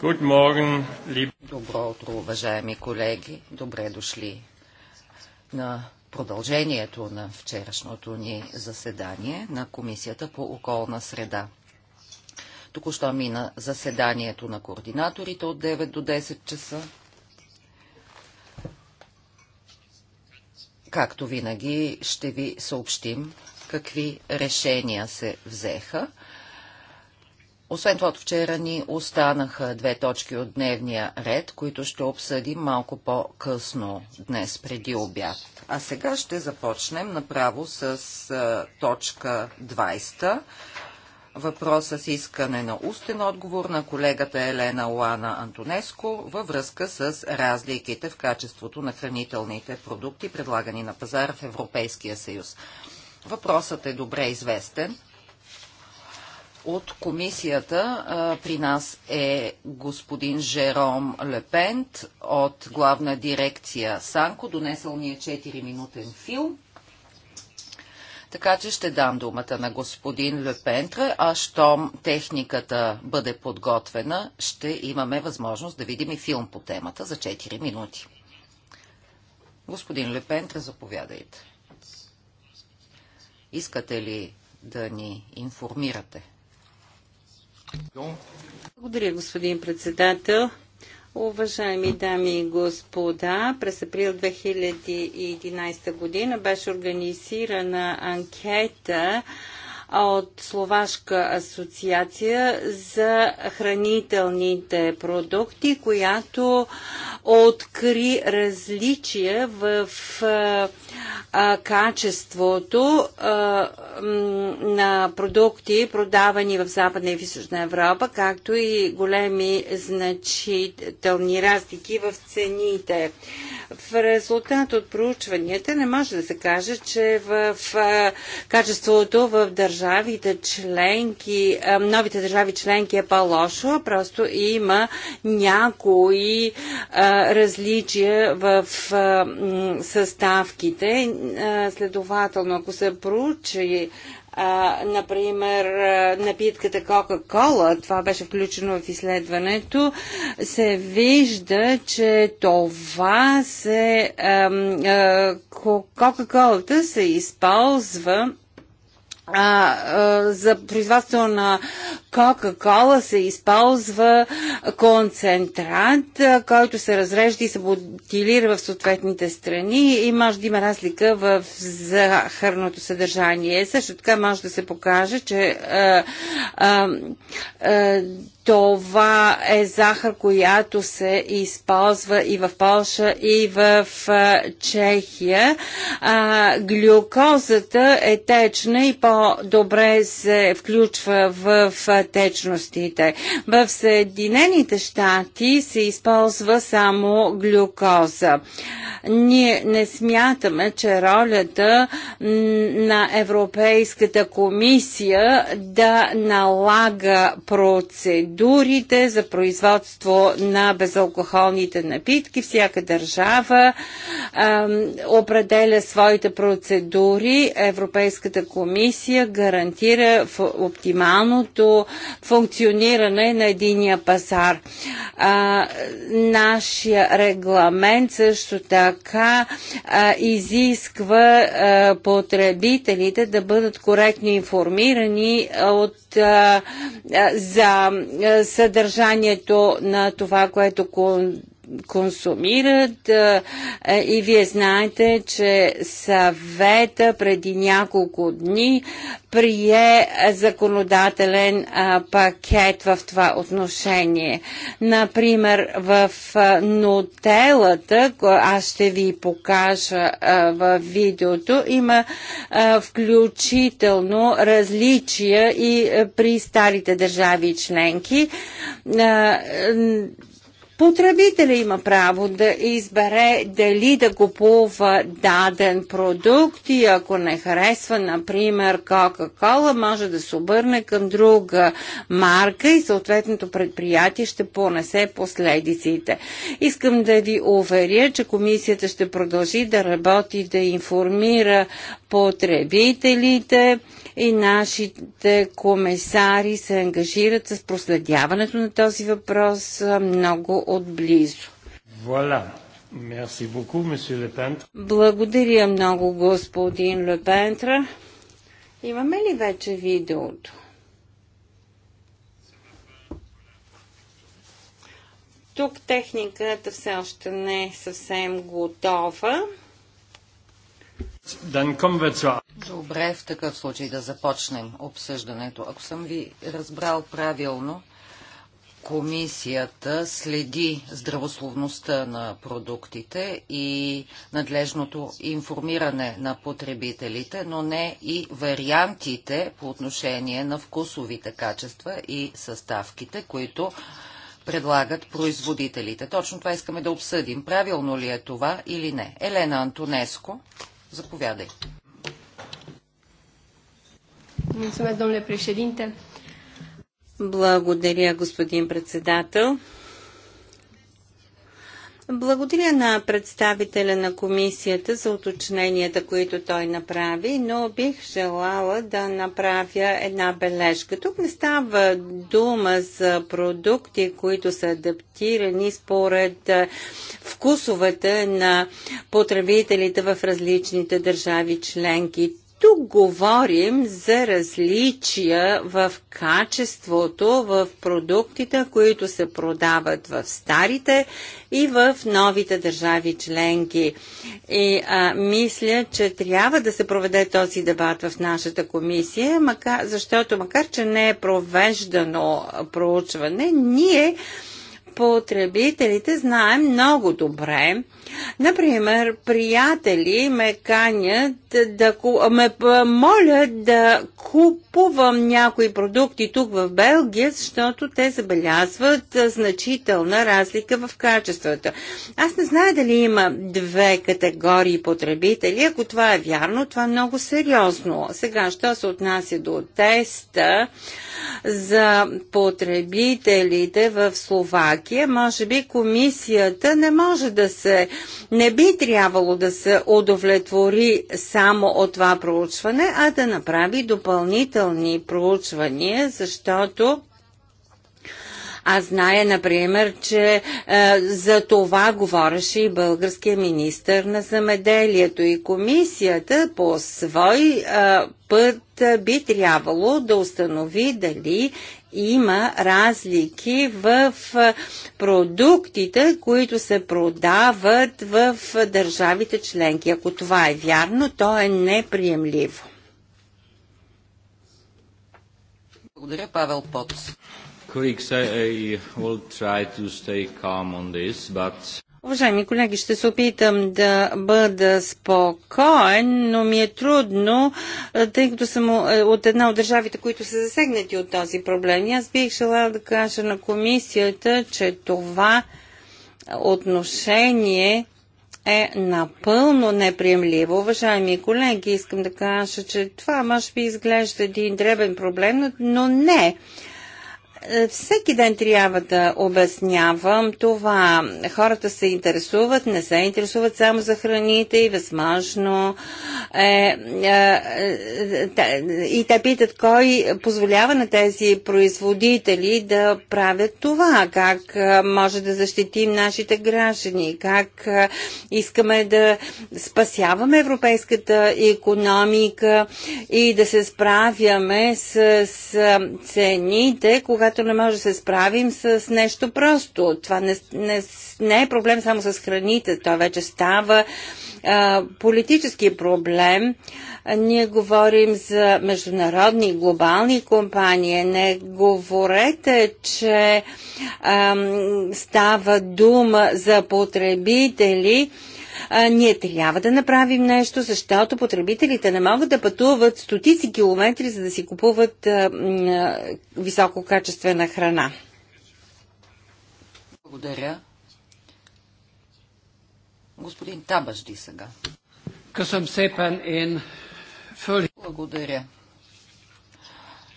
Добро утро, уважаеми колеги. Добре дошли на продължението на вчерашното ни заседание на Комисията по околна среда. Току-що мина заседанието на координаторите от 9 до 10 часа. Както винаги ще ви съобщим какви решения се взеха. Освен това, от вчера ни останаха две точки от дневния ред, които ще обсъдим малко по-късно днес, преди обяд. А сега ще започнем направо с точка 20. Въпроса с искане на устен отговор на колегата Елена Лана Антонеско във връзка с разликите в качеството на хранителните продукти, предлагани на пазара в Европейския съюз. Въпросът е добре известен от комисията а, при нас е господин Жером Лепент от главна дирекция Санко. Донесъл ни е 4-минутен филм. Така че ще дам думата на господин Лепентре, а щом техниката бъде подготвена, ще имаме възможност да видим и филм по темата за 4 минути. Господин Лепентре, заповядайте. Искате ли да ни информирате? Благодаря, господин председател. Уважаеми дами и господа, през април 2011 година беше организирана анкета от Словашка асоциация за хранителните продукти, която откри различия в а, качеството а, на продукти, продавани в Западна и Височна Европа, както и големи значителни разлики в цените. В резултат от проучванията не може да се каже, че в а, качеството в държавите членки, а, новите държави членки е по-лошо, а просто има някои а, различия в а, съставките следователно. Ако се проучи, например, напитката Кока-Кола, това беше включено в изследването, се вижда, че това се... Кока-Колата се използва а, а, за производство на Кока-кола се използва концентрат, който се разрежда и се бутилира в съответните страни и може да има разлика в захарното съдържание. Също така може да се покаже, че а, а, а, това е захар, която се използва и в Польша, и в Чехия. А, глюкозата е течна и по-добре се включва в течностите. В Съединените щати се използва само глюкоза. Ние не смятаме, че ролята на Европейската комисия да налага процедури процедурите за производство на безалкохолните напитки. Всяка държава а, определя своите процедури. Европейската комисия гарантира в оптималното функциониране на единия пазар. А, нашия регламент също така а, изисква а, потребителите да бъдат коректно информирани от, а, за съдържанието на това, което консумират и вие знаете, че съвета преди няколко дни прие законодателен пакет в това отношение. Например, в нотелата, аз ще ви покажа в видеото, има включително различия и при старите държави членки Потребителя има право да избере дали да купува даден продукт и ако не харесва, например, Кока-Кола, може да се обърне към друга марка и съответното предприятие ще понесе последиците. Искам да ви уверя, че комисията ще продължи да работи да информира потребителите и нашите комисари се ангажират с проследяването на този въпрос много отблизо. Voilà. Merci beaucoup, monsieur Lepintre. Благодаря много, господин Лепентра. Имаме ли вече видеото? Тук техниката все още не е съвсем готова. Добре, в такъв случай да започнем обсъждането. Ако съм ви разбрал правилно, комисията следи здравословността на продуктите и надлежното информиране на потребителите, но не и вариантите по отношение на вкусовите качества и съставките, които предлагат производителите. Точно това искаме да обсъдим. Правилно ли е това или не? Елена Антонеско. Заповядай. Благодаря, господин председател. Благодаря на представителя на комисията за уточненията, които той направи, но бих желала да направя една бележка. Тук не става дума за продукти, които са адаптирани според вкусовете на потребителите в различните държави членки. Тук говорим за различия в качеството в продуктите, които се продават в старите и в новите държави членки. И а, мисля, че трябва да се проведе този дебат в нашата комисия, макар, защото макар, че не е провеждано проучване, ние потребителите знаем много добре, Например, приятели ме канят да ме молят да купувам някои продукти тук в Белгия, защото те забелязват значителна разлика в качеството. Аз не знае дали има две категории потребители. Ако това е вярно, това е много сериозно. Сега, що се отнася до теста за потребителите в Словакия, може би комисията не може да се не би трябвало да се удовлетвори само от това проучване, а да направи допълнителни проучвания, защото аз зная, например, че е, за това говореше и българския министр на замеделието и комисията по свой е, път е, би трябвало да установи дали има разлики в е, продуктите, които се продават в държавите членки. Ако това е вярно, то е неприемливо. Благодаря, Павел Потос. Уважаеми колеги, ще се опитам да бъда спокоен, но ми е трудно, е, тъй като съм е, от една от държавите, които са засегнати от този проблем. И аз бих желала да кажа на комисията, че това отношение е напълно неприемливо. Уважаеми колеги, искам да кажа, че това може би изглежда един дребен проблем, но не. Е, всеки ден трябва да обяснявам това. Хората се интересуват, не се интересуват само за храните и възможно. Е, е, е, и те питат кой позволява на тези производители да правят това, как е, може да защитим нашите граждани, как е, искаме да спасяваме европейската економика и да се справяме с, с цените, когато когато не може да се справим с нещо просто. Това не, не, не е проблем само с храните, това вече става а, политически проблем. А, ние говорим за международни и глобални компании. Не говорете, че а, става дума за потребители. А, а, ние трябва да направим нещо, защото потребителите не могат да пътуват стотици километри, за да си купуват а, а, висококачествена храна. Благодаря. Господин Табажди сега. Късъм сепен и. Благодаря.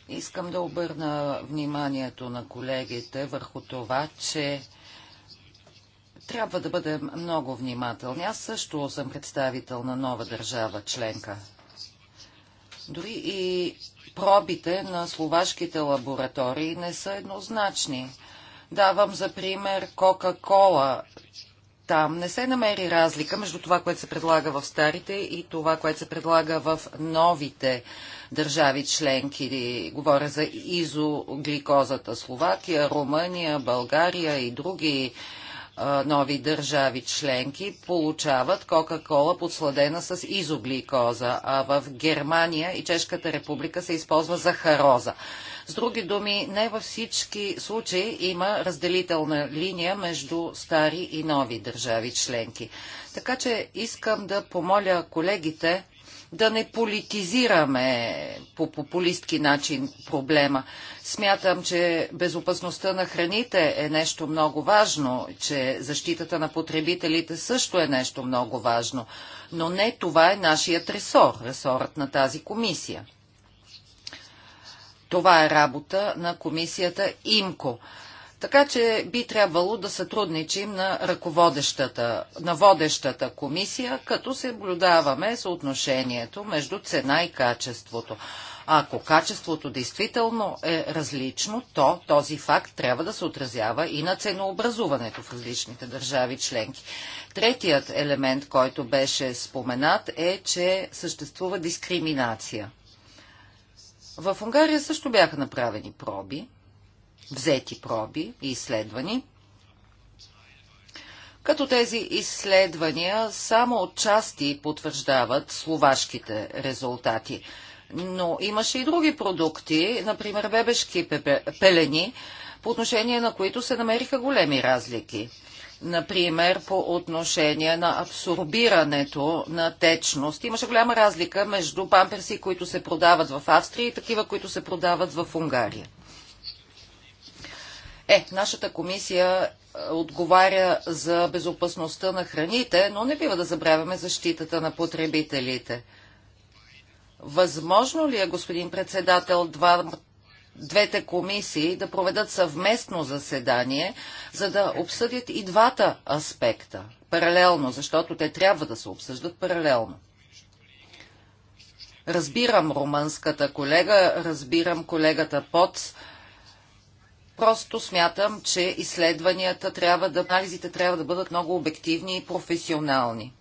Искам да обърна вниманието на колегите върху това, че трябва да бъдем много внимателни. Аз също съм представител на нова държава членка. Дори и пробите на словашките лаборатории не са еднозначни. Давам за пример Кока-Кола. Там не се намери разлика между това, което се предлага в старите и това, което се предлага в новите държави членки. Говоря за изогликозата Словакия, Румъния, България и други нови държави членки получават Кока-Кола подсладена с изогликоза, а в Германия и Чешката република се използва захароза. С други думи, не във всички случаи има разделителна линия между стари и нови държави членки. Така че искам да помоля колегите да не политизираме по популистки начин проблема. Смятам, че безопасността на храните е нещо много важно, че защитата на потребителите също е нещо много важно, но не това е нашият ресор, ресорът на тази комисия. Това е работа на комисията ИМКО. Така че би трябвало да сътрудничим на ръководещата, на водещата комисия, като се наблюдаваме съотношението между цена и качеството. А ако качеството действително е различно, то този факт трябва да се отразява и на ценообразуването в различните държави членки. Третият елемент, който беше споменат, е, че съществува дискриминация. В Унгария също бяха направени проби – взети проби и изследвани, като тези изследвания само от части потвърждават словашките резултати. Но имаше и други продукти, например бебешки пелени, по отношение на които се намериха големи разлики. Например, по отношение на абсорбирането на течност. Имаше голяма разлика между памперси, които се продават в Австрия и такива, които се продават в Унгария. Е, нашата комисия е, отговаря за безопасността на храните, но не бива да забравяме защитата на потребителите. Възможно ли е, господин председател, два, двете комисии да проведат съвместно заседание, за да обсъдят и двата аспекта паралелно, защото те трябва да се обсъждат паралелно? Разбирам румънската колега, разбирам колегата Поц, Просто смятам, че изследванията трябва да, анализите трябва да бъдат много обективни и професионални.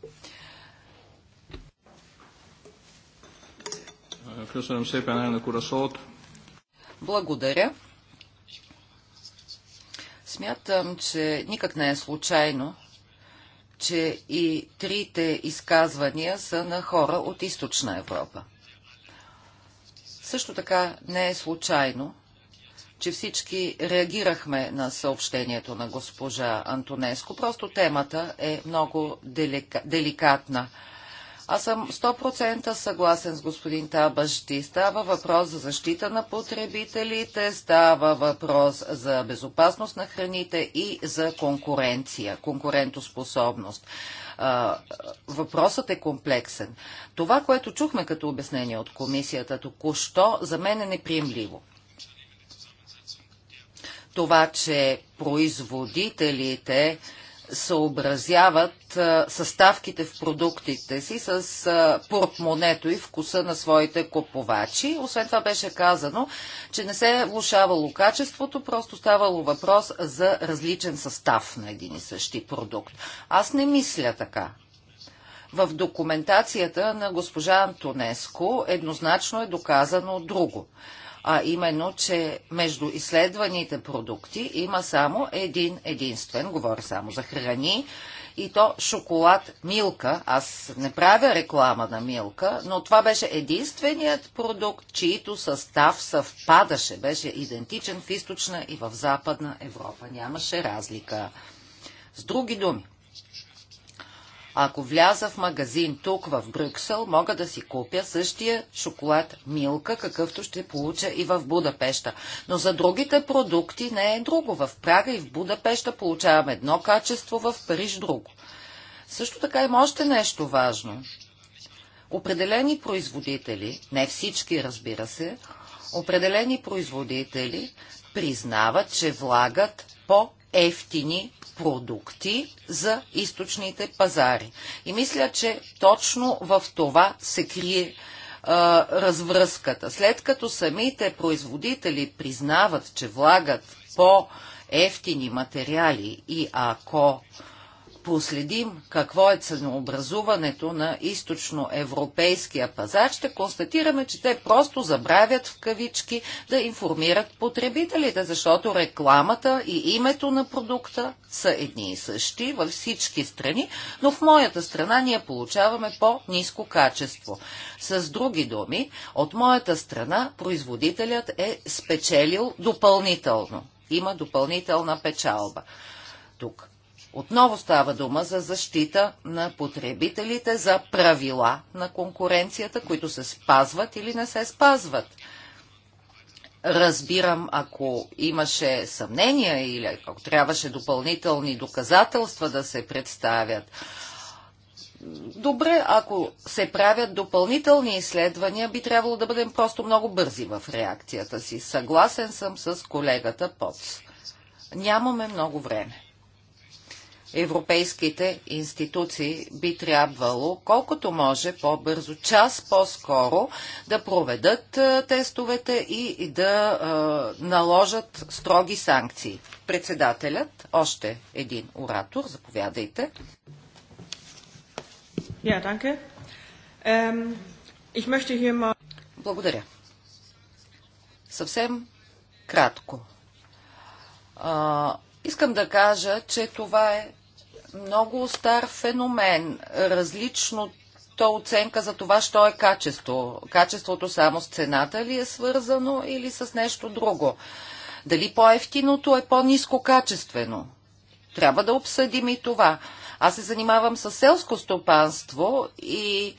Благодаря. Смятам, че никак не е случайно, че и трите изказвания са на хора от източна Европа. Също така не е случайно, че всички реагирахме на съобщението на госпожа Антонеско. Просто темата е много делика, деликатна. Аз съм 100% съгласен с господин Табащи. Става въпрос за защита на потребителите, става въпрос за безопасност на храните и за конкуренция, конкурентоспособност. въпросът е комплексен. Това, което чухме като обяснение от комисията току-що, за мен е неприемливо това, че производителите съобразяват съставките в продуктите си с портмонето и вкуса на своите купувачи. Освен това беше казано, че не се е влушавало качеството, просто ставало въпрос за различен състав на един и същи продукт. Аз не мисля така. В документацията на госпожа Антонеско еднозначно е доказано друго а именно, че между изследваните продукти има само един единствен, говоря само за храни, и то шоколад Милка. Аз не правя реклама на Милка, но това беше единственият продукт, чието състав съвпадаше, беше идентичен в източна и в западна Европа. Нямаше разлика. С други думи, ако вляза в магазин тук в Брюксел, мога да си купя същия шоколад Милка, какъвто ще получа и в Будапешта. Но за другите продукти не е друго. В Прага и в Будапешта получавам едно качество, в Париж друго. Също така има още нещо важно. Определени производители, не всички разбира се, определени производители признават, че влагат по ефтини продукти за източните пазари. И мисля, че точно в това се крие а, развръзката. След като самите производители признават, че влагат по-ефтини материали и ако а, последим какво е ценообразуването на източноевропейския пазар, ще констатираме, че те просто забравят в кавички да информират потребителите, защото рекламата и името на продукта са едни и същи във всички страни, но в моята страна ние получаваме по-низко качество. С други думи, от моята страна производителят е спечелил допълнително. Има допълнителна печалба тук. Отново става дума за защита на потребителите, за правила на конкуренцията, които се спазват или не се спазват. Разбирам, ако имаше съмнения или ако трябваше допълнителни доказателства да се представят. Добре, ако се правят допълнителни изследвания, би трябвало да бъдем просто много бързи в реакцията си. Съгласен съм с колегата Поц. Нямаме много време европейските институции би трябвало колкото може по-бързо, час по-скоро да проведат тестовете и да наложат строги санкции. Председателят, още един оратор, заповядайте. Ja, danke. Ähm, ich möchte hier mal... Благодаря. Съвсем кратко. А, искам да кажа, че това е много стар феномен. Различното оценка за това, що е качество. Качеството само с цената ли е свързано или с нещо друго? Дали по-ефтиното е по-низко качествено? Трябва да обсъдим и това. Аз се занимавам с селско стопанство и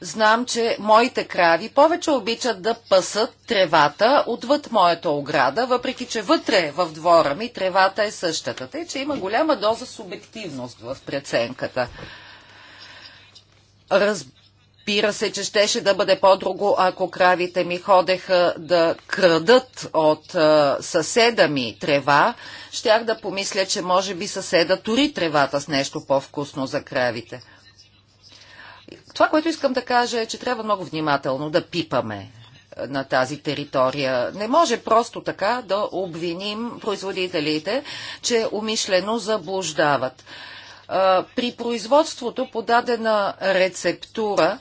Знам, че моите крави повече обичат да пасат тревата отвъд моята ограда, въпреки че вътре в двора ми тревата е същата. Тъй, че има голяма доза субективност в преценката. Разбира се, че щеше да бъде по-друго, ако кравите ми ходеха да крадат от а, съседа ми трева. Щях да помисля, че може би съседа тори тревата с нещо по-вкусно за кравите. Това, което искам да кажа е, че трябва много внимателно да пипаме е, на тази територия. Не може просто така да обвиним производителите, че умишлено заблуждават. Е, при производството по дадена рецептура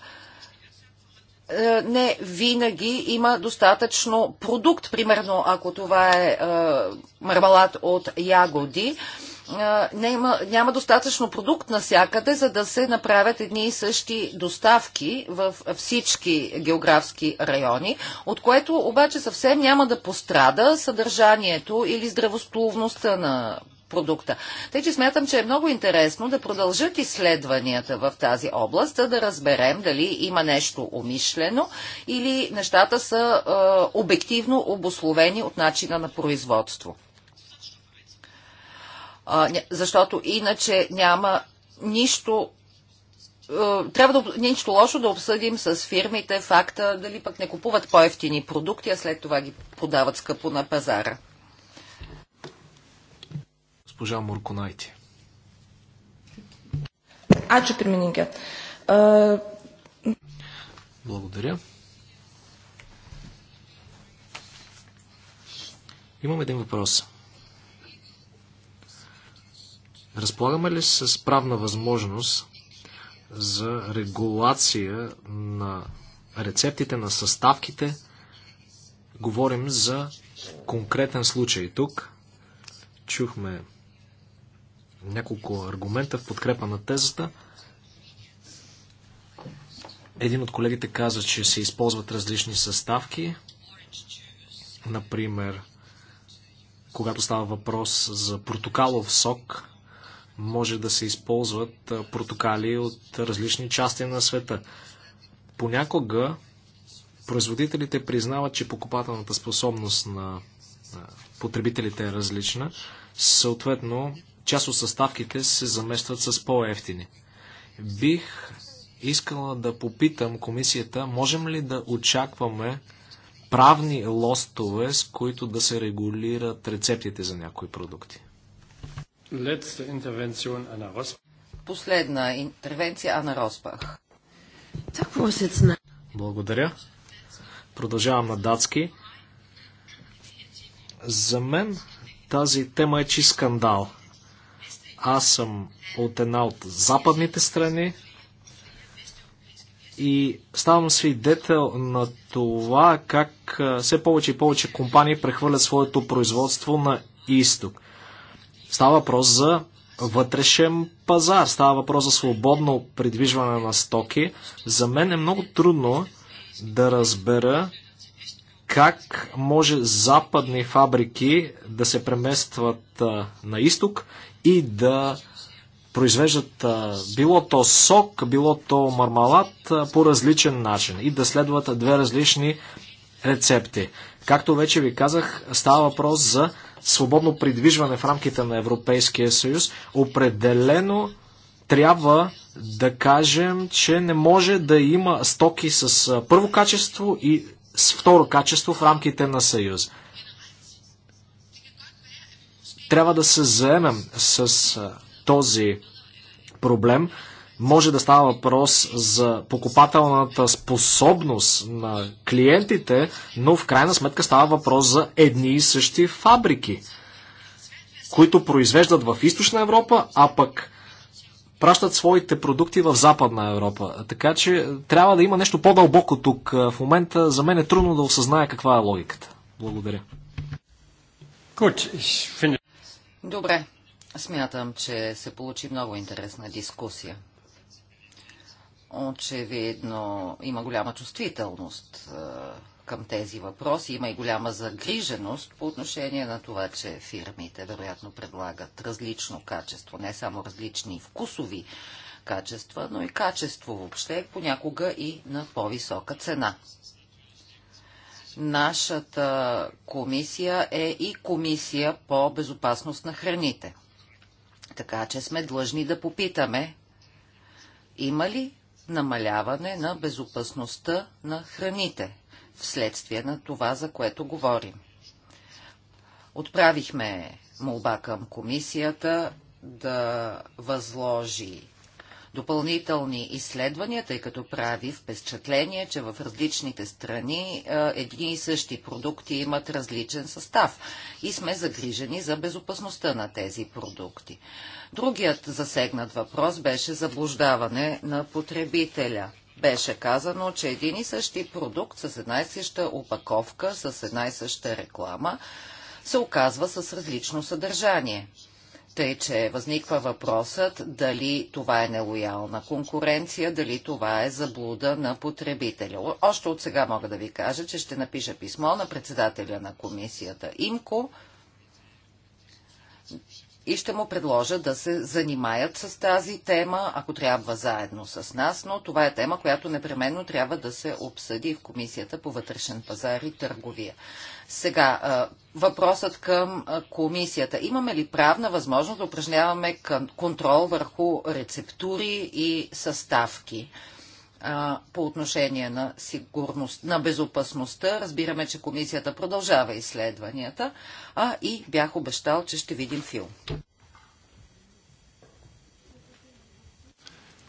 е, не винаги има достатъчно продукт. Примерно, ако това е мармалад от ягоди, няма, няма достатъчно продукт навсякъде, за да се направят едни и същи доставки в всички географски райони, от което обаче съвсем няма да пострада съдържанието или здравословността на продукта. Тъй, че смятам, че е много интересно да продължат изследванията в тази област, да разберем дали има нещо умишлено или нещата са е, обективно обословени от начина на производство защото иначе няма нищо е, трябва да, нищо лошо да обсъдим с фирмите факта дали пък не купуват по-ефтини продукти, а след това ги продават скъпо на пазара. Госпожа Мурконайти. че Пирмининке. Благодаря. Имам един въпрос. Разполагаме ли с правна възможност за регулация на рецептите, на съставките? Говорим за конкретен случай тук. Чухме няколко аргумента в подкрепа на тезата. Един от колегите каза, че се използват различни съставки. Например, когато става въпрос за протокалов сок, може да се използват протокали от различни части на света. Понякога производителите признават, че покупателната способност на потребителите е различна. Съответно, част от съставките се заместват с по-ефтини. Бих искала да попитам комисията, можем ли да очакваме правни лостове, с които да се регулират рецептите за някои продукти? Последна интервенция Ана Росбах. Благодаря. Продължавам на датски. За мен тази тема е чи скандал. Аз съм от една от западните страни и ставам свидетел на това как все повече и повече компании прехвърлят своето производство на изток. Става въпрос за вътрешен пазар, става въпрос за свободно придвижване на стоки. За мен е много трудно да разбера как може западни фабрики да се преместват а, на изток и да произвеждат а, било то сок, било то мармалад а, по различен начин и да следват две различни рецепти. Както вече ви казах, става въпрос за свободно придвижване в рамките на Европейския съюз. Определено трябва да кажем, че не може да има стоки с първо качество и с второ качество в рамките на съюз. Трябва да се заемем с този проблем. Може да става въпрос за покупателната способност на клиентите, но в крайна сметка става въпрос за едни и същи фабрики, които произвеждат в източна Европа, а пък пращат своите продукти в Западна Европа. Така че трябва да има нещо по-дълбоко тук. В момента за мен е трудно да осъзная каква е логиката. Благодаря. Добре. Смятам, че се получи много интересна дискусия. Очевидно има голяма чувствителност е, към тези въпроси. Има и голяма загриженост по отношение на това, че фирмите вероятно предлагат различно качество, не само различни вкусови качества, но и качество въобще, понякога и на по-висока цена. Нашата комисия е и комисия по безопасност на храните. Така че сме длъжни да попитаме, има ли намаляване на безопасността на храните, вследствие на това, за което говорим. Отправихме молба към комисията да възложи допълнителни изследвания, тъй като прави впечатление, че в различните страни едни и същи продукти имат различен състав и сме загрижени за безопасността на тези продукти. Другият засегнат въпрос беше заблуждаване на потребителя беше казано, че един и същи продукт с една и съща опаковка, с една и съща реклама, се оказва с различно съдържание. Тъй, че възниква въпросът дали това е нелоялна конкуренция, дали това е заблуда на потребителя. Още от сега мога да ви кажа, че ще напиша писмо на председателя на комисията ИМКО, и ще му предложа да се занимаят с тази тема, ако трябва заедно с нас, но това е тема, която непременно трябва да се обсъди в Комисията по вътрешен пазар и търговия. Сега, въпросът към комисията. Имаме ли правна възможност да упражняваме контрол върху рецептури и съставки? по отношение на сигурност, на безопасността. Разбираме, че комисията продължава изследванията, а и бях обещал, че ще видим филм.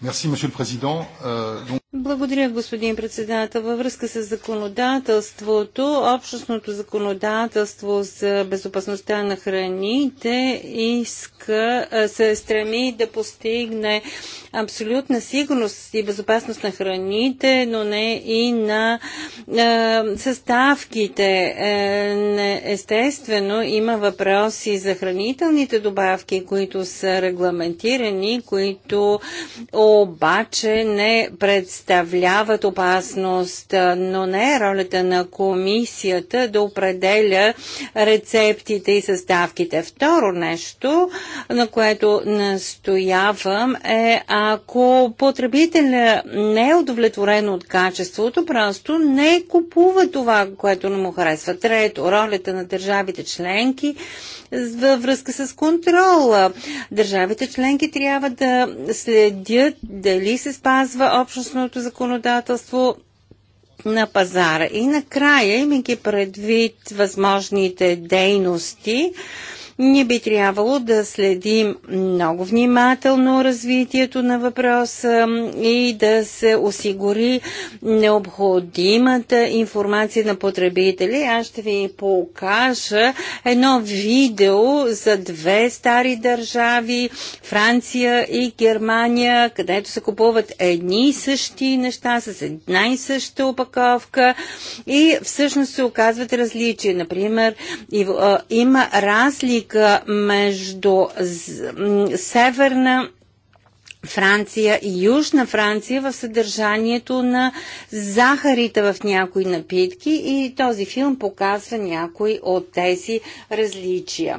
Merci, Monsieur le Président. Euh, donc... Благодаря, господин председател. Във връзка с законодателството, общностното законодателство за безопасността на храните иска, се стреми да постигне абсолютна сигурност и безопасност на храните, но не и на е, съставките. Е, естествено, има въпроси за хранителните добавки, които са регламентирани, които обаче не представят представляват опасност, но не е ролята на комисията да определя рецептите и съставките. Второ нещо, на което настоявам е, ако потребителя не е удовлетворен от качеството, просто не купува това, което не му харесва. Трето, ролята на държавите членки във връзка с контрола. Държавите членки трябва да следят дали се спазва общностното законодателство на пазара. И накрая, имайки предвид възможните дейности, ние би трябвало да следим много внимателно развитието на въпроса и да се осигури необходимата информация на потребители. Аз ще ви покажа едно видео за две стари държави Франция и Германия, където се купуват едни и същи неща с една и съща опаковка и всъщност се оказват различия. Например, има разлика разлика между Северна Франция и Южна Франция в съдържанието на захарите в някои напитки и този филм показва някои от тези различия.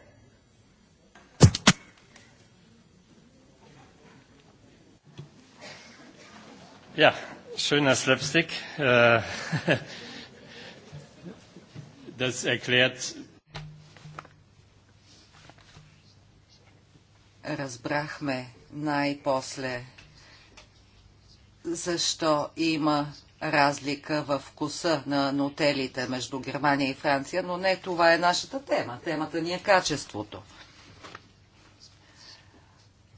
Ja, schöner Slapstick. Äh, das erklärt. Разбрахме най-после защо има разлика в вкуса на нотелите между Германия и Франция, но не това е нашата тема. Темата ни е качеството.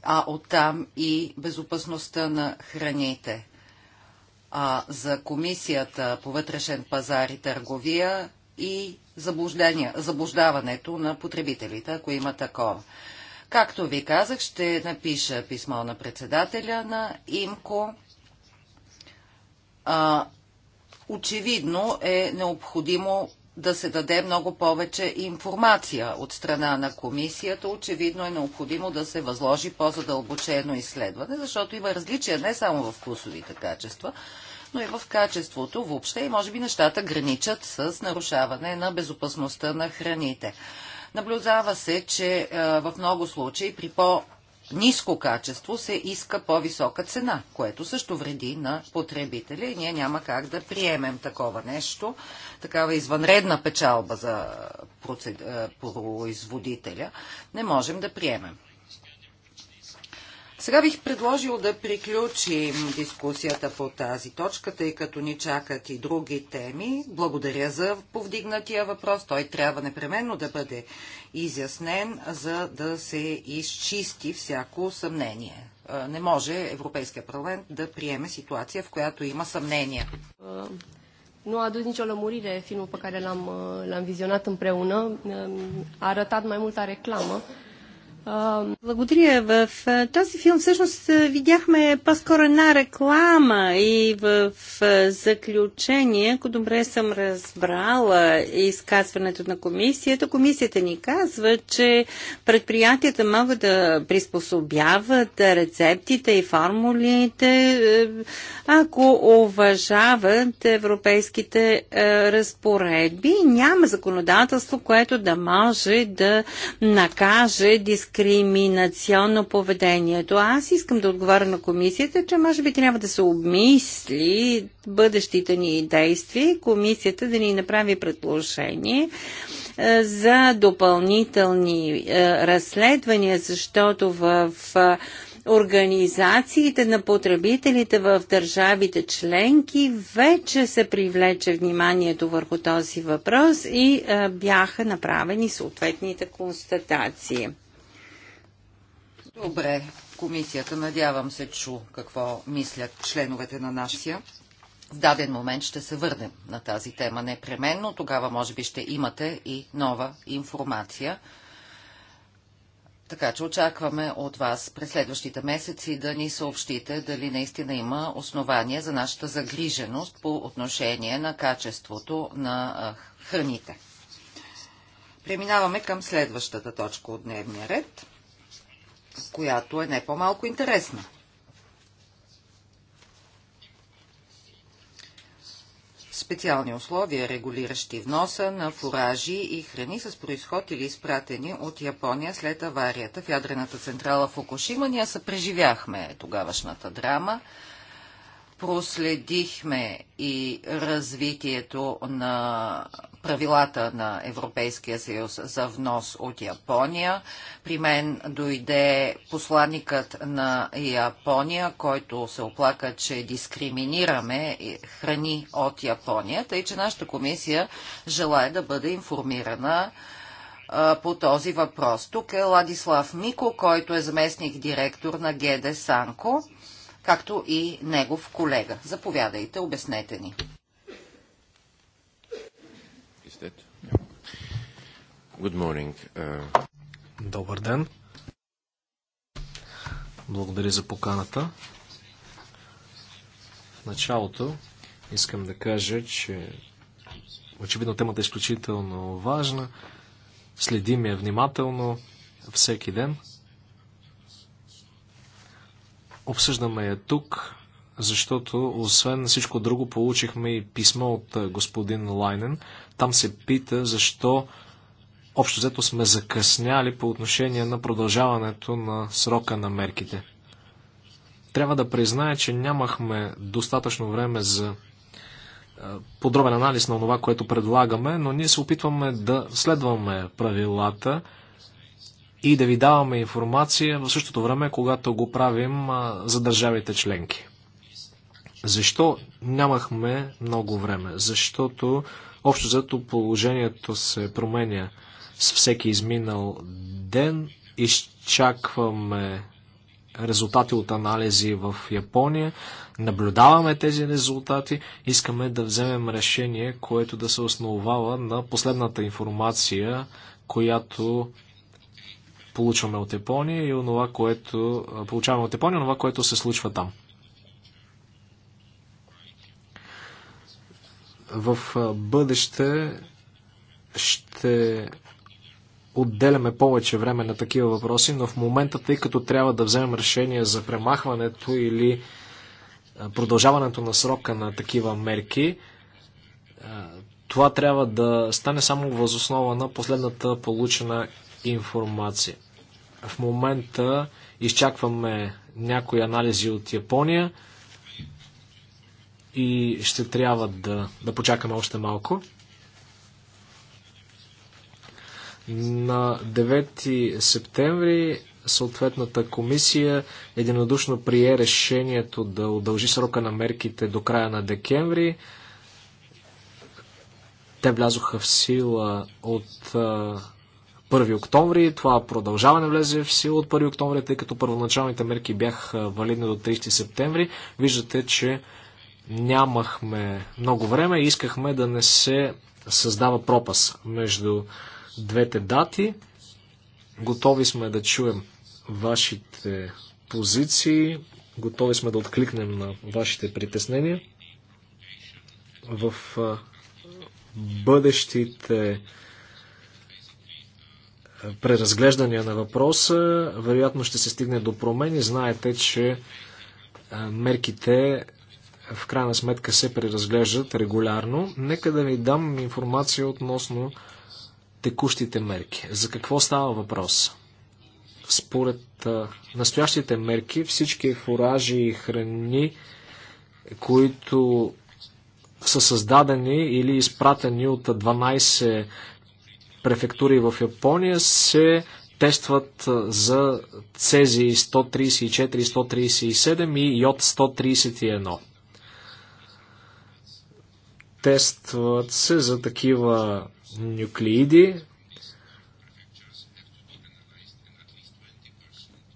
А оттам и безопасността на храните а за Комисията по вътрешен пазар и търговия и заблуждаването на потребителите, ако има такова. Както ви казах, ще напиша писмо на председателя на ИМКО. А, очевидно е необходимо да се даде много повече информация от страна на комисията. Очевидно е необходимо да се възложи по-задълбочено изследване, защото има различия не само в вкусовите качества, но и в качеството въобще и може би нещата граничат с нарушаване на безопасността на храните. Наблюдава се, че в много случаи при по ниско качество се иска по-висока цена, което също вреди на потребителя и ние няма как да приемем такова нещо, такава извънредна печалба за производителя, не можем да приемем. Сега бих предложил да приключим дискусията по тази точка, тъй като ни чакат и други теми. Благодаря за повдигнатия въпрос. Той трябва непременно да бъде изяснен, за да се изчисти всяко съмнение. Не може Европейския парламент да приеме ситуация, в която има съмнение. Nu a adus nicio lămurire filmul pe care l-am, l-am vizionat împreună. A arătat mai multă reclamă благодаря. В този филм всъщност видяхме по-скоро една реклама и в заключение, ако добре съм разбрала изказването на комисията, комисията ни казва, че предприятията могат да приспособяват рецептите и формулите, ако уважават европейските разпоредби. Няма законодателство, което да може да накаже дискриминация дискриминационно поведението. Аз искам да отговоря на комисията, че може би трябва да се обмисли бъдещите ни действия комисията да ни направи предложение е, за допълнителни е, разследвания, защото в е, организациите на потребителите в държавите членки вече се привлече вниманието върху този въпрос и а, бяха направени съответните констатации. Добре, комисията, надявам се, чу какво мислят членовете на нашия. В даден момент ще се върнем на тази тема непременно. Тогава, може би, ще имате и нова информация. Така че очакваме от вас през следващите месеци да ни съобщите дали наистина има основания за нашата загриженост по отношение на качеството на храните. Преминаваме към следващата точка от дневния ред която е не по-малко интересна. специални условия, регулиращи вноса на фуражи и храни с происход или изпратени от Япония след аварията в ядрената централа в Ние са преживяхме тогавашната драма проследихме и развитието на правилата на Европейския съюз за внос от Япония. При мен дойде посланникът на Япония, който се оплака, че дискриминираме храни от Япония, тъй че нашата комисия желая да бъде информирана по този въпрос. Тук е Ладислав Мико, който е заместник директор на ГД Санко както и негов колега. Заповядайте, обяснете ни. Uh, Добър ден. Благодаря за поканата. В началото искам да кажа, че очевидно темата е изключително важна. Следим я внимателно всеки ден. Обсъждаме я тук, защото освен всичко друго получихме и писмо от господин Лайнен. Там се пита защо общо взето сме закъсняли по отношение на продължаването на срока на мерките. Трябва да призная, че нямахме достатъчно време за подробен анализ на това, което предлагаме, но ние се опитваме да следваме правилата и да ви даваме информация в същото време, когато го правим за държавите членки. Защо нямахме много време? Защото общо зато положението се променя с всеки изминал ден. Изчакваме резултати от анализи в Япония, наблюдаваме тези резултати, искаме да вземем решение, което да се основава на последната информация, която получваме от Япония и онова, което получаваме от Япония, онова, което се случва там. В бъдеще ще отделяме повече време на такива въпроси, но в момента, тъй като трябва да вземем решение за премахването или продължаването на срока на такива мерки, това трябва да стане само възоснова на последната получена информация. В момента изчакваме някои анализи от Япония и ще трябва да, да почакаме още малко. На 9 септември съответната комисия единодушно прие решението да удължи срока на мерките до края на декември. Те влязоха в сила от 1 октомври. Това продължаване влезе в сила от 1 октомври, тъй като първоначалните мерки бяха валидни до 30 септември. Виждате, че нямахме много време и искахме да не се създава пропас между двете дати. Готови сме да чуем вашите позиции, готови сме да откликнем на вашите притеснения. В бъдещите преразглеждания на въпроса. Вероятно ще се стигне до промени. Знаете, че е, мерките в крайна сметка се преразглеждат регулярно. Нека да ви дам информация относно текущите мерки. За какво става въпрос? Според е, настоящите мерки, всички фуражи и храни, които са създадени или изпратени от 12 префектури в Япония се тестват за Цези 134, 137 и Йод 131. Тестват се за такива нюклеиди.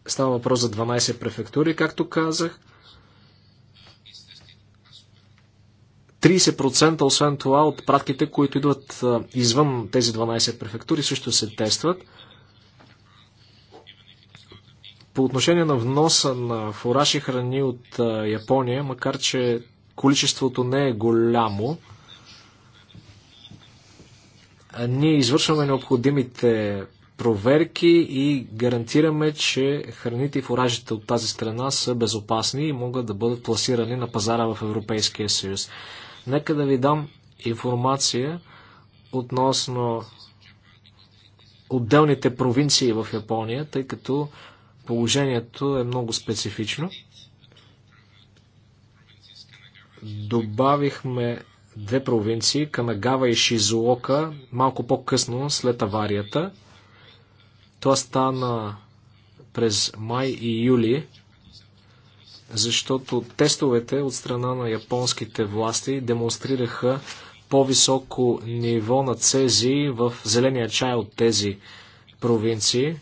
Става въпрос за 12 префектури, както казах. 30% освен това от пратките, които идват извън тези 12 префектури, също се тестват. По отношение на вноса на фураж и храни от Япония, макар че количеството не е голямо, ние извършваме необходимите проверки и гарантираме, че храните и фуражите от тази страна са безопасни и могат да бъдат пласирани на пазара в Европейския съюз. Нека да ви дам информация относно отделните провинции в Япония, тъй като положението е много специфично. Добавихме две провинции, Канагава и Шизуока, малко по-късно след аварията. Това стана през май и юли защото тестовете от страна на японските власти демонстрираха по-високо ниво на цези в зеления чай от тези провинции.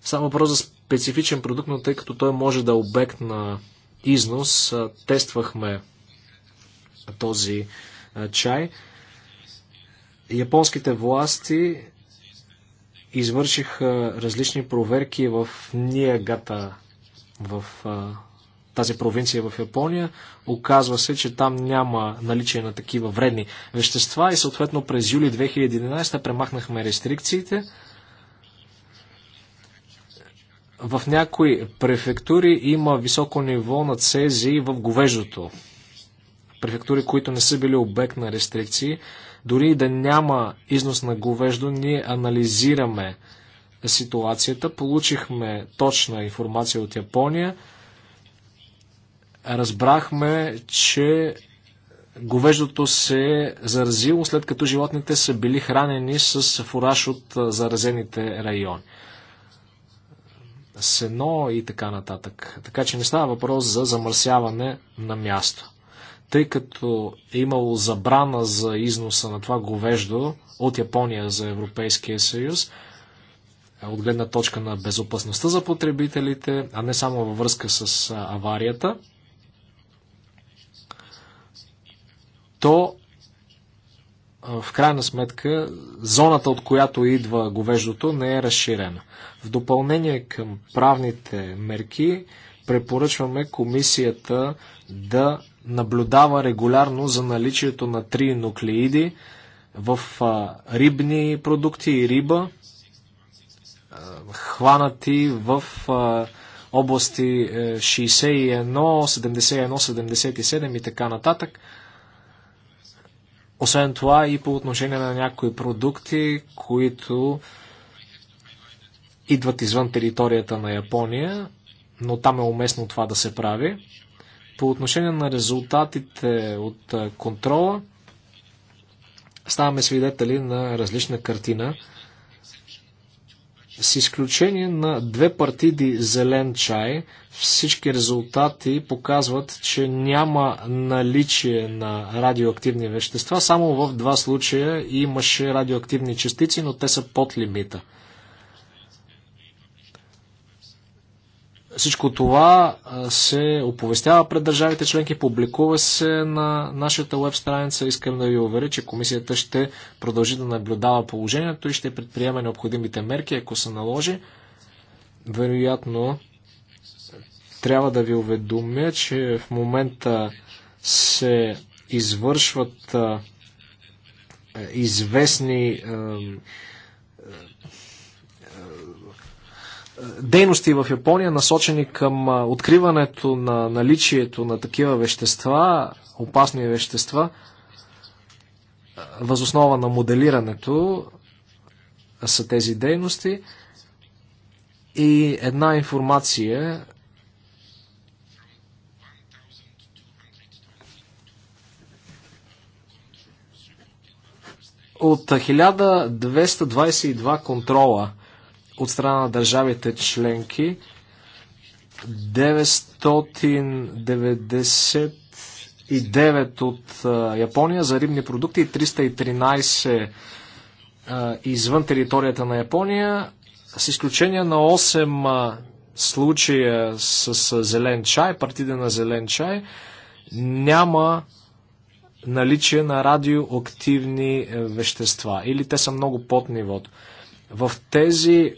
Само въпрос за специфичен продукт, но тъй като той може да е обект на износ, тествахме този чай. Японските власти извършиха различни проверки в Ниагата в тази провинция в Япония. Оказва се, че там няма наличие на такива вредни вещества и съответно през юли 2011 премахнахме рестрикциите. В някои префектури има високо ниво на цези в говеждото. Префектури, които не са били обект на рестрикции. Дори да няма износ на говеждо, ние анализираме ситуацията. Получихме точна информация от Япония. Разбрахме, че говеждото се е заразило, след като животните са били хранени с фураж от заразените райони. Сено и така нататък. Така че не става въпрос за замърсяване на място. Тъй като е имало забрана за износа на това говеждо от Япония за Европейския съюз, от гледна точка на безопасността за потребителите, а не само във връзка с аварията, то в крайна сметка зоната, от която идва говеждото, не е разширена. В допълнение към правните мерки, препоръчваме комисията да наблюдава регулярно за наличието на три нуклеиди в рибни продукти и риба, хванати в области 61, 71, 77 и така нататък. Освен това и по отношение на някои продукти, които идват извън територията на Япония, но там е уместно това да се прави. По отношение на резултатите от контрола, ставаме свидетели на различна картина – с изключение на две партиди зелен чай, всички резултати показват, че няма наличие на радиоактивни вещества. Само в два случая имаше радиоактивни частици, но те са под лимита. Всичко това се оповестява пред държавите членки, публикува се на нашата веб страница. Искам да ви уверя, че комисията ще продължи да наблюдава положението и ще предприема необходимите мерки, ако се наложи. Вероятно, трябва да ви уведомя, че в момента се извършват е, известни дейности в Япония, насочени към откриването на наличието на такива вещества, опасни вещества, възоснова на моделирането са тези дейности. И една информация от 1222 контрола – от страна на държавите членки. 999 от Япония за рибни продукти и 313 извън територията на Япония, с изключение на 8 случая с зелен чай, партиде на зелен чай, няма наличие на радиоактивни вещества или те са много под нивото. В тези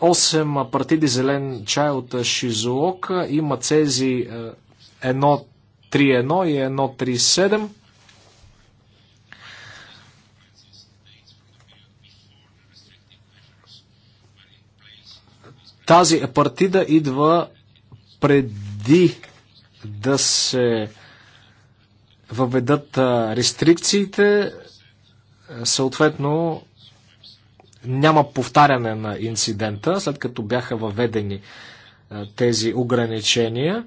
8 партиди зелен чай от Шизуока. Има цези 1.3.1 и 1.3.7. Тази партида идва преди да се въведат рестрикциите, съответно няма повтаряне на инцидента, след като бяха въведени тези ограничения.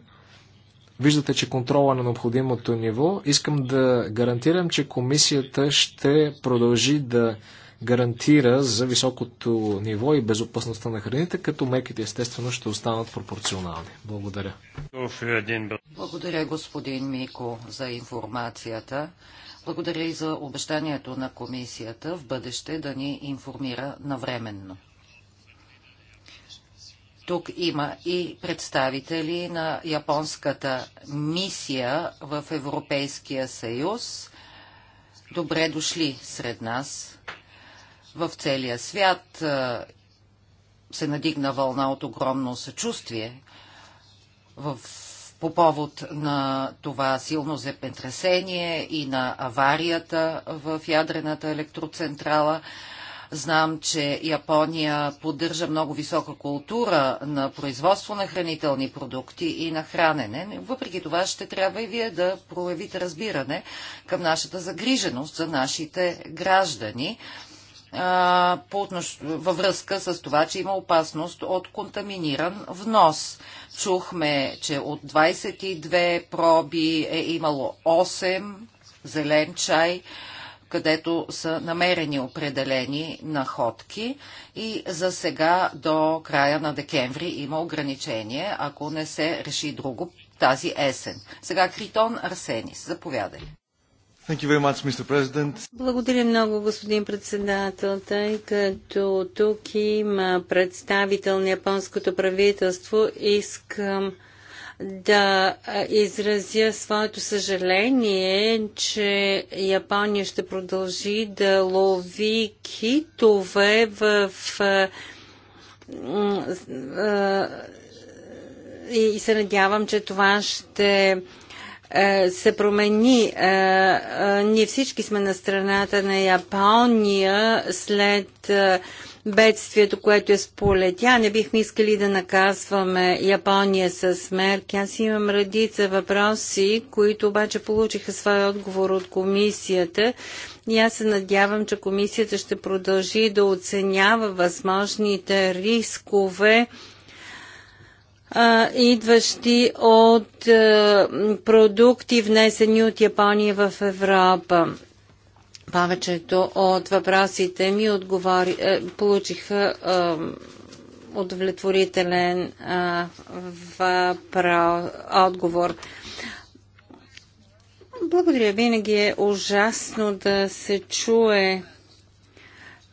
Виждате, че контрола е на необходимото ниво. Искам да гарантирам, че комисията ще продължи да гарантира за високото ниво и безопасността на храните, като меките естествено ще останат пропорционални. Благодаря. Благодаря, господин Мико, за информацията. Благодаря и за обещанието на комисията в бъдеще да ни информира навременно. Тук има и представители на японската мисия в Европейския съюз. Добре дошли сред нас. В целия свят се надигна вълна от огромно съчувствие в по повод на това силно земетресение и на аварията в ядрената електроцентрала. Знам, че Япония поддържа много висока култура на производство на хранителни продукти и на хранене. Въпреки това ще трябва и вие да проявите разбиране към нашата загриженост за нашите граждани във връзка с това, че има опасност от контаминиран внос. Чухме, че от 22 проби е имало 8 зелен чай, където са намерени определени находки и за сега до края на декември има ограничение, ако не се реши друго тази есен. Сега Критон Арсенис, заповядай. Much, Благодаря много, господин председател, тъй като тук има представител на японското правителство. Искам да изразя своето съжаление, че Япония ще продължи да лови китове в и се надявам, че това ще е, се промени. Е, е, ние всички сме на страната на Япония след бедствието, което е сполетя. Не бихме искали да наказваме Япония с мерки. Аз имам редица въпроси, които обаче получиха своя отговор от комисията. И аз се надявам, че комисията ще продължи да оценява възможните рискове идващи от продукти, внесени от Япония в Европа. Повечето от въпросите ми отговори, получиха удовлетворителен отговор. Благодаря. Винаги е ужасно да се чуе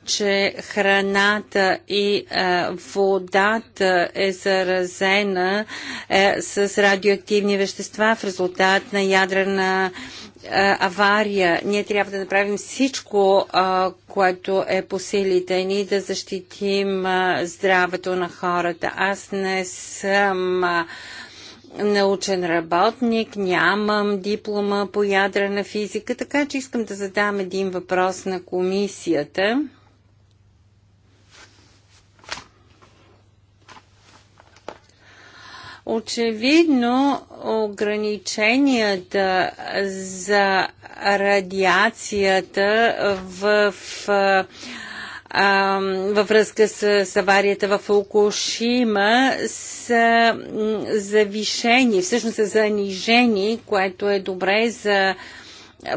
че храната и а, водата е заразена е, с радиоактивни вещества в резултат на ядрена а, авария. Ние трябва да направим всичко, а, което е по силите ни, да защитим а, здравето на хората. Аз не съм. А, научен работник, нямам диплома по ядрена физика, така че искам да задам един въпрос на комисията. Очевидно ограниченията за радиацията в във връзка с аварията в Фукушима са завишени, всъщност са занижени, което е добре за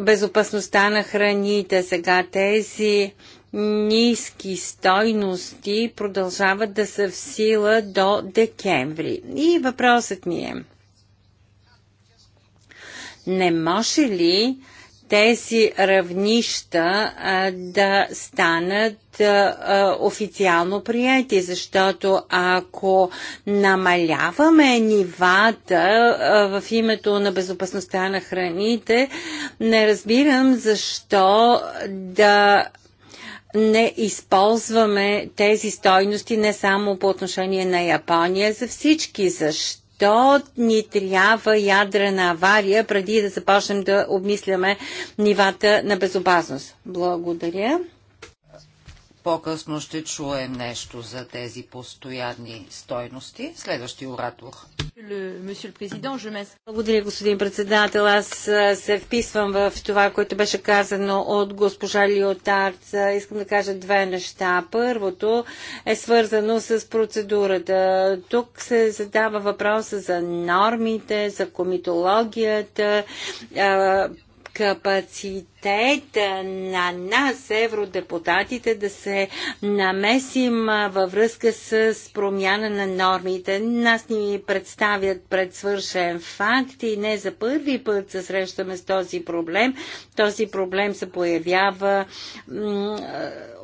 безопасността на храните. Сега тези ниски стойности продължават да са в сила до декември. И въпросът ми е, не може ли тези равнища а, да станат а, официално прияти, защото ако намаляваме нивата а, в името на безопасността на храните, не разбирам защо да не използваме тези стойности не само по отношение на Япония, за всички. Защо? ни трябва ядрена авария, преди да започнем да обмисляме нивата на безопасност. Благодаря. По-късно ще чуем нещо за тези постоянни стойности. Следващи оратор. Благодаря, господин председател. Аз се вписвам в това, което беше казано от госпожа Лиотард. Искам да кажа две неща. Първото е свързано с процедурата. Тук се задава въпроса за нормите, за комитологията, капацитет на нас, евродепутатите, да се намесим във връзка с промяна на нормите. Нас ни представят пред свършен факт и не за първи път се срещаме с този проблем. Този проблем се появява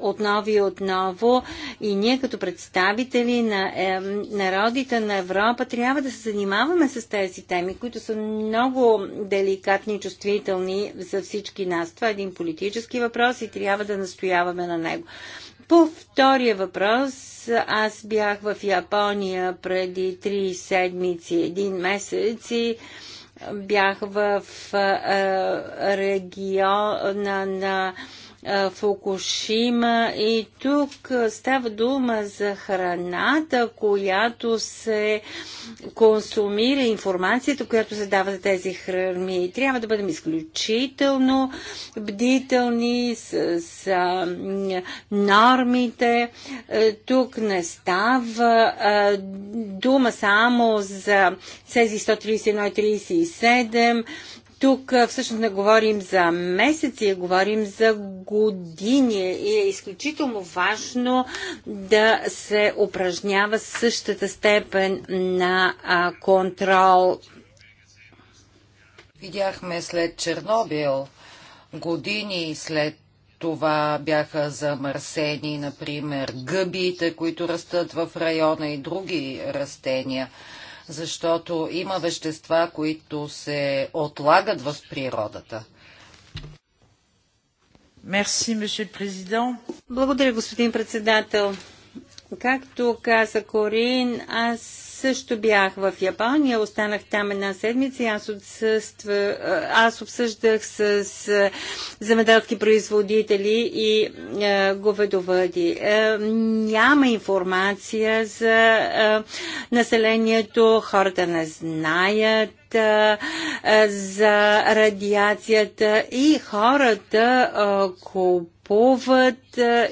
отново и отново и ние като представители на е, народите на Европа трябва да се занимаваме с тези теми, които са много деликатни и чувствителни за всички нас. Това е един политически въпрос и трябва да настояваме на него. По втория въпрос, аз бях в Япония преди три седмици, един месец и бях в региона на, на Фукушима и тук става дума за храната, която се консумира, информацията, която се дава за тези храни. Трябва да бъдем изключително бдителни с, с нормите. Тук не става дума само за тези 131 и 37, тук всъщност не говорим за месеци, а говорим за години и е изключително важно да се упражнява същата степен на а, контрол. Видяхме след Чернобил, години след това бяха замърсени, например, гъбите, които растат в района и други растения защото има вещества, които се отлагат в природата. Merci, Благодаря, господин председател. Както каза Корин, аз също бях в Япония, останах там една седмица и аз, отсъства, аз обсъждах с, с земеделски производители и е, говедовъди. Е, няма информация за е, населението, хората не знаят темата за радиацията и хората купуват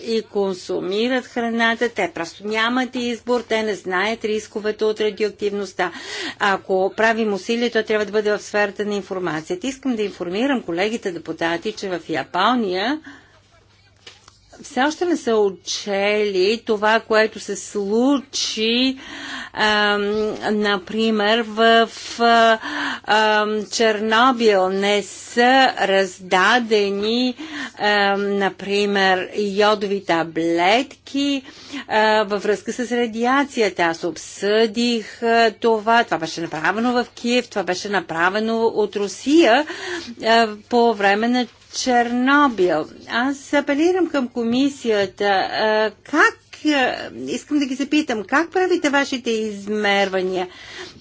и консумират храната. Те просто нямат избор, те не знаят рисковете от радиоактивността. Ако правим усилия, то трябва да бъде в сферата на информацията. Искам да информирам колегите депутати, че в Япония все още не са учели това, което се случи, например, в Чернобил. Не са раздадени, например, йодови таблетки във връзка с радиацията. Аз обсъдих това. Това беше направено в Киев, това беше направено от Русия по време на Чернобил. Аз апелирам към комисията. Как искам да ги запитам, как правите вашите измервания?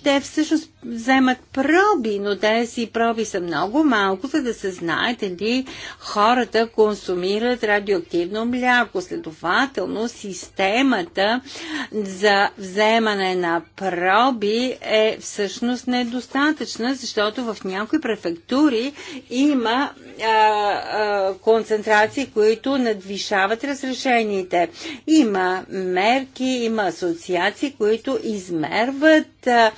Те всъщност вземат проби, но тези проби са много малко, за да се знае дали хората консумират радиоактивно мляко. Следователно, системата за вземане на проби е всъщност недостатъчна, защото в някои префектури има а, а, концентрации, които надвишават разрешените. Има мерки, има асоциации, които измерват а,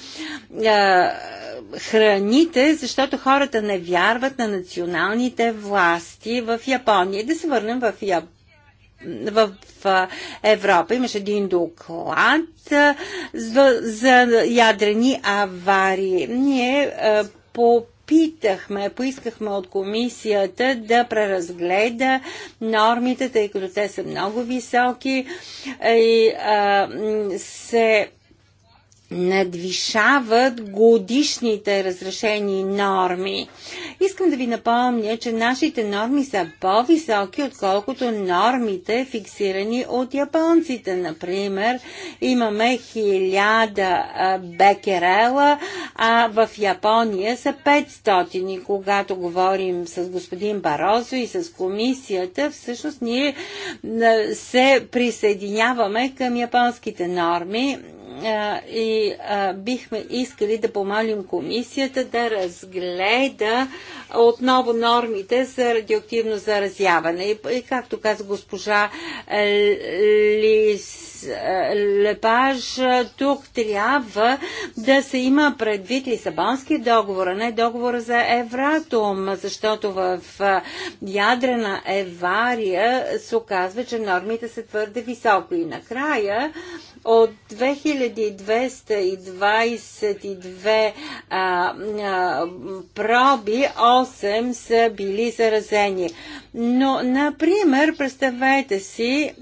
е, а, е, храните, защото хората не вярват на националните власти в Япония. Да се върнем в Япония в е, Европа. Имаше един доклад за, за ядрени аварии. Ние попитахме, поискахме от комисията да преразгледа нормите, тъй като те са много високи и а, се надвишават годишните разрешени норми. Искам да ви напомня, че нашите норми са по-високи, отколкото нормите фиксирани от японците. Например, имаме 1000 бекерела, а в Япония са 500. И когато говорим с господин Барозо и с комисията, всъщност ние се присъединяваме към японските норми и бихме искали да помолим комисията да разгледа отново нормите за радиоактивно заразяване. И, и както каза госпожа е, Лис, е, Лепаж, е, тук трябва да се има предвид Лисабонски договор, а не договор за Евратум, защото в ядрена евария се оказва, че нормите са твърде високо. И накрая от 2222 а, а, проби, 8 са били заразени. Но, например, представете си,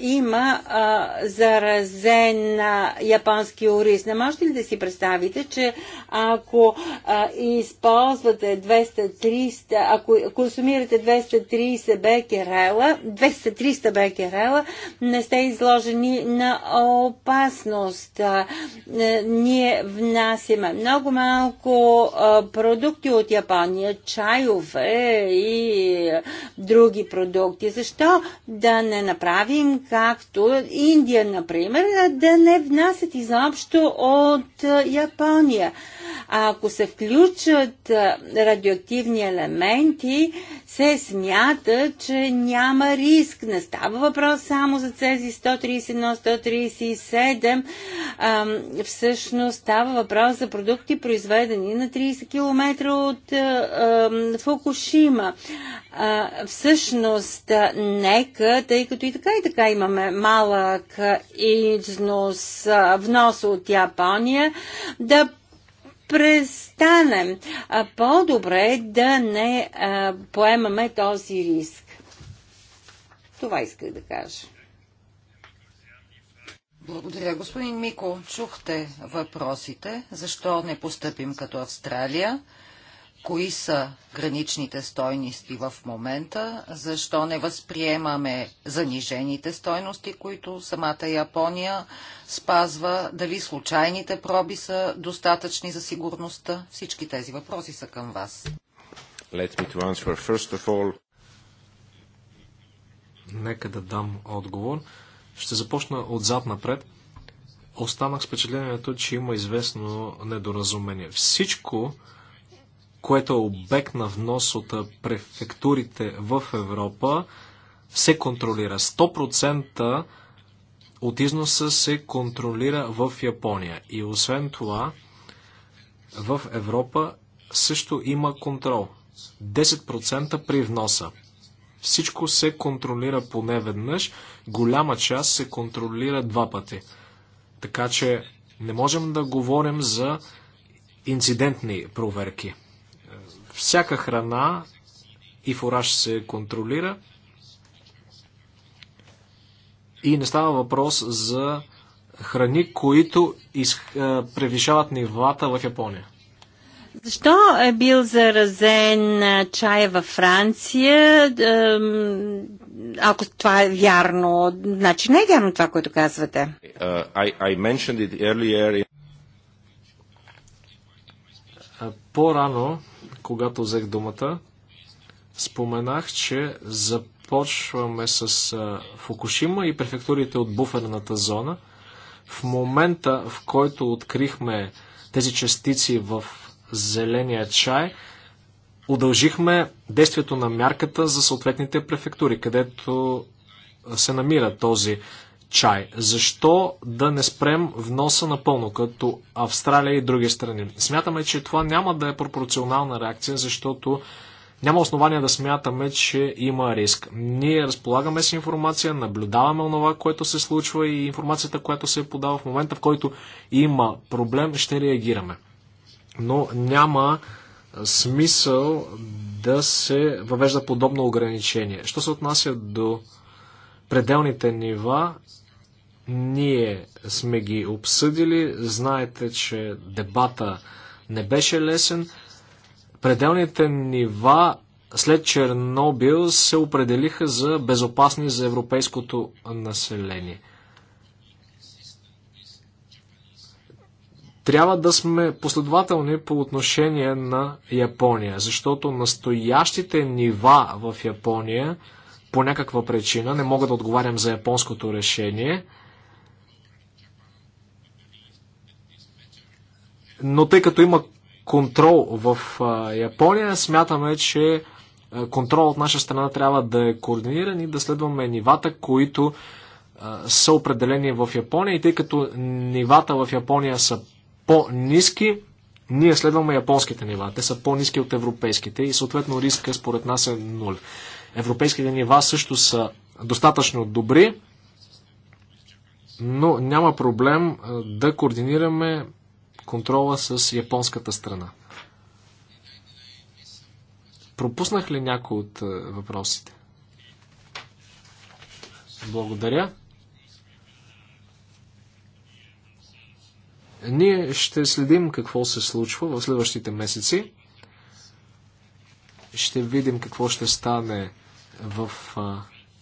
има а, заразен а, японски ориз. Не можете ли да си представите, че ако а, използвате 200-300, ако консумирате 230 бекерела, 200-300 бекерела, не сте изложени на опасност. А, е, ние внасяме много малко а, продукти от Япония, чайове и други продукти. Защо да не направим начин, както Индия, например, да не внасят изобщо от Япония. А ако се включат радиоактивни елементи, се смята, че няма риск. Не става въпрос само за тези 131-137. Всъщност става въпрос за продукти, произведени на 30 км от Фукушима. всъщност, нека, тъй като и така и така имаме малък износ, внос от Япония, да престанем. По-добре е да не а, поемаме този риск. Това исках да кажа. Благодаря, господин Мико. Чухте въпросите. Защо не постъпим като Австралия? кои са граничните стойности в момента, защо не възприемаме занижените стойности, които самата Япония спазва, дали случайните проби са достатъчни за сигурността. Всички тези въпроси са към вас. All... Нека да дам отговор. Ще започна отзад напред. Останах с впечатлението, че има известно недоразумение. Всичко, което е обект на внос от префектурите в Европа, се контролира. 100% от износа се контролира в Япония. И освен това, в Европа също има контрол. 10% при вноса. Всичко се контролира поне веднъж, голяма част се контролира два пъти. Така че не можем да говорим за инцидентни проверки. Всяка храна и фураж се контролира. И не става въпрос за храни, които из... Е, превишават нивата в Япония. Защо е бил заразен е, чая във Франция? Ако това е вярно, значи не е вярно това, което казвате. Uh, I, I е, По-рано когато взех думата, споменах, че започваме с Фукушима и префектурите от буферната зона. В момента, в който открихме тези частици в зеления чай, удължихме действието на мярката за съответните префектури, където се намира този чай. Защо да не спрем вноса напълно, като Австралия и други страни? Смятаме, че това няма да е пропорционална реакция, защото няма основания да смятаме, че има риск. Ние разполагаме с информация, наблюдаваме онова, което се случва и информацията, която се е подава в момента, в който има проблем, ще реагираме. Но няма смисъл да се въвежда подобно ограничение. Що се отнася до пределните нива, ние сме ги обсъдили, знаете, че дебата не беше лесен. Пределните нива след Чернобил се определиха за безопасни за европейското население. Трябва да сме последователни по отношение на Япония, защото настоящите нива в Япония по някаква причина, не мога да отговарям за японското решение, но тъй като има контрол в Япония, смятаме, че контрол от наша страна трябва да е координиран и да следваме нивата, които са определени в Япония и тъй като нивата в Япония са по-низки, ние следваме японските нива. Те са по-низки от европейските и съответно риска според нас е нуль. Европейските нива също са достатъчно добри, но няма проблем да координираме контрола с японската страна. Пропуснах ли някои от е, въпросите? Благодаря. Ние ще следим какво се случва в следващите месеци. Ще видим какво ще стане в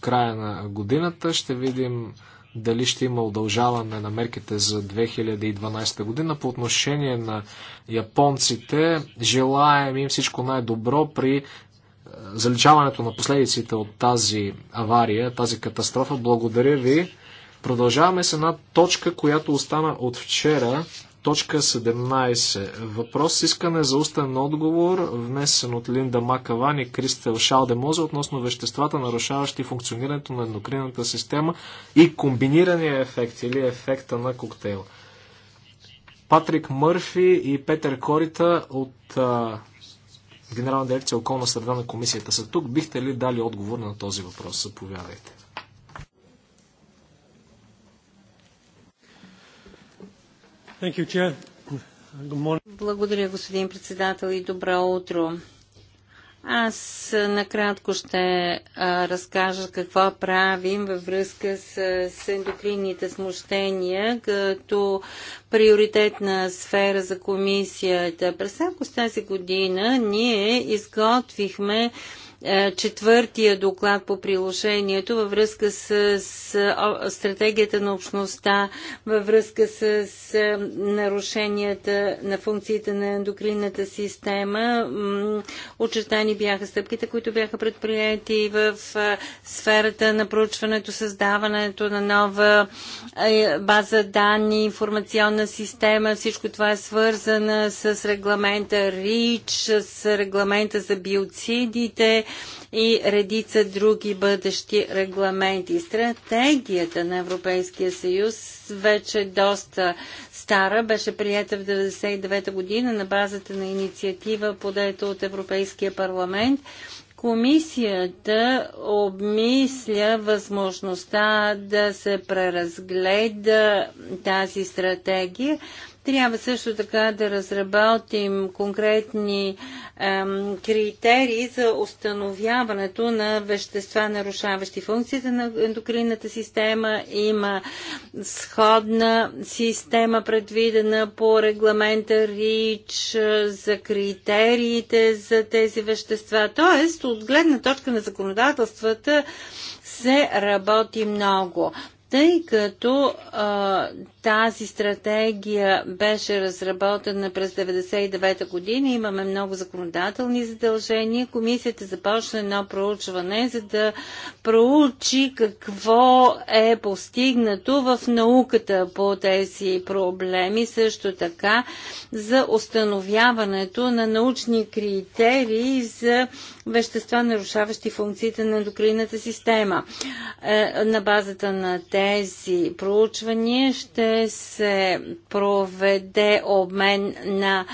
края на годината. Ще видим дали ще има удължаване на мерките за 2012 година. По отношение на японците, желаем им всичко най-добро при е, заличаването на последиците от тази авария, тази катастрофа. Благодаря ви. Продължаваме с една точка, която остана от вчера. Точка 17. Въпрос с искане за устен отговор, внесен от Линда Макаван и Кристел Шалдемоза относно веществата, нарушаващи функционирането на ендокринната система и комбинирания ефект или ефекта на коктейл. Патрик Мърфи и Петър Корита от а, Генерална дирекция околна среда на комисията са тук. Бихте ли дали отговор на този въпрос? Заповядайте. You, Благодаря, господин председател и добро утро. Аз накратко ще а, разкажа какво правим във връзка с, с ендокринните смущения като приоритетна сфера за комисията. През август тази година ние изготвихме е, четвъртия доклад по приложението във връзка с, стратегията на общността, във връзка с, е, нарушенията на функциите на ендокринната система. Очертани бяха стъпките, които бяха предприяти в е, сферата на проучването, създаването на нова база данни, информационна система. Всичко това е свързано с регламента РИЧ, с регламента за биоцидите, и редица други бъдещи регламенти. Стратегията на Европейския съюз вече е доста стара, беше прията в 1999 година на базата на инициатива, подета от Европейския парламент. Комисията обмисля възможността да се преразгледа тази стратегия трябва също така да разработим конкретни ем, критерии за установяването на вещества, нарушаващи функцията на ендокринната система. Има сходна система, предвидена по регламента РИЧ за критериите за тези вещества. Тоест, от гледна точка на законодателствата, се работи много. Тъй като а, тази стратегия беше разработена през 1999 година, имаме много законодателни задължения. Комисията започна едно проучване, за да проучи какво е постигнато в науката по тези проблеми, също така за установяването на научни критерии за вещества, нарушаващи функциите на ендокринната система. Е, на базата на тези проучвания ще се проведе обмен на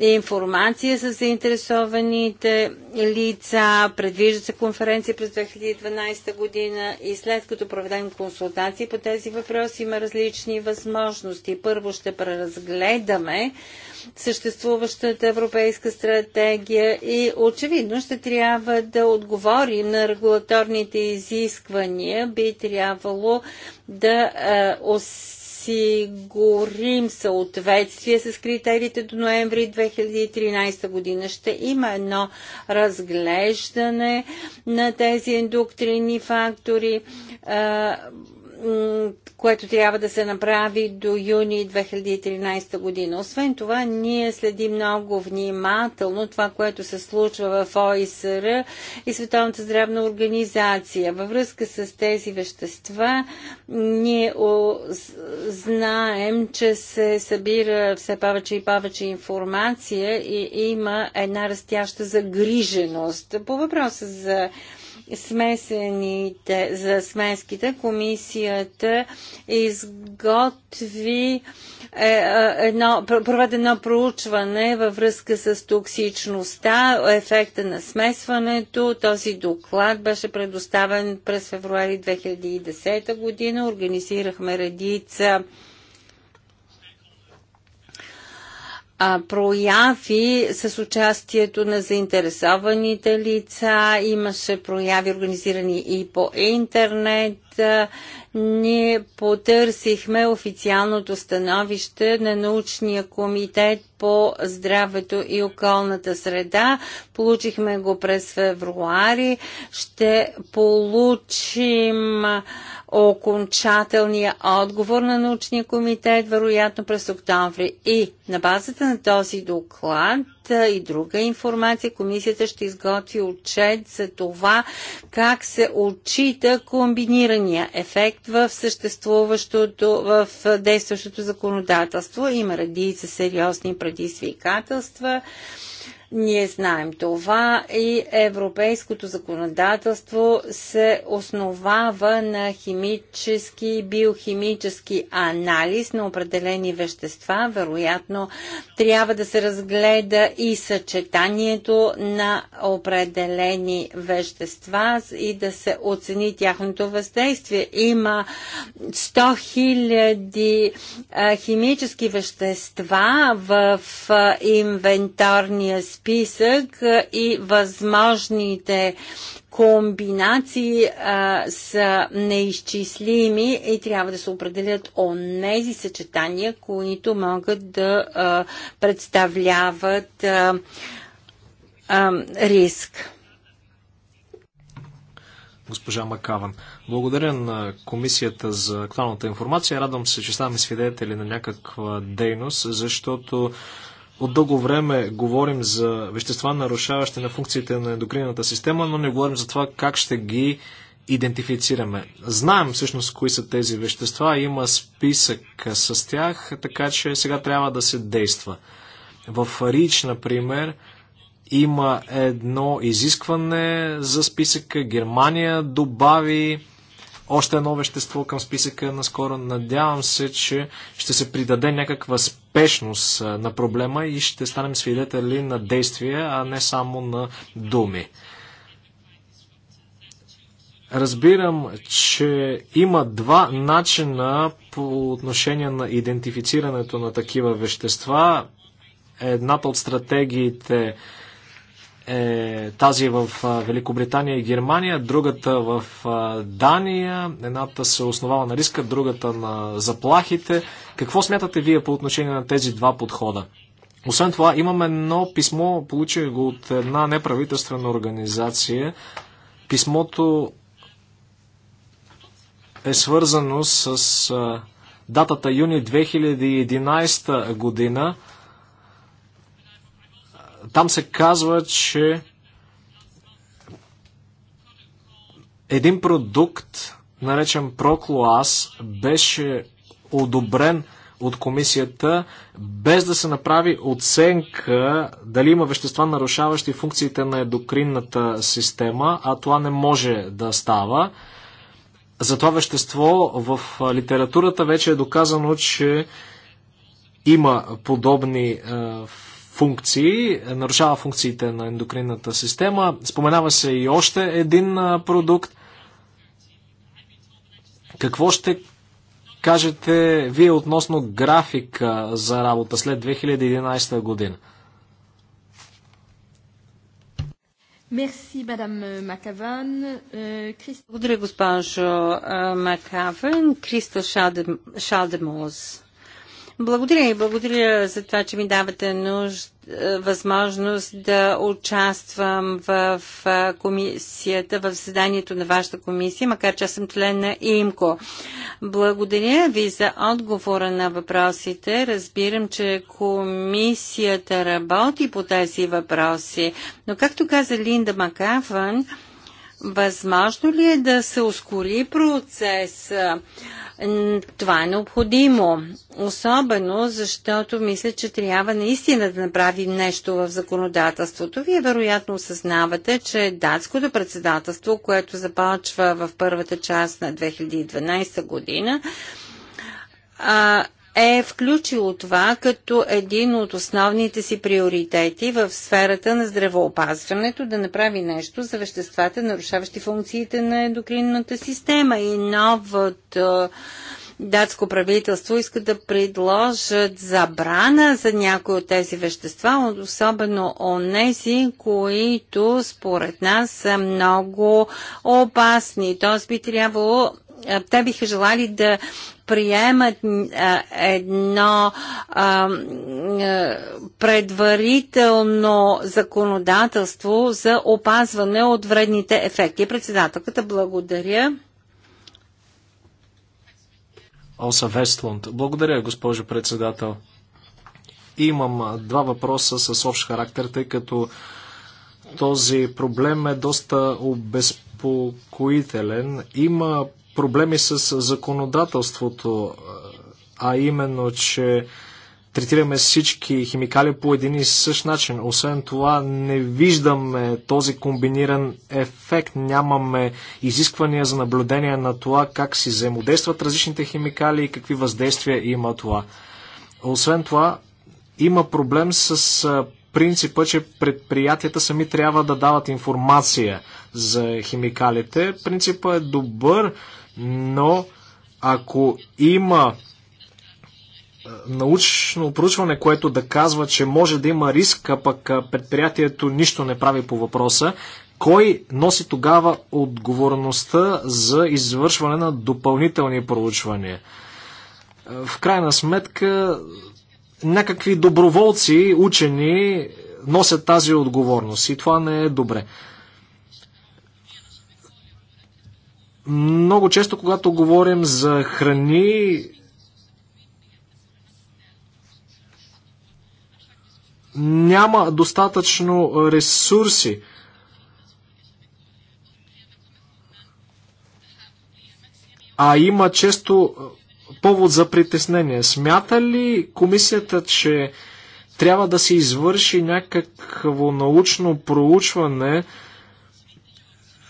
информация с заинтересованите лица. Предвижда се конференция през 2012 година и след като проведем консултации по тези въпроси има различни възможности. Първо ще преразгледаме съществуващата европейска стратегия и очевидно ще трябва да отговорим на регулаторните изисквания. Би трябвало да осигурим съответствие с критериите до ноември 2013 година. Ще има едно разглеждане на тези ендоктринни фактори което трябва да се направи до юни 2013 година. Освен това, ние следим много внимателно това, което се случва в ОИСР и Световната здравна организация. Във връзка с тези вещества, ние знаем, че се събира все повече и повече информация и има една растяща загриженост. По въпроса за смесените, за смеските, комисията изготви е, е, едно, проведе едно проучване във връзка с токсичността, ефекта на смесването. Този доклад беше предоставен през февруари 2010 година. Организирахме редица а, прояви с участието на заинтересованите лица, имаше прояви организирани и по интернет. Ние потърсихме официалното становище на научния комитет по здравето и околната среда. Получихме го през февруари. Ще получим окончателния отговор на научния комитет, вероятно през октомври. И на базата на този доклад и друга информация, комисията ще изготви отчет за това как се отчита комбинирания ефект в съществуващото, в действащото законодателство. Има редица сериозни предизвикателства. Ние знаем това и европейското законодателство се основава на химически и биохимически анализ на определени вещества. Вероятно, трябва да се разгледа и съчетанието на определени вещества и да се оцени тяхното въздействие. Има 100 000 химически вещества в инвентарния списък и възможните комбинации а, са неизчислими и трябва да се определят онези съчетания, които могат да а, представляват а, а, риск. Госпожа Макаван, благодаря на комисията за актуалната информация. Радвам се, че ставаме свидетели на някаква дейност, защото от дълго време говорим за вещества, нарушаващи на функциите на ендокринната система, но не говорим за това как ще ги идентифицираме. Знаем всъщност кои са тези вещества, има списък с тях, така че сега трябва да се действа. В РИЧ, например, има едно изискване за списъка. Германия добави още едно вещество към списъка наскоро. Надявам се, че ще се придаде някаква спешност на проблема и ще станем свидетели на действия, а не само на думи. Разбирам, че има два начина по отношение на идентифицирането на такива вещества. Едната от стратегиите е тази в Великобритания и Германия, другата в Дания, едната се основава на риска, другата на заплахите. Какво смятате вие по отношение на тези два подхода? Освен това, имаме едно писмо, получих го от една неправителствена организация. Писмото е свързано с датата юни 2011 година. Там се казва, че един продукт, наречен Проклоас, беше одобрен от комисията, без да се направи оценка дали има вещества, нарушаващи функциите на едокринната система, а това не може да става. За това вещество в литературата вече е доказано, че има подобни функции, нарушава функциите на ендокринната система. Споменава се и още един продукт. Какво ще кажете вие относно графика за работа след 2011 година? Е, е, Благодаря, госпожо е, Макавен, Кристо Шалдемоз. Благодаря и благодаря за това, че ми давате нужда, е, възможност да участвам в е, комисията, в заседанието на вашата комисия, макар че аз съм член на ИМКО. Благодаря ви за отговора на въпросите. Разбирам, че комисията работи по тези въпроси, но както каза Линда Макафън, възможно ли е да се ускори процес? Това е необходимо, особено защото мисля, че трябва наистина да направим нещо в законодателството. Вие вероятно осъзнавате, че датското председателство, което започва в първата част на 2012 година, е включило това като един от основните си приоритети в сферата на здравоопазването да направи нещо за веществата, нарушаващи функциите на ендокринната система. И новото е, датско правителство иска да предложат забрана за някои от тези вещества, особено онези, които според нас са много опасни. Тоест би трябвало те биха желали да приемат едно предварително законодателство за опазване от вредните ефекти. Председателката, благодаря. Оса Вестлунд. Благодаря, госпожо председател. Имам два въпроса с общ характер, тъй като този проблем е доста обезпокоителен. Има проблеми с законодателството, а именно, че третираме всички химикали по един и същ начин. Освен това, не виждаме този комбиниран ефект, нямаме изисквания за наблюдение на това как си взаимодействат различните химикали и какви въздействия има това. Освен това, има проблем с принципа, че предприятията сами трябва да дават информация за химикалите. Принципът е добър, но ако има е, научно проучване, което да казва, че може да има риск, а пък е, предприятието нищо не прави по въпроса, кой носи тогава отговорността за извършване на допълнителни проучвания? Е, в крайна сметка, някакви доброволци, учени, носят тази отговорност и това не е добре. Много често, когато говорим за храни, няма достатъчно ресурси. А има често повод за притеснение. Смята ли комисията, че трябва да се извърши някакво научно проучване,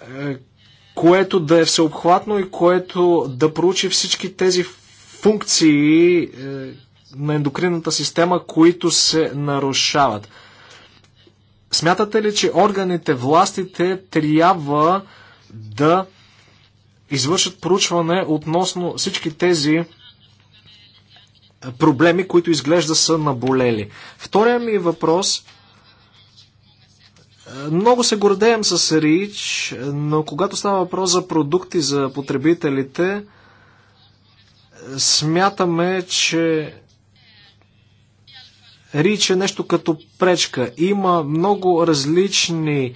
е, което да е всеобхватно и което да проучи всички тези функции е, на ендокринната система, които се нарушават. Смятате ли, че органите, властите трябва да извършат проучване относно всички тези проблеми, които изглежда са наболели? Втория ми въпрос много се гордеем с РИЧ, но когато става въпрос за продукти за потребителите, смятаме, че РИЧ е нещо като пречка. Има много различни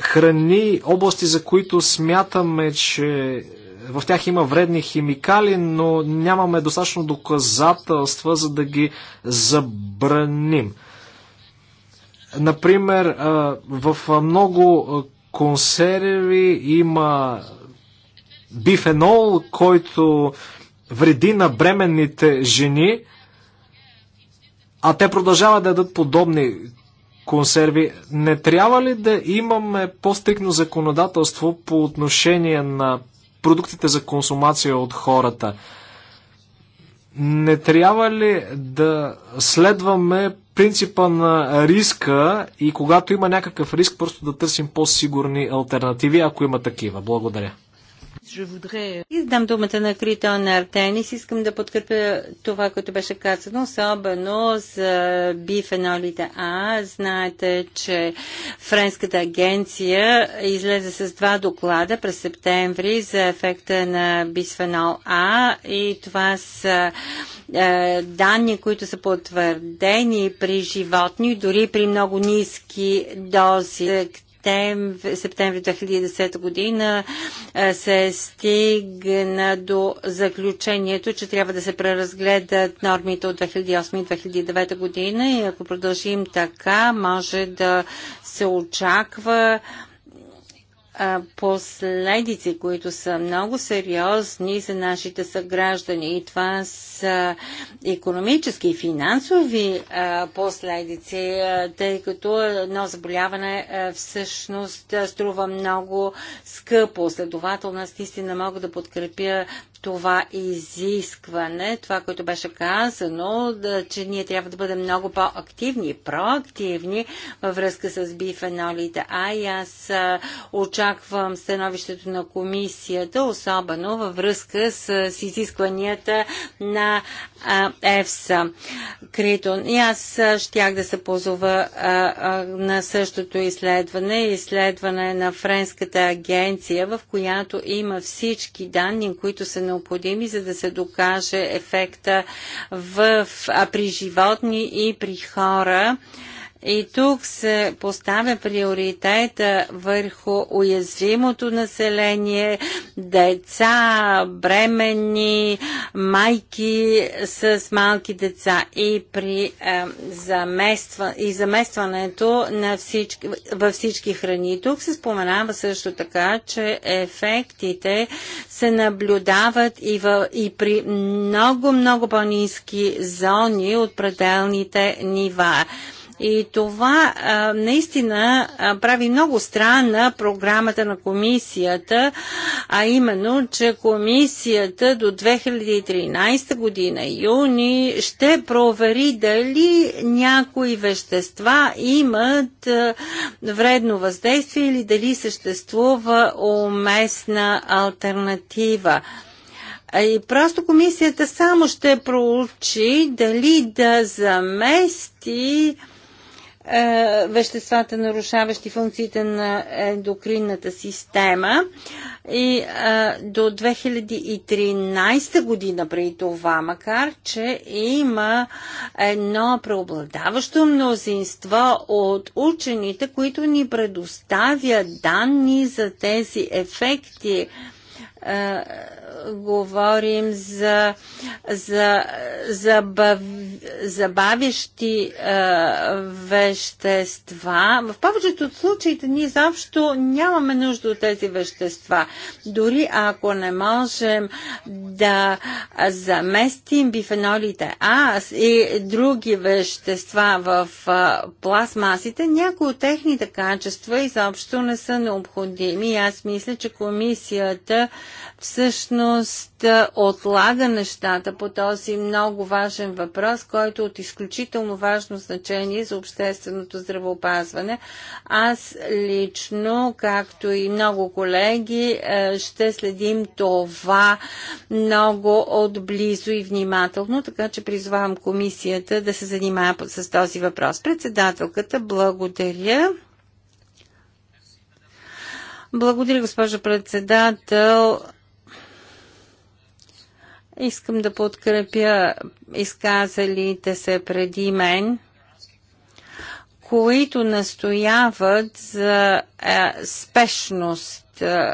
храни, области, за които смятаме, че в тях има вредни химикали, но нямаме достатъчно доказателства, за да ги забраним. Например, в много консерви има бифенол, който вреди на бременните жени, а те продължават да дадат подобни консерви. Не трябва ли да имаме по-стрикно законодателство по отношение на продуктите за консумация от хората? Не трябва ли да следваме принципа на риска и когато има някакъв риск, просто да търсим по-сигурни альтернативи, ако има такива? Благодаря. Euh, Издам думата на Критон Артенис. Искам да подкрепя това, което беше казано, особено за бифенолите А. Знаете, че Френската агенция излезе с два доклада през септември за ефекта на бисфенол А и това са е, данни, които са потвърдени при животни, дори при много ниски дози септември, септември 2010 година се стигна до заключението, че трябва да се преразгледат нормите от 2008 и 2009 година и ако продължим така, може да се очаква последици, които са много сериозни за нашите съграждани. И това са економически и финансови последици, тъй като едно заболяване всъщност струва много скъпо. Следователно, аз наистина мога да подкрепя това изискване, това, което беше казано, да, че ние трябва да бъдем много по-активни, проактивни във връзка с бифенолите. А и аз очаквам становището на комисията, особено във връзка с, с изискванията на а, ЕФСА. Критон. И аз щях да се позова а, а, на същото изследване, изследване на Френската агенция, в която има всички данни, които се необходими, за да се докаже ефекта в, а при животни и при хора. И тук се поставя приоритета върху уязвимото население, деца, бременни, майки с малки деца и при е, замества, и заместването на всички, във всички храни. Тук се споменава също така, че ефектите се наблюдават и, в, и при много, много по-низки зони от пределните нива. И това а, наистина а, прави много странна програмата на комисията, а именно, че комисията до 2013 година, юни, ще провери дали някои вещества имат а, вредно въздействие или дали съществува уместна альтернатива. И просто комисията само ще проучи дали да замести е, веществата, нарушаващи функциите на ендокринната система. И а, е, до 2013 година при това, макар че има едно преобладаващо мнозинство от учените, които ни предоставят данни за тези ефекти. А, е, говорим за, за, забав, забавящи а, вещества. В повечето от случаите ние изобщо нямаме нужда от тези вещества. Дори ако не можем да заместим бифенолите А и други вещества в а, пластмасите, някои от техните качества изобщо не са необходими. Аз мисля, че комисията всъщност отлага нещата по този много важен въпрос, който е от изключително важно значение за общественото здравеопазване. Аз лично, както и много колеги, ще следим това много отблизо и внимателно, така че призвавам комисията да се занимава с този въпрос. Председателката, благодаря. Благодаря, госпожо председател. Искам да подкрепя изказалите се преди мен, които настояват за е, спешност е,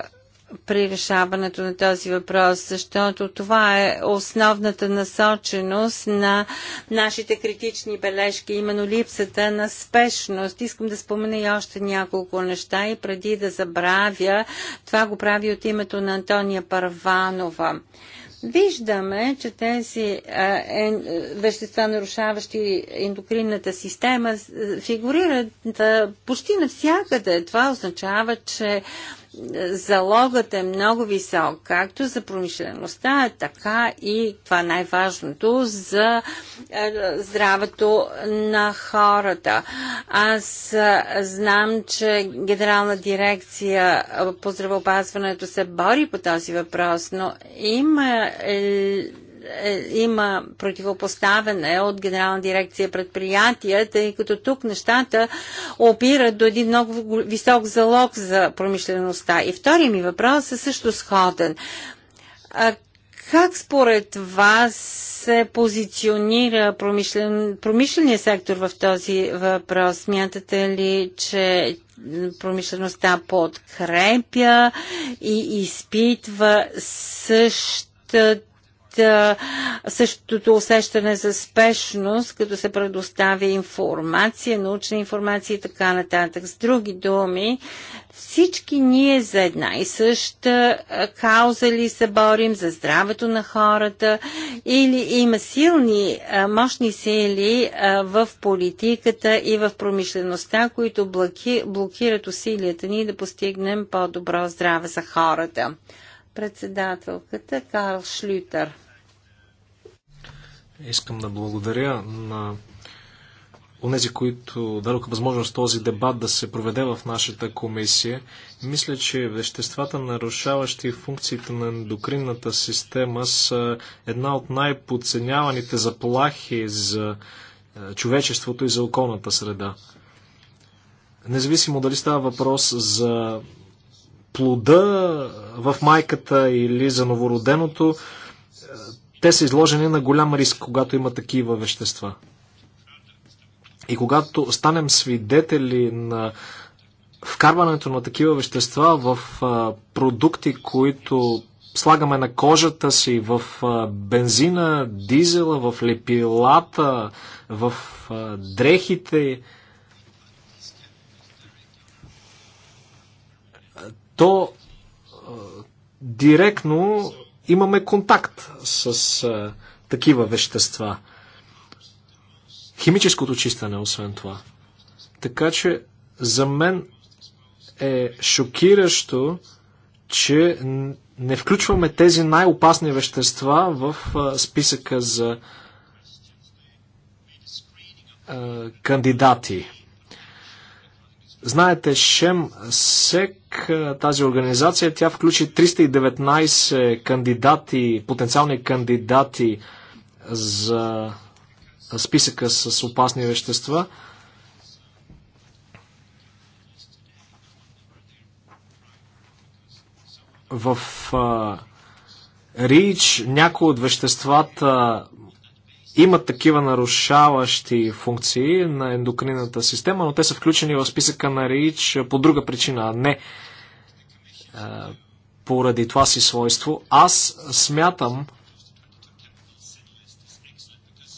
при решаването на този въпрос, защото това е основната насоченост на нашите критични бележки, именно липсата на спешност. Искам да спомена и още няколко неща и преди да забравя, това го прави от името на Антония Парванова. Виждаме, че тези е, е, вещества, нарушаващи ендокринната система, фигурират а, почти навсякъде. Това означава, че залогът е много висок, както за промишлеността, така и това най-важното за е, здравето на хората. Аз е, знам, че Генерална дирекция по здравеопазването се бори по този въпрос, но има е, е, има противопоставяне от Генерална дирекция предприятия, тъй като тук нещата опират до един много висок залог за промишлеността. И втория ми въпрос е също сходен. Как според вас се позиционира промишлен, промишления сектор в този въпрос? Смятате ли, че промишлеността подкрепя и изпитва същата същото усещане за спешност, като се предоставя информация, научна информация и така нататък. С други думи, всички ние за една и съща кауза ли се борим, за здравето на хората или има силни, мощни сили в политиката и в промишлеността, които блокират усилията ни да постигнем по-добро здраве за хората. Председателката Карл Шлютер. Искам да благодаря на онези, които дадоха възможност този дебат да се проведе в нашата комисия. Мисля, че веществата, нарушаващи функциите на ендокринната система, са една от най-подценяваните заплахи за е, човечеството и за околната среда. Независимо дали става въпрос за плода в майката или за новороденото, те са изложени на голям риск, когато има такива вещества. И когато станем свидетели на вкарването на такива вещества в продукти, които слагаме на кожата си, в бензина, дизела, в лепилата, в дрехите, то директно имаме контакт с а, такива вещества. Химическото чистане, освен това. Така че за мен е шокиращо, че не включваме тези най-опасни вещества в а, списъка за а, кандидати. Знаете, Шем Сек, тази организация, тя включи 319 кандидати, потенциални кандидати за списъка с опасни вещества. В Рич някои от веществата има такива нарушаващи функции на ендокринната система, но те са включени в списъка на РИЧ по друга причина, а не е, поради това си свойство. Аз смятам,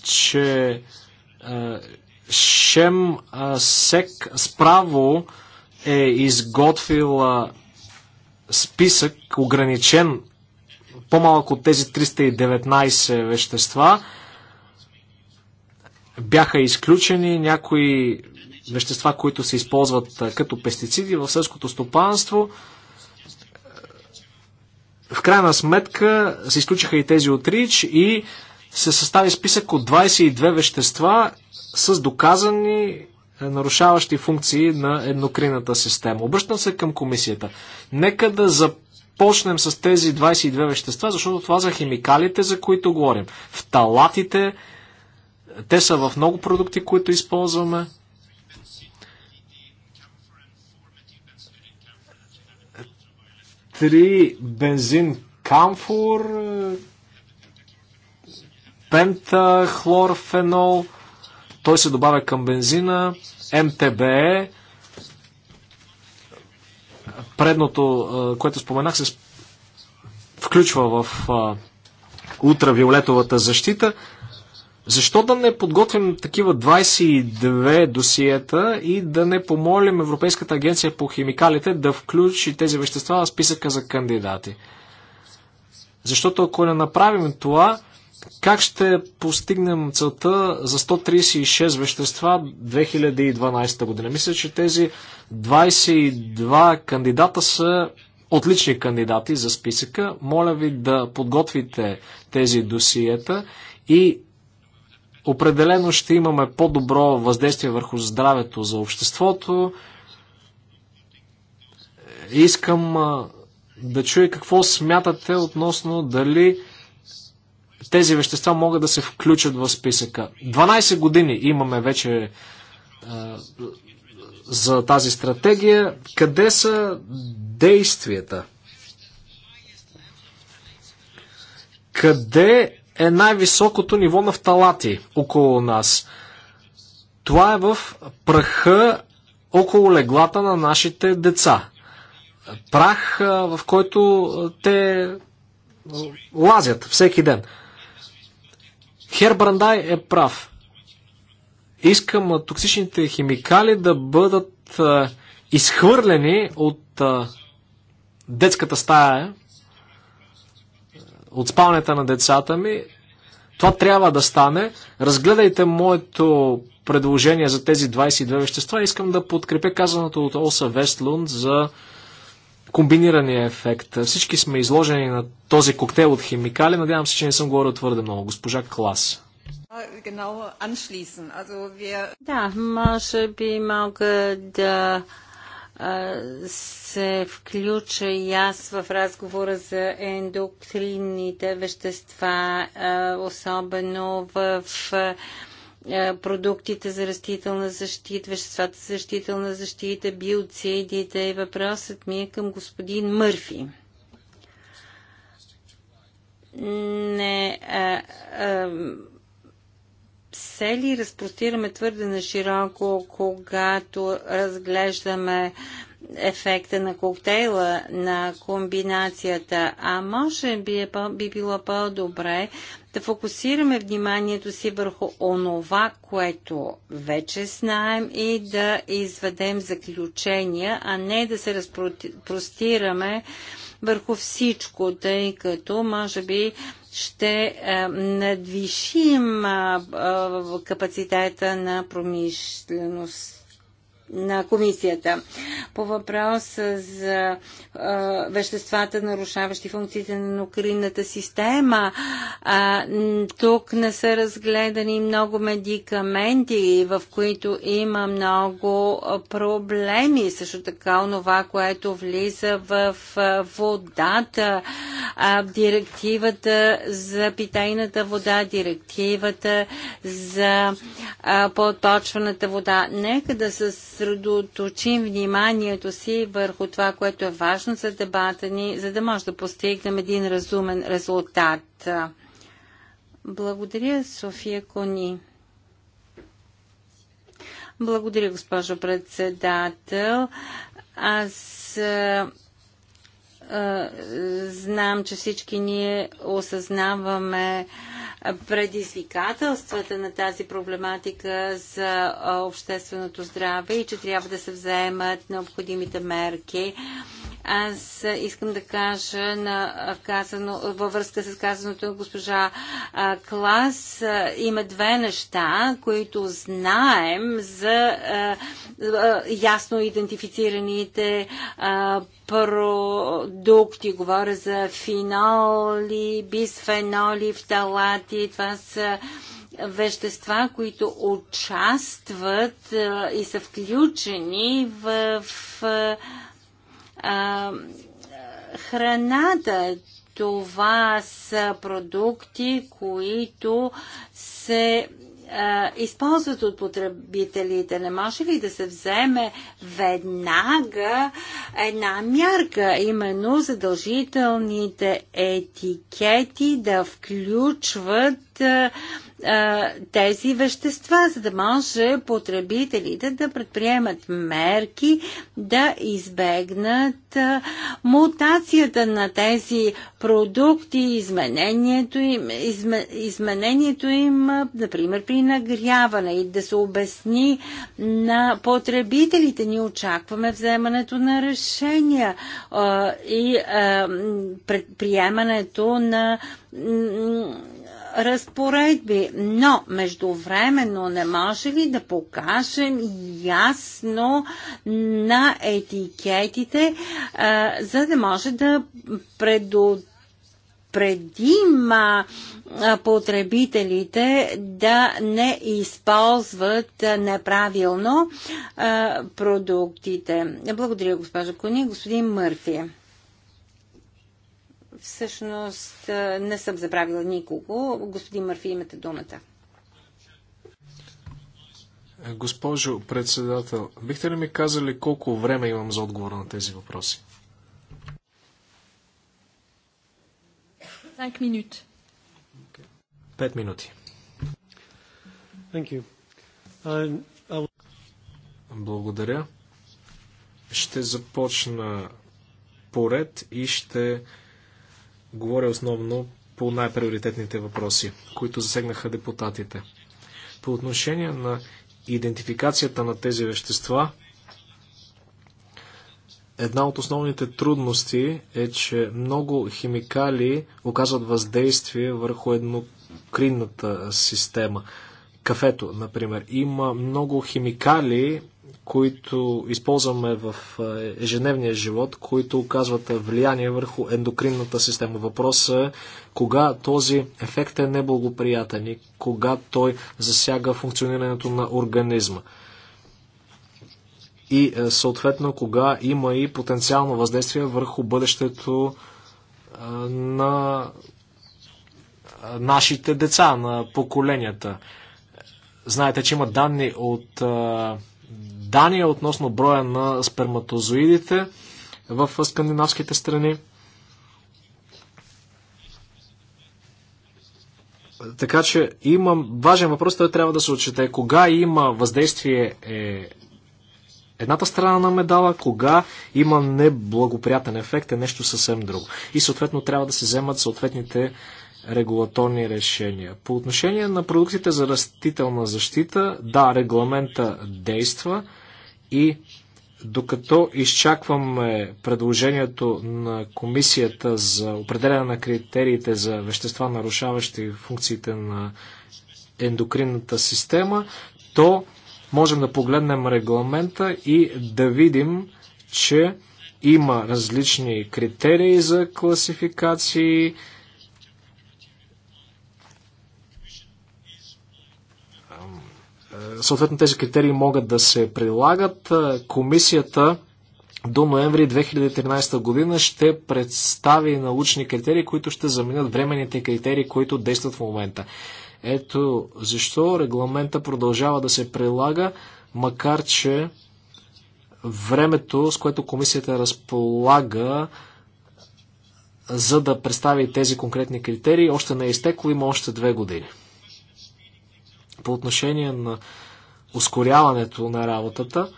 че е, Шем е, Сек справо е изготвил списък, ограничен по-малко от тези 319 вещества, бяха изключени някои вещества, които се използват като пестициди в сълското стопанство. В крайна сметка се изключиха и тези от РИЧ и се състави списък от 22 вещества с доказани е, нарушаващи функции на еднокринната система. Обръщам се към комисията. Нека да започнем с тези 22 вещества, защото това за химикалите, за които говорим. талатите, те са в много продукти, които използваме. Три бензин камфор, пентахлорфенол, той се добавя към бензина, МТБЕ, предното, което споменах, се включва в ултравиолетовата защита. Защо да не подготвим такива 22 досиета и да не помолим Европейската агенция по химикалите да включи тези вещества в списъка за кандидати? Защото ако не направим това, как ще постигнем целта за 136 вещества 2012 година? Мисля, че тези 22 кандидата са отлични кандидати за списъка. Моля ви да подготвите тези досиета и Определено ще имаме по-добро въздействие върху здравето за обществото. Искам да чуя какво смятате относно дали тези вещества могат да се включат в списъка. 12 години имаме вече е, за тази стратегия. Къде са действията? Къде е най-високото ниво на фталати около нас. Това е в праха около леглата на нашите деца. Прах, в който те лазят всеки ден. Хербрандай е прав. Искам токсичните химикали да бъдат изхвърлени от детската стая от спалнята на децата ми. Това трябва да стане. Разгледайте моето предложение за тези 22 вещества. Искам да подкрепя казаното от Оса Вестлунд за комбинирания ефект. Всички сме изложени на този коктейл от химикали. Надявам се, че не съм говорил твърде много. Госпожа Клас. Да, може би мога да се включа и аз в разговора за ендокринните вещества, особено в продуктите за растителна защита, веществата за растителна защита, биоцидите и въпросът ми е към господин Мърфи. Не, а, а, се ли разпростираме твърде на широко, когато разглеждаме ефекта на коктейла, на комбинацията, а може би, е, би било по-добре да фокусираме вниманието си върху онова, което вече знаем и да изведем заключения, а не да се разпростираме върху всичко, тъй като може би ще е, надвишим е, е, капацитета на промишленост на комисията. По въпроса за а, веществата, нарушаващи функциите на нокринната система, а, тук не са разгледани много медикаменти, в които има много проблеми. Също така, онова, което влиза в водата, а, директивата за питайната вода, директивата за а, подпочваната вода. Нека да се съсредоточим вниманието си върху това, което е важно за дебата ни, за да може да постигнем един разумен резултат. Благодаря, София Кони. Благодаря, госпожо председател. Аз а, а, знам, че всички ние осъзнаваме а, предизвикателствата на тази проблематика за общественото здраве и че трябва да се вземат необходимите мерки аз искам да кажа на казано, във връзка с казаното госпожа а, Клас. А, има две неща, които знаем за а, ясно идентифицираните продукти. Говоря за финоли, бисфеноли, фталати. Това са вещества, които участват и са включени в, в храната. Това са продукти, които се използват от потребителите. Не може ли да се вземе веднага една мярка, именно задължителните етикети да включват а, а, тези вещества, за да може потребителите да предприемат мерки да избегнат а, мутацията на тези продукти, изменението им, изме, изменението им а, например, при нагряване и да се обясни на потребителите. Ние очакваме вземането на решения а, и а, предприемането на разпоредби. Но междувременно не може ли да покажем ясно на етикетите, за да може да предотвратим потребителите да не използват неправилно продуктите. Благодаря, госпожа Кони. Господин Мърфи. Всъщност не съм забравила никого. Господин Марфи, имате думата. Госпожо председател, бихте ли ми казали колко време имам за отговор на тези въпроси? Пет минути. Пет минути. Благодаря. Ще започна поред и ще говоря основно по най-приоритетните въпроси, които засегнаха депутатите. По отношение на идентификацията на тези вещества, една от основните трудности е, че много химикали оказват въздействие върху еднокринната система. Кафето, например, има много химикали, които използваме в ежедневния живот, които оказват влияние върху ендокринната система. Въпросът е кога този ефект е неблагоприятен и кога той засяга функционирането на организма. И е, съответно кога има и потенциално въздействие върху бъдещето на нашите деца, на поколенията. Знаете, че има данни от Дания относно броя на сперматозоидите в скандинавските страни. Така че имам важен въпрос, той трябва да се отчете. Кога има въздействие е едната страна на медала, кога има неблагоприятен ефект е нещо съвсем друго. И съответно трябва да се вземат съответните регулаторни решения. По отношение на продуктите за растителна защита, да, регламента действа, и докато изчакваме предложението на комисията за определяне на критериите за вещества, нарушаващи функциите на ендокринната система, то можем да погледнем регламента и да видим, че има различни критерии за класификации, съответно тези критерии могат да се прилагат. Е, комисията до ноември 2013 година ще представи научни критерии, които ще заменят временните критерии, които действат в момента. Ето защо регламента продължава да се прилага, макар че времето, с което комисията разполага, за да представи тези конкретни критерии, още не е изтекло, има още две години. По отношение на ускоряването на работата.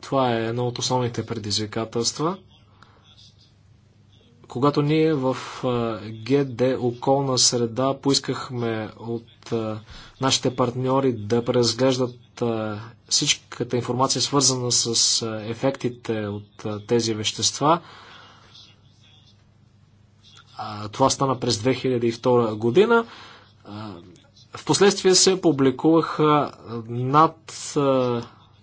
Това е едно от основните предизвикателства. Когато ние в ГД околна среда поискахме от нашите партньори да преразглеждат всичката информация, свързана с ефектите от тези вещества, това стана през 2002 година. Впоследствие се публикуваха над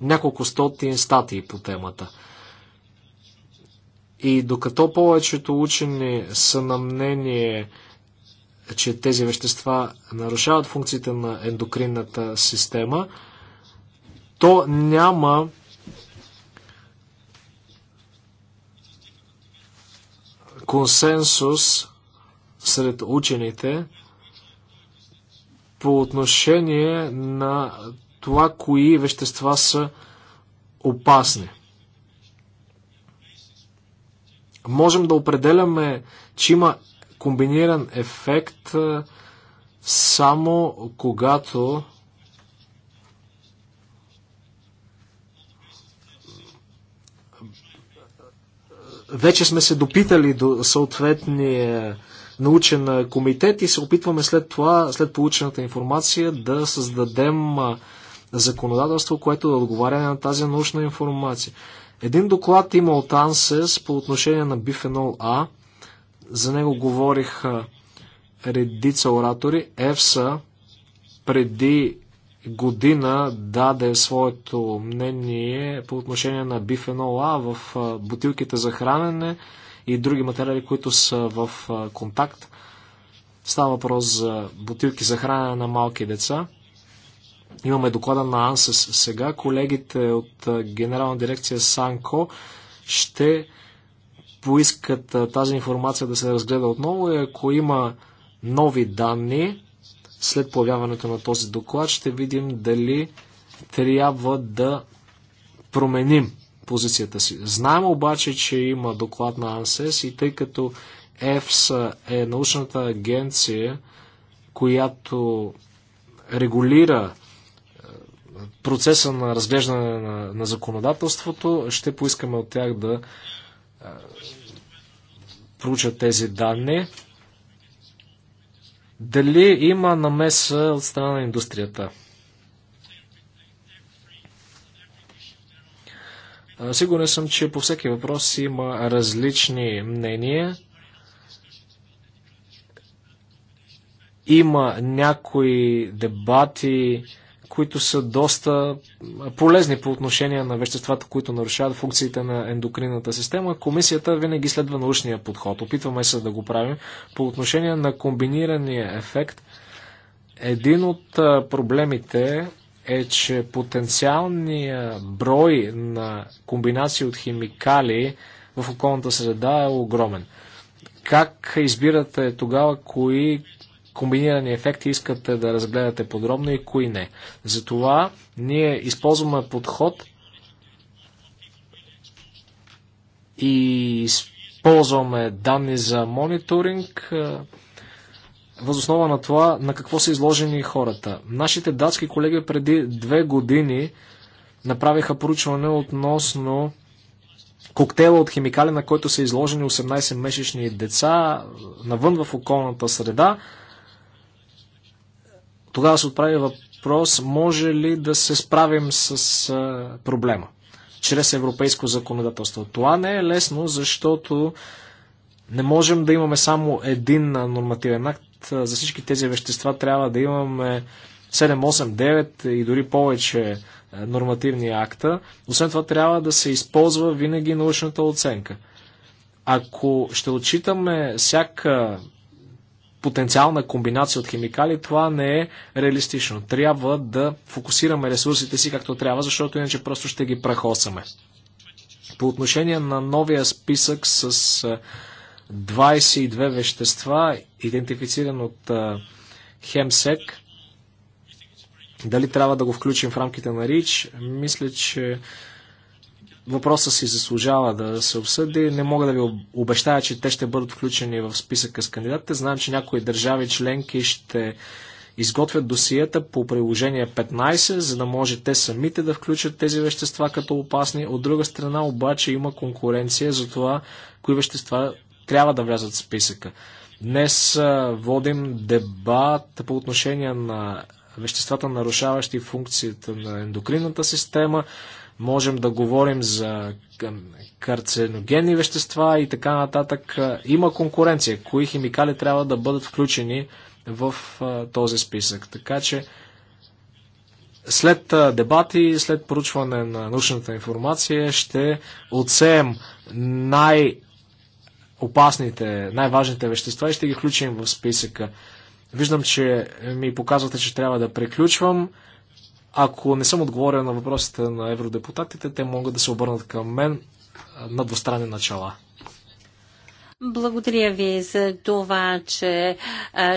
няколко стотин статии по темата. И докато повечето учени са на мнение, че тези вещества нарушават функциите на ендокринната система, то няма консенсус сред учените по отношение на това, кои вещества са опасни. Можем да определяме, че има комбиниран ефект само когато вече сме се допитали до съответния научен комитет и се опитваме след това, след получената информация, да създадем законодателство, което да отговаря на тази научна информация. Един доклад има от АНСЕС по отношение на бифенол А. За него говорих редица оратори. ЕФСА преди година даде своето мнение по отношение на бифенол А в бутилките за хранене и други материали, които са в контакт. Става въпрос за бутилки за хранене на малки деца. Имаме доклада на АНСЕС сега. Колегите от Генерална дирекция САНКО ще поискат тази информация да се разгледа отново и ако има нови данни след появяването на този доклад, ще видим дали трябва да променим позицията си. Знаем обаче, че има доклад на АНСЕС и тъй като ЕФС е научната агенция, която регулира е, процеса на разглеждане на, на законодателството, ще поискаме от тях да а, е, проучат тези данни. Дали има намеса от страна на индустрията? Сигурен съм, че по всеки въпрос има различни мнения. Има някои дебати, които са доста полезни по отношение на веществата, които нарушават функциите на ендокринната система. Комисията винаги следва научния подход. Опитваме се да го правим. По отношение на комбинирания ефект, един от проблемите е, че потенциалният брой на комбинации от химикали в околната среда е огромен. Как избирате тогава кои комбинирани ефекти искате да разгледате подробно и кои не? Затова ние използваме подход и използваме данни за мониторинг, възоснова на това на какво са изложени хората. Нашите датски колеги преди две години направиха поручване относно коктейла от химикали, на който са изложени 18-месечни деца навън в околната среда. Тогава се отправи въпрос, може ли да се справим с проблема чрез европейско законодателство. Това не е лесно, защото не можем да имаме само един нормативен акт, за всички тези вещества трябва да имаме 7, 8, 9 и дори повече е, нормативни акта. Освен това трябва да се използва винаги научната оценка. Ако ще отчитаме всяка потенциална комбинация от химикали, това не е реалистично. Трябва да фокусираме ресурсите си както трябва, защото иначе просто ще ги прахосаме. По отношение на новия списък с е, 22 вещества, идентифициран от Хемсек. Дали трябва да го включим в рамките на РИЧ? Мисля, че въпросът си заслужава да се обсъди. Не мога да ви обещая, че те ще бъдат включени в списъка с кандидатите. Знам, че някои държави членки ще изготвят досията по приложение 15, за да може те самите да включат тези вещества като опасни. От друга страна обаче има конкуренция за това, кои вещества трябва да влязат в списъка. Днес водим дебат по отношение на веществата, нарушаващи функцията на ендокринната система. Можем да говорим за карценогенни вещества и така нататък. Има конкуренция. Кои химикали трябва да бъдат включени в този списък. Така че след дебати, след проучване на научната информация ще отсеем най- опасните, най-важните вещества и ще ги включим в списъка. Виждам, че ми показвате, че трябва да приключвам. Ако не съм отговорил на въпросите на евродепутатите, те могат да се обърнат към мен на двустранни начала. Благодаря ви за това, че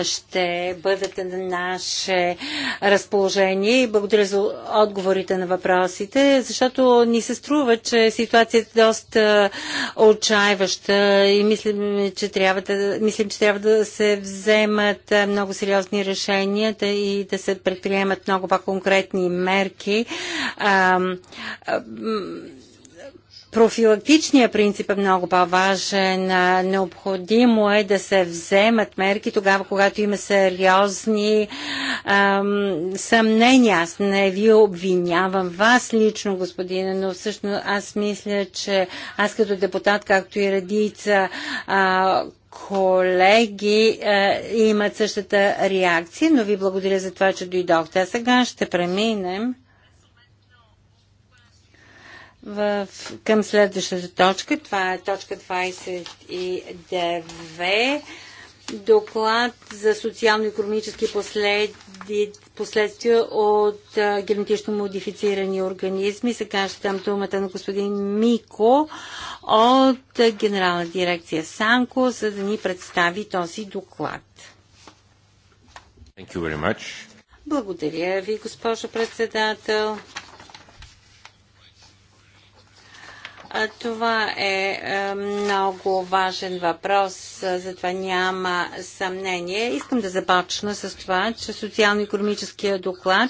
ще бъдете на наше разположение и благодаря за отговорите на въпросите, защото ни се струва, че ситуацията е доста отчаиваща и мислим, че трябва да, мислим, че трябва да се вземат много сериозни решения да и да се предприемат много по-конкретни мерки профилактичния принцип е много по-важен. Необходимо е да се вземат мерки тогава, когато има сериозни ам, съмнения. Аз не ви обвинявам вас лично, господине, но всъщност аз мисля, че аз като депутат, както и редица а, колеги а, имат същата реакция, но ви благодаря за това, че дойдохте. А сега ще преминем в, към следващата точка. Това е точка 29. Доклад за социално-економически последствия от а, генетично модифицирани организми. Сега ще дам думата на господин Мико от Генерална дирекция Санко, за да ни представи този доклад. Благодаря ви, госпожо председател. Това е, е много важен въпрос, затова няма съмнение. Искам да започна с това, че социално-економическия доклад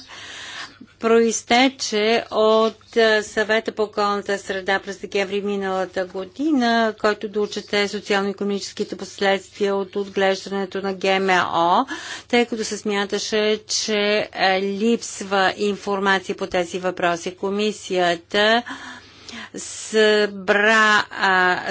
проистече от е, съвета по околната среда през декември миналата година, който да учете социално-економическите последствия от отглеждането на ГМО, тъй като се смяташе, че е, липсва информация по тези въпроси. Комисията събра,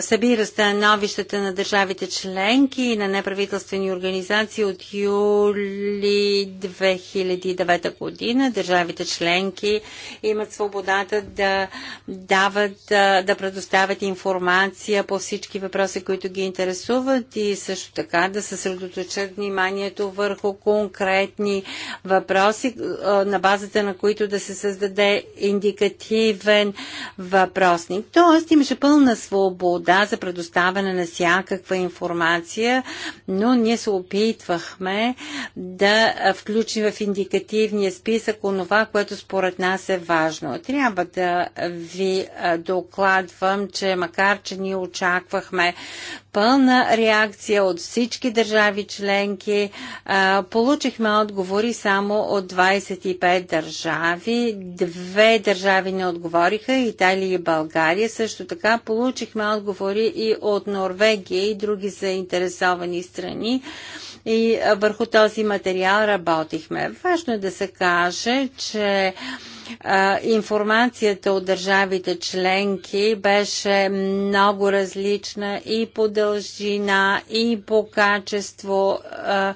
събира становищата на държавите членки и на неправителствени организации от юли 2009 година. Държавите членки имат свободата да дават, да, да предоставят информация по всички въпроси, които ги интересуват и също така да съсредоточат вниманието върху конкретни въпроси, на базата на които да се създаде индикативен въпрос въпросник. Тоест имаше пълна свобода за предоставяне на всякаква информация, но ние се опитвахме да включим в индикативния списък онова, което според нас е важно. Трябва да ви докладвам, че макар, че ние очаквахме пълна реакция от всички държави членки. получихме отговори само от 25 държави. Две държави не отговориха Италия и България. Също така получихме отговори и от Норвегия и други заинтересовани страни и върху този материал работихме. Важно е да се каже, че информацията от държавите членки беше много различна и по дължина, и по качество. А,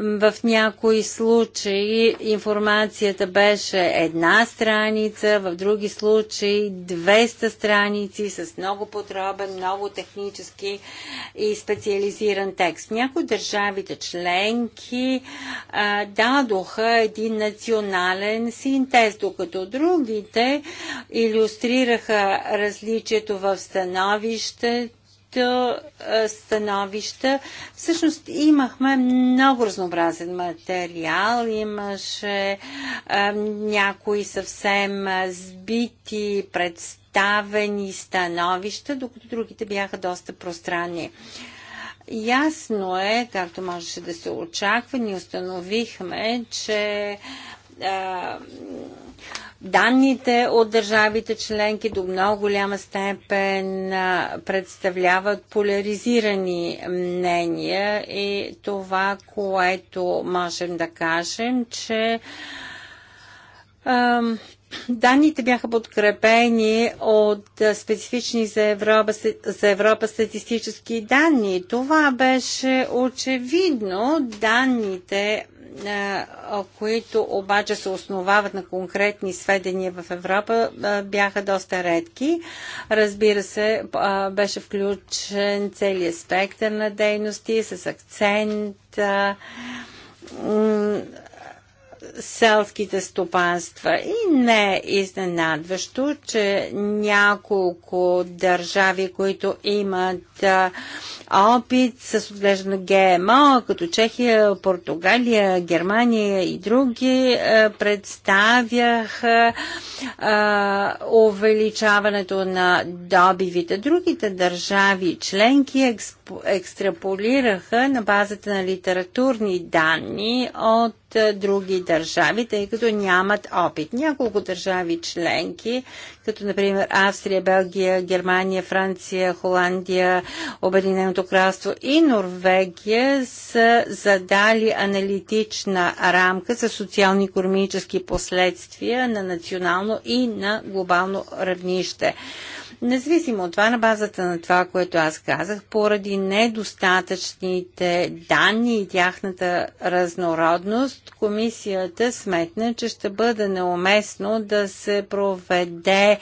в някои случаи информацията беше една страница, в други случаи 200 страници с много подробен, много технически и специализиран текст. Някои държавите членки а, дадоха един национален синтез, докато другите иллюстрираха различието в становище становища. Всъщност имахме много разнообразен материал, имаше някои съвсем сбити представени становища, докато другите бяха доста пространни. Ясно е, както можеше да се очаква, ние установихме, че данните от държавите членки до много голяма степен представляват поляризирани мнения и това, което можем да кажем, че Данните бяха подкрепени от специфични за Европа, за Европа статистически данни. Това беше очевидно. Данните е, които обаче се основават на конкретни сведения в Европа, е, бяха доста редки. Разбира се, е, беше включен целият спектър на дейности с акцент селските стопанства. И не е изненадващо, че няколко държави, които имат опит с отглеждане на ГМО, като Чехия, Португалия, Германия и други е, представяха е, увеличаването на добивите. Другите държави членки екстраполираха на базата на литературни данни от е, други държави, тъй като нямат опит. Няколко държави членки, като например Австрия, Белгия, Германия, Франция, Холандия, Обединеното Обединеното кралство и Норвегия са задали аналитична рамка за социално-економически последствия на национално и на глобално равнище. Независимо от това, на базата на това, което аз казах, поради недостатъчните данни и тяхната разнородност, комисията сметна, че ще бъде неуместно да се проведе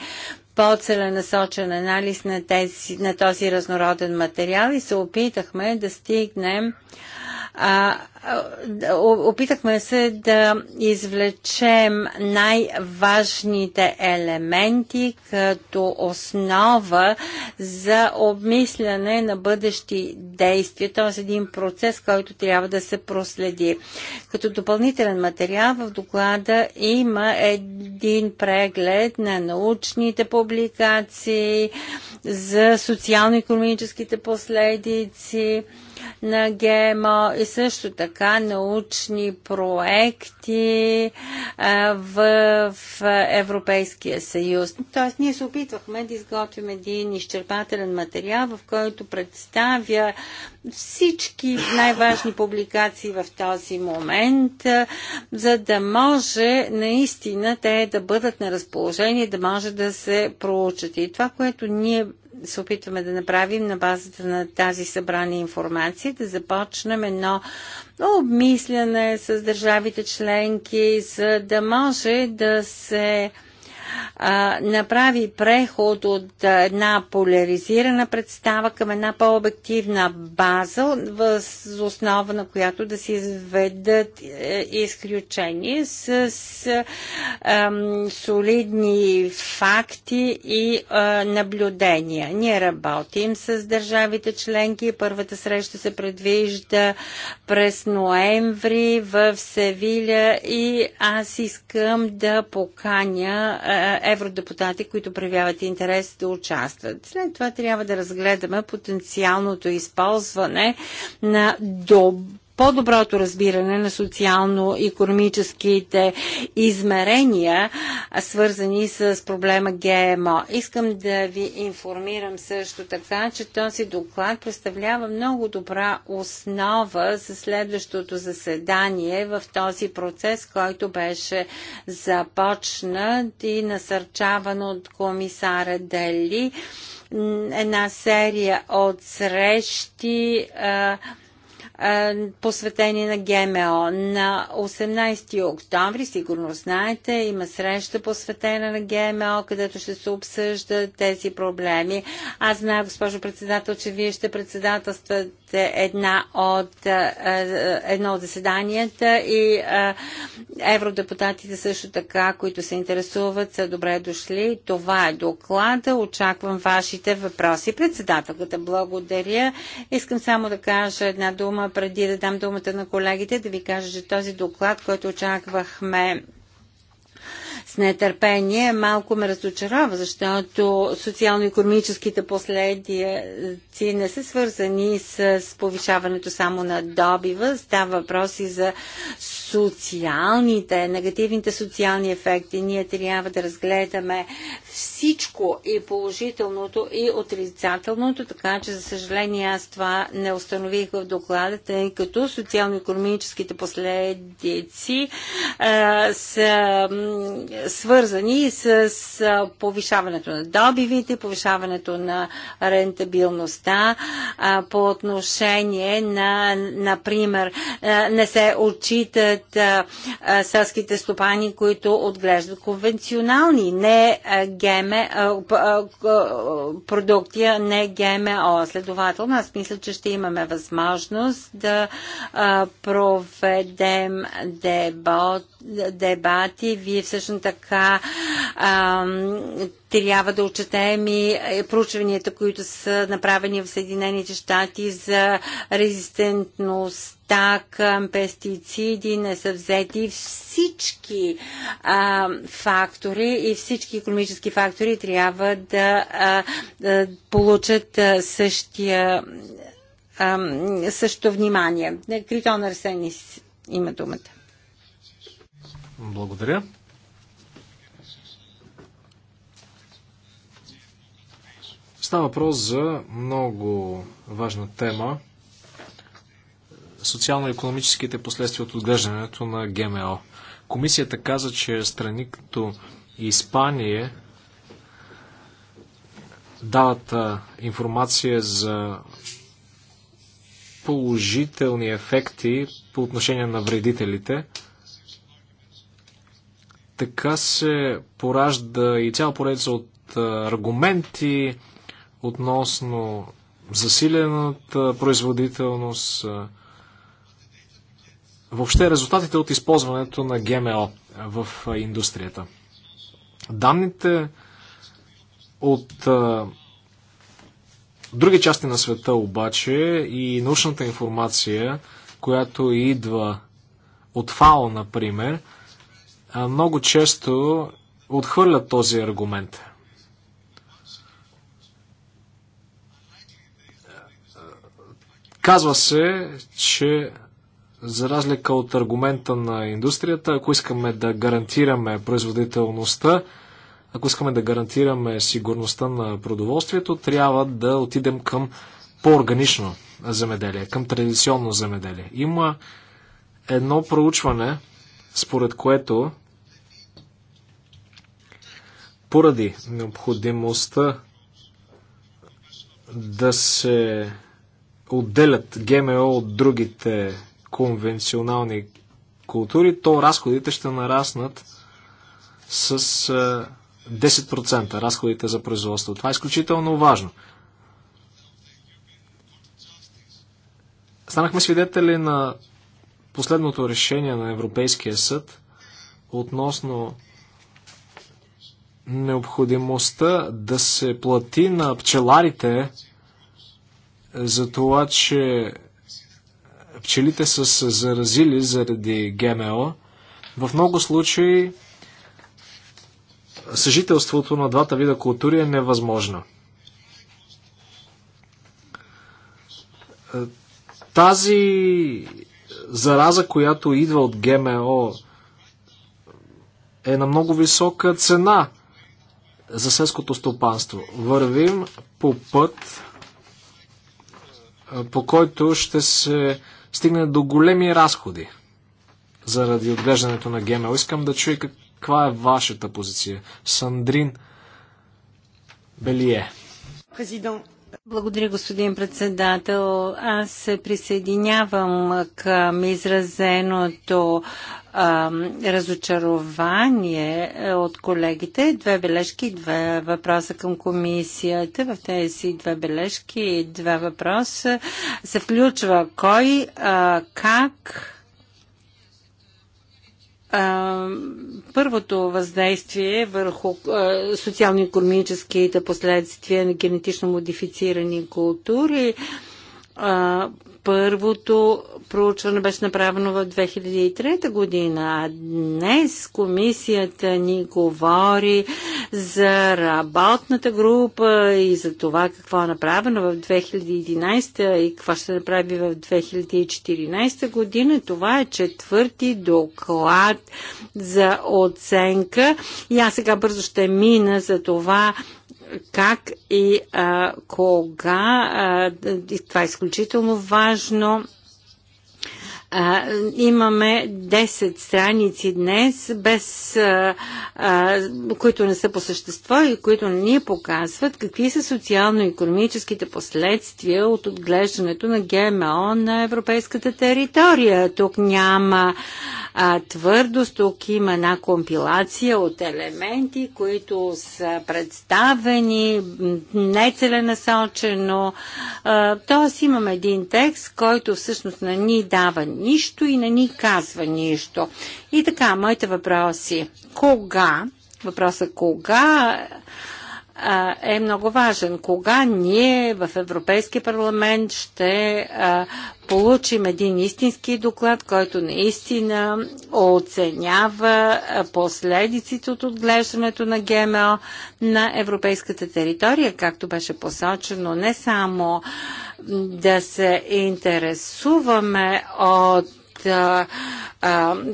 по-целенасочен анализ на, тези, на този разнороден материал и се опитахме да стигнем а, опитахме се да извлечем най-важните елементи като основа за обмисляне на бъдещи действия, т.е. един процес, който трябва да се проследи. Като допълнителен материал в доклада има един преглед на научните публикации за социално-економическите последици, на ГМО и също така научни проекти в Европейския съюз. Тоест, ние се опитвахме да изготвим един изчерпателен материал, в който представя всички най-важни публикации в този момент, за да може наистина те да бъдат на разположение, да може да се проучат. И това, което ние се опитваме да направим на базата на тази събрана информация, да започнем едно обмисляне с държавите членки, за да може да се а, направи преход от една поляризирана представа към една по-обективна база, въз основа на която да се изведат е, изключения с е, солидни факти и е, наблюдения. Ние работим с държавите членки. Първата среща се предвижда през ноември в Севиля и аз искам да поканя е, евродепутати, които проявяват интерес да участват. След това трябва да разгледаме потенциалното използване на добър по-доброто разбиране на социално-економическите измерения, свързани с проблема ГМО. Искам да ви информирам също така, че този доклад представлява много добра основа за следващото заседание в този процес, който беше започнат и насърчаван от комисара Дели една серия от срещи, посветени на ГМО. На 18 октомври, сигурно знаете, има среща посветена на ГМО, където ще се обсъждат тези проблеми. Аз знам, госпожо председател, че вие ще председателствате една от, едно от заседанията и евродепутатите също така, които се интересуват, са добре дошли. Това е доклада. Очаквам вашите въпроси. Председателката, благодаря. Искам само да кажа една дума преди да дам думата на колегите, да ви кажа, че този доклад, който очаквахме с нетърпение, малко ме разочарова, защото социално-економическите последици не са свързани с повишаването само на добива. Става въпроси за социалните, негативните социални ефекти. Ние трябва да разгледаме всичко и положителното, и отрицателното, така че, за съжаление, аз това не установих в доклада, тъй като социално-економическите последици е, са свързани с повишаването на добивите, повишаването на рентабилността е, по отношение на, например, е, не се отчита подкрепят селските стопани, които отглеждат конвенционални, не геме, продукти, а не ГМО. Следователно, аз мисля, че ще имаме възможност да проведем дебот, дебати. Вие всъщност така трябва да отчетем и проучванията, които са направени в Съединените щати за резистентност към пестициди не са взети всички а, фактори и всички економически фактори трябва да, а, да получат а, същия а, внимание. Критон Арсенис има думата. Благодаря. Става въпрос за много важна тема, социално-економическите последствия от отглеждането на ГМО. Комисията каза, че страни като Испания дават информация за положителни ефекти по отношение на вредителите. Така се поражда и цяла поредица от аргументи относно засилената производителност, въобще резултатите от използването на ГМО в индустрията. Данните от а, други части на света обаче и научната информация, която идва от ФАО, например, много често отхвърлят този аргумент. Казва се, че за разлика от аргумента на индустрията, ако искаме да гарантираме производителността, ако искаме да гарантираме сигурността на продоволствието, трябва да отидем към по-органично земеделие, към традиционно земеделие. Има едно проучване, според което поради необходимостта да се отделят ГМО от другите конвенционални култури, то разходите ще нараснат с 10% е, разходите за производство. Това е изключително важно. Станахме свидетели на последното решение на Европейския съд относно необходимостта да се плати на пчеларите за това, че пчелите са се заразили заради ГМО, в много случаи съжителството на двата вида култури е невъзможно. Тази зараза, която идва от ГМО, е на много висока цена за селското стопанство. Вървим по път, по който ще се стигне до големи разходи заради отглеждането на ГМО. Искам да чуя каква е вашата позиция. Сандрин Белие. Президент. Благодаря, господин председател. Аз се присъединявам към изразеното а, разочарование е, от колегите. Две бележки, две въпроса към комисията. В тези две бележки и два въпроса се включва кой, а, как а, първото въздействие е върху социално-економическите последствия на генетично модифицирани култури а, Първото проучване беше направено в 2003 година, а днес комисията ни говори за работната група и за това какво е направено в 2011 и какво ще направи в 2014 година. Това е четвърти доклад за оценка и аз сега бързо ще мина за това как и а, кога. А, това е изключително важно а, имаме 10 страници днес, без, а, а, които не са по същество и които не ни показват какви са социално-економическите последствия от отглеждането на ГМО на европейската територия. Тук няма а, твърдост, тук има една компилация от елементи, които са представени нецеленасочено. Тоест имаме един текст, който всъщност не ни дава нищо и не ни казва нищо. И така, моите въпроси. Кога, въпросът кога е много важен. Кога ние в Европейския парламент ще получим един истински доклад, който наистина оценява последиците от отглеждането на ГМО на европейската територия, както беше посочено, не само да се интересуваме от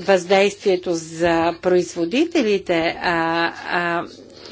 въздействието за производителите, а, а,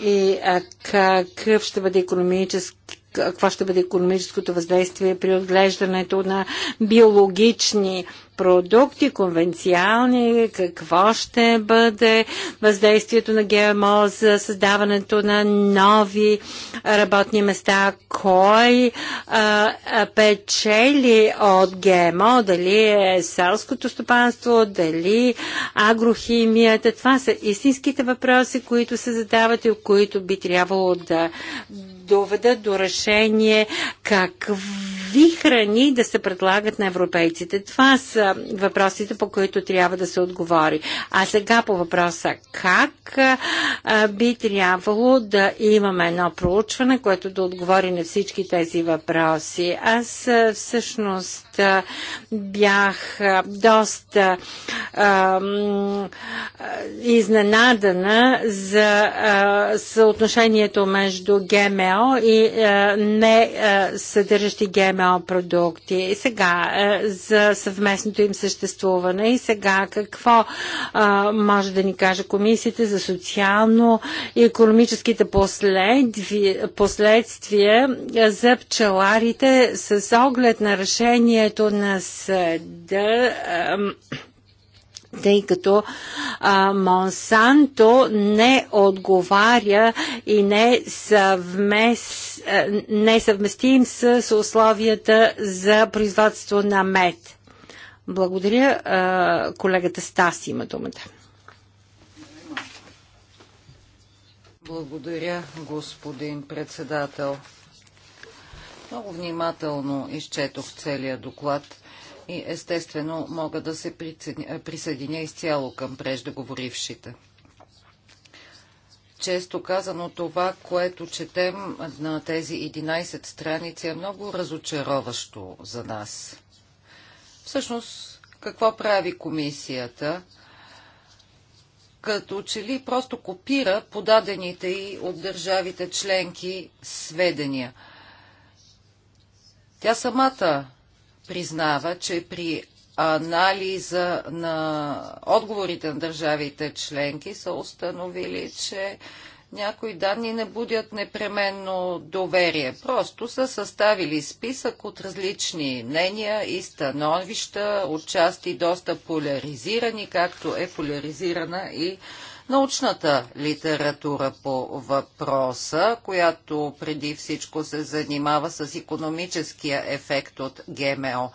и какъв ще бъде економически какво ще бъде економическото въздействие при отглеждането на биологични продукти, конвенциални, какво ще бъде въздействието на ГМО за създаването на нови работни места, кой а, печели от ГМО, дали е селското стопанство, дали агрохимията. Това са истинските въпроси, които се задават и които би трябвало да доведат до решение какви храни да се предлагат на европейците. Това са въпросите, по които трябва да се отговори. А сега по въпроса как би трябвало да имаме едно проучване, което да отговори на всички тези въпроси. Аз всъщност бях доста а, изненадана за а, съотношението между ГМО и а, не а, съдържащи ГМО продукти. И сега а, за съвместното им съществуване и сега какво а, може да ни каже комисията за социално и економическите последствия за пчеларите с оглед на решение името на съда тъй като Монсанто не отговаря и не, съвмест несъвместим с, условията за производство на мед. Благодаря. колегата Стас има думата. Благодаря, господин председател. Много внимателно изчетох целия доклад и естествено мога да се присъединя изцяло към преждеговорившите. Често казано това, което четем на тези 11 страници е много разочароващо за нас. Всъщност, какво прави комисията? Като че ли просто копира подадените и от държавите членки сведения – тя самата признава, че при анализа на отговорите на държавите членки са установили, че някои данни не будят непременно доверие. Просто са съставили списък от различни мнения и становища, отчасти доста поляризирани, както е поляризирана и научната литература по въпроса, която преди всичко се занимава с економическия ефект от ГМО.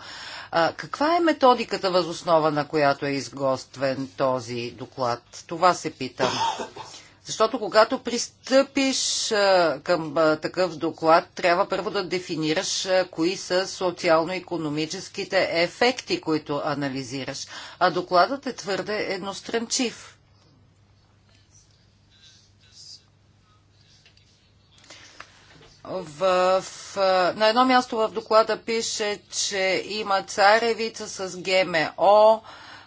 А, каква е методиката възоснова, на която е изготвен този доклад? Това се питам. Защото когато пристъпиш а, към а, такъв доклад, трябва първо да дефинираш а, кои са социално-економическите ефекти, които анализираш. А докладът е твърде едностранчив. В, на едно място в доклада пише, че има царевица с ГМО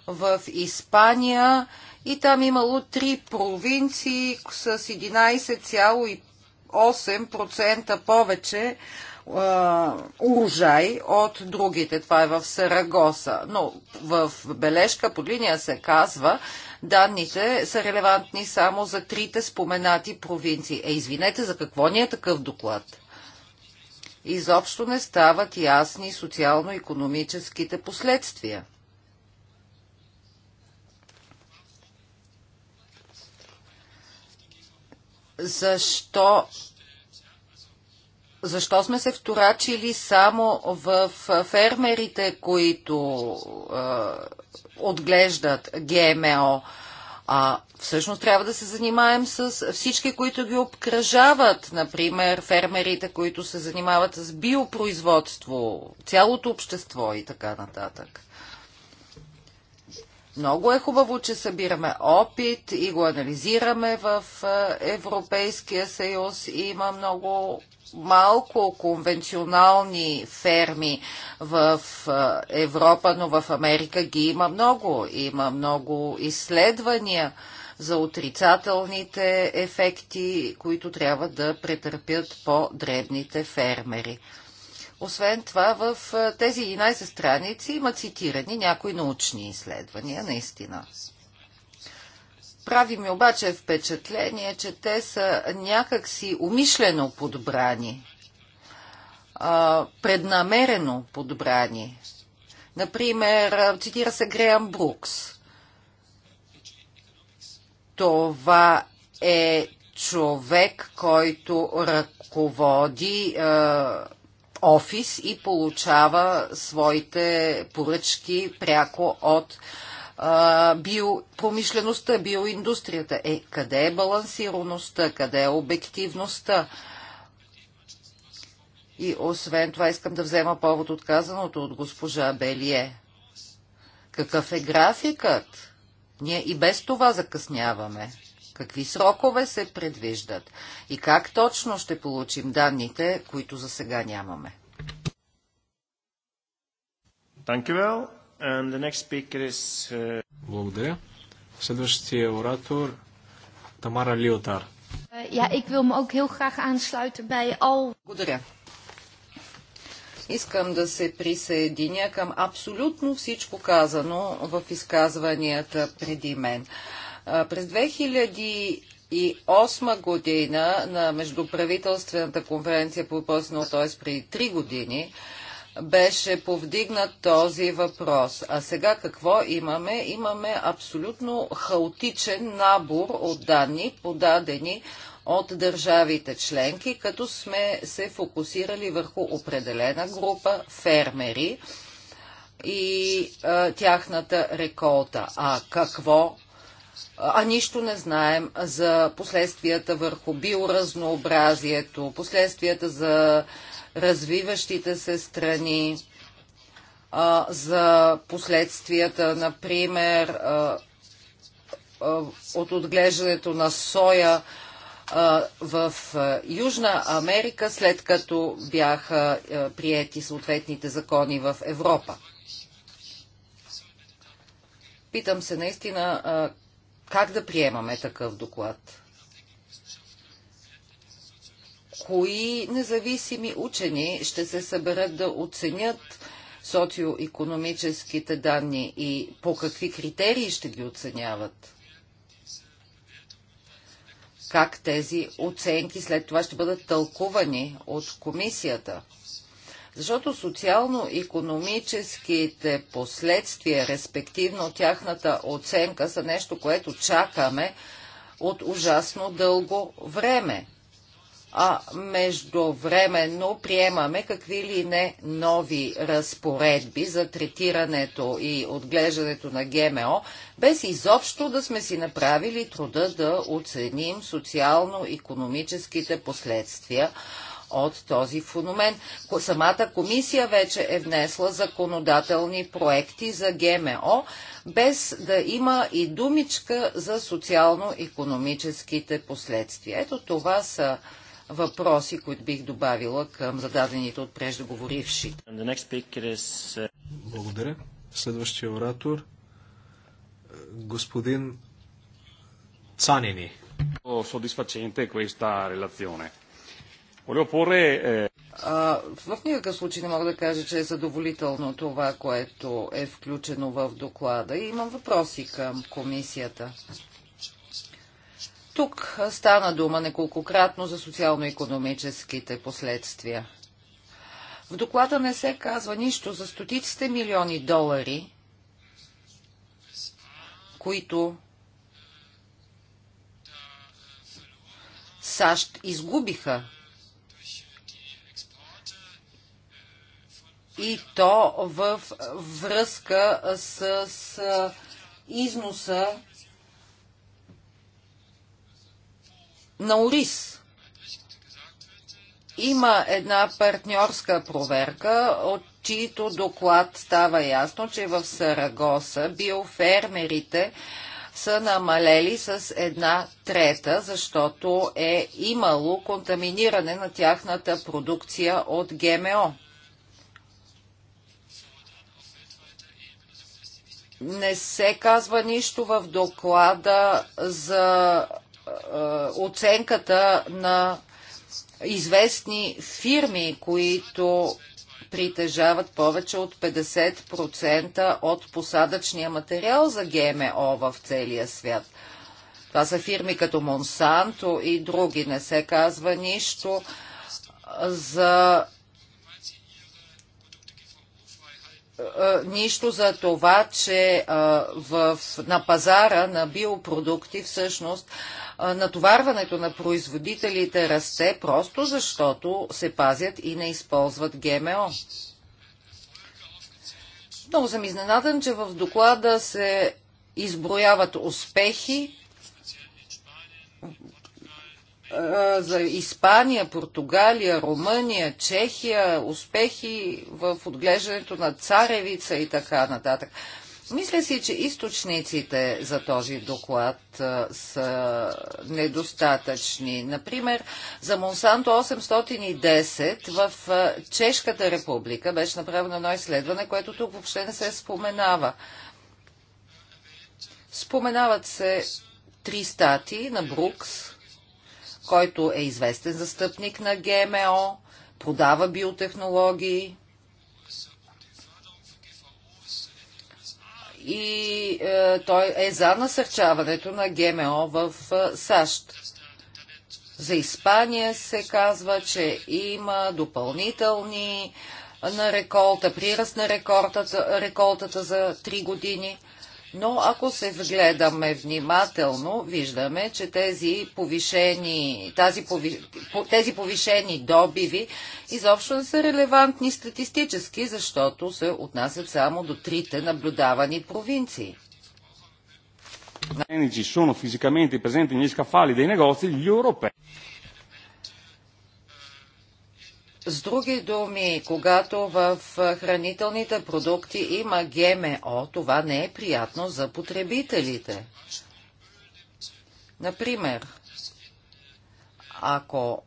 в Испания и там имало три провинции с 11,8% повече урожай от другите. Това е в Сарагоса. Но в бележка под линия се казва, Данните са релевантни само за трите споменати провинции. Е, извинете, за какво ни е такъв доклад? Изобщо не стават ясни социално-економическите последствия. Защо защо сме се вторачили само в фермерите, които е, отглеждат ГМО? А всъщност трябва да се занимаем с всички, които ги обкръжават. Например, фермерите, които се занимават с биопроизводство, цялото общество и така нататък. Много е хубаво, че събираме опит и го анализираме в Европейския съюз. И има много малко конвенционални ферми в Европа, но в Америка ги има много. Има много изследвания за отрицателните ефекти, които трябва да претърпят по-дребните фермери. Освен това, в тези 11 страници има цитирани някои научни изследвания, наистина. Прави ми обаче впечатление, че те са някакси умишлено подбрани, преднамерено подбрани. Например, цитира се Греъм Брукс. Това е човек, който ръководи е, офис и получава своите поръчки пряко от биопромишлеността, биоиндустрията. Е, къде е балансираността, къде е обективността? И освен това искам да взема повод от казаното от госпожа Белие. Какъв е графикът? Ние и без това закъсняваме. Какви срокове се предвиждат? И как точно ще получим данните, които за сега нямаме? Dankjewel. Is... Uh, Благодаря. Следващия оратор Тамара Лиотар. ik wil me ook heel graag aansluiten bij al. Благодаря. Искам да се присъединя към абсолютно всичко казано в изказванията преди мен. През 2008 година на Междуправителствената конференция по на т.е. преди 3 години, беше повдигнат този въпрос. А сега какво имаме? Имаме абсолютно хаотичен набор от данни, подадени от държавите членки, като сме се фокусирали върху определена група фермери и а, тяхната реколта. А какво а нищо не знаем за последствията върху биоразнообразието, последствията за развиващите се страни, а, за последствията, например, а, от отглеждането на соя в Южна Америка, след като бяха приети съответните закони в Европа. Питам се наистина как да приемаме такъв доклад кои независими учени ще се съберат да оценят социо-економическите данни и по какви критерии ще ги оценяват? Как тези оценки след това ще бъдат тълкувани от комисията? Защото социално-економическите последствия, респективно тяхната оценка, са нещо, което чакаме от ужасно дълго време а междувременно приемаме какви ли не нови разпоредби за третирането и отглеждането на ГМО, без изобщо да сме си направили труда да оценим социално-економическите последствия от този феномен. Самата комисия вече е внесла законодателни проекти за ГМО, без да има и думичка за социално-економическите последствия. Ето това са въпроси, които бих добавила към зададените от преждоговоривши. Uh, Благодаря. Следващия оратор господин Цанини. Soddisfacente questa relazione. в никакъв случай не мога да кажа, че е задоволително това, което е включено в доклада. И имам въпроси към комисията. Тук стана дума неколкократно за социално-економическите последствия. В доклада не се казва нищо за стотиците милиони долари, които САЩ изгубиха. И то в връзка с износа На Орис. Има една партньорска проверка, от чието доклад става ясно, че в Сарагоса биофермерите са намалели с една трета, защото е имало контаминиране на тяхната продукция от ГМО. Не се казва нищо в доклада за е, оценката на известни фирми, които притежават повече от 50% от посадъчния материал за ГМО в целия свят. Това са фирми като Монсанто и други. Не се казва нищо за е, нищо за това, че е, в, на пазара на биопродукти всъщност натоварването на производителите расте просто защото се пазят и не използват ГМО. Много съм изненадан, че в доклада се изброяват успехи за Испания, Португалия, Румъния, Чехия, успехи в отглеждането на царевица и така нататък. Мисля си, че източниците за този доклад са недостатъчни. Например, за Монсанто 810 в Чешката република беше направено едно изследване, което тук въобще не се споменава. Споменават се три стати на Брукс, който е известен застъпник на ГМО, продава биотехнологии, и е, той е за насърчаването на ГМО в е, САЩ. За Испания се казва, че има допълнителни е, на реколта, прираст на реколтата, реколтата за 3 години. Но ако се вгледаме внимателно, виждаме, че тези повишени, тази пови, тези повишени добиви изобщо не са релевантни статистически, защото се отнасят само до трите наблюдавани провинции. sono fisicamente presenti negli scaffali dei negozi gli europei. С други думи, когато в хранителните продукти има ГМО, това не е приятно за потребителите. Например, ако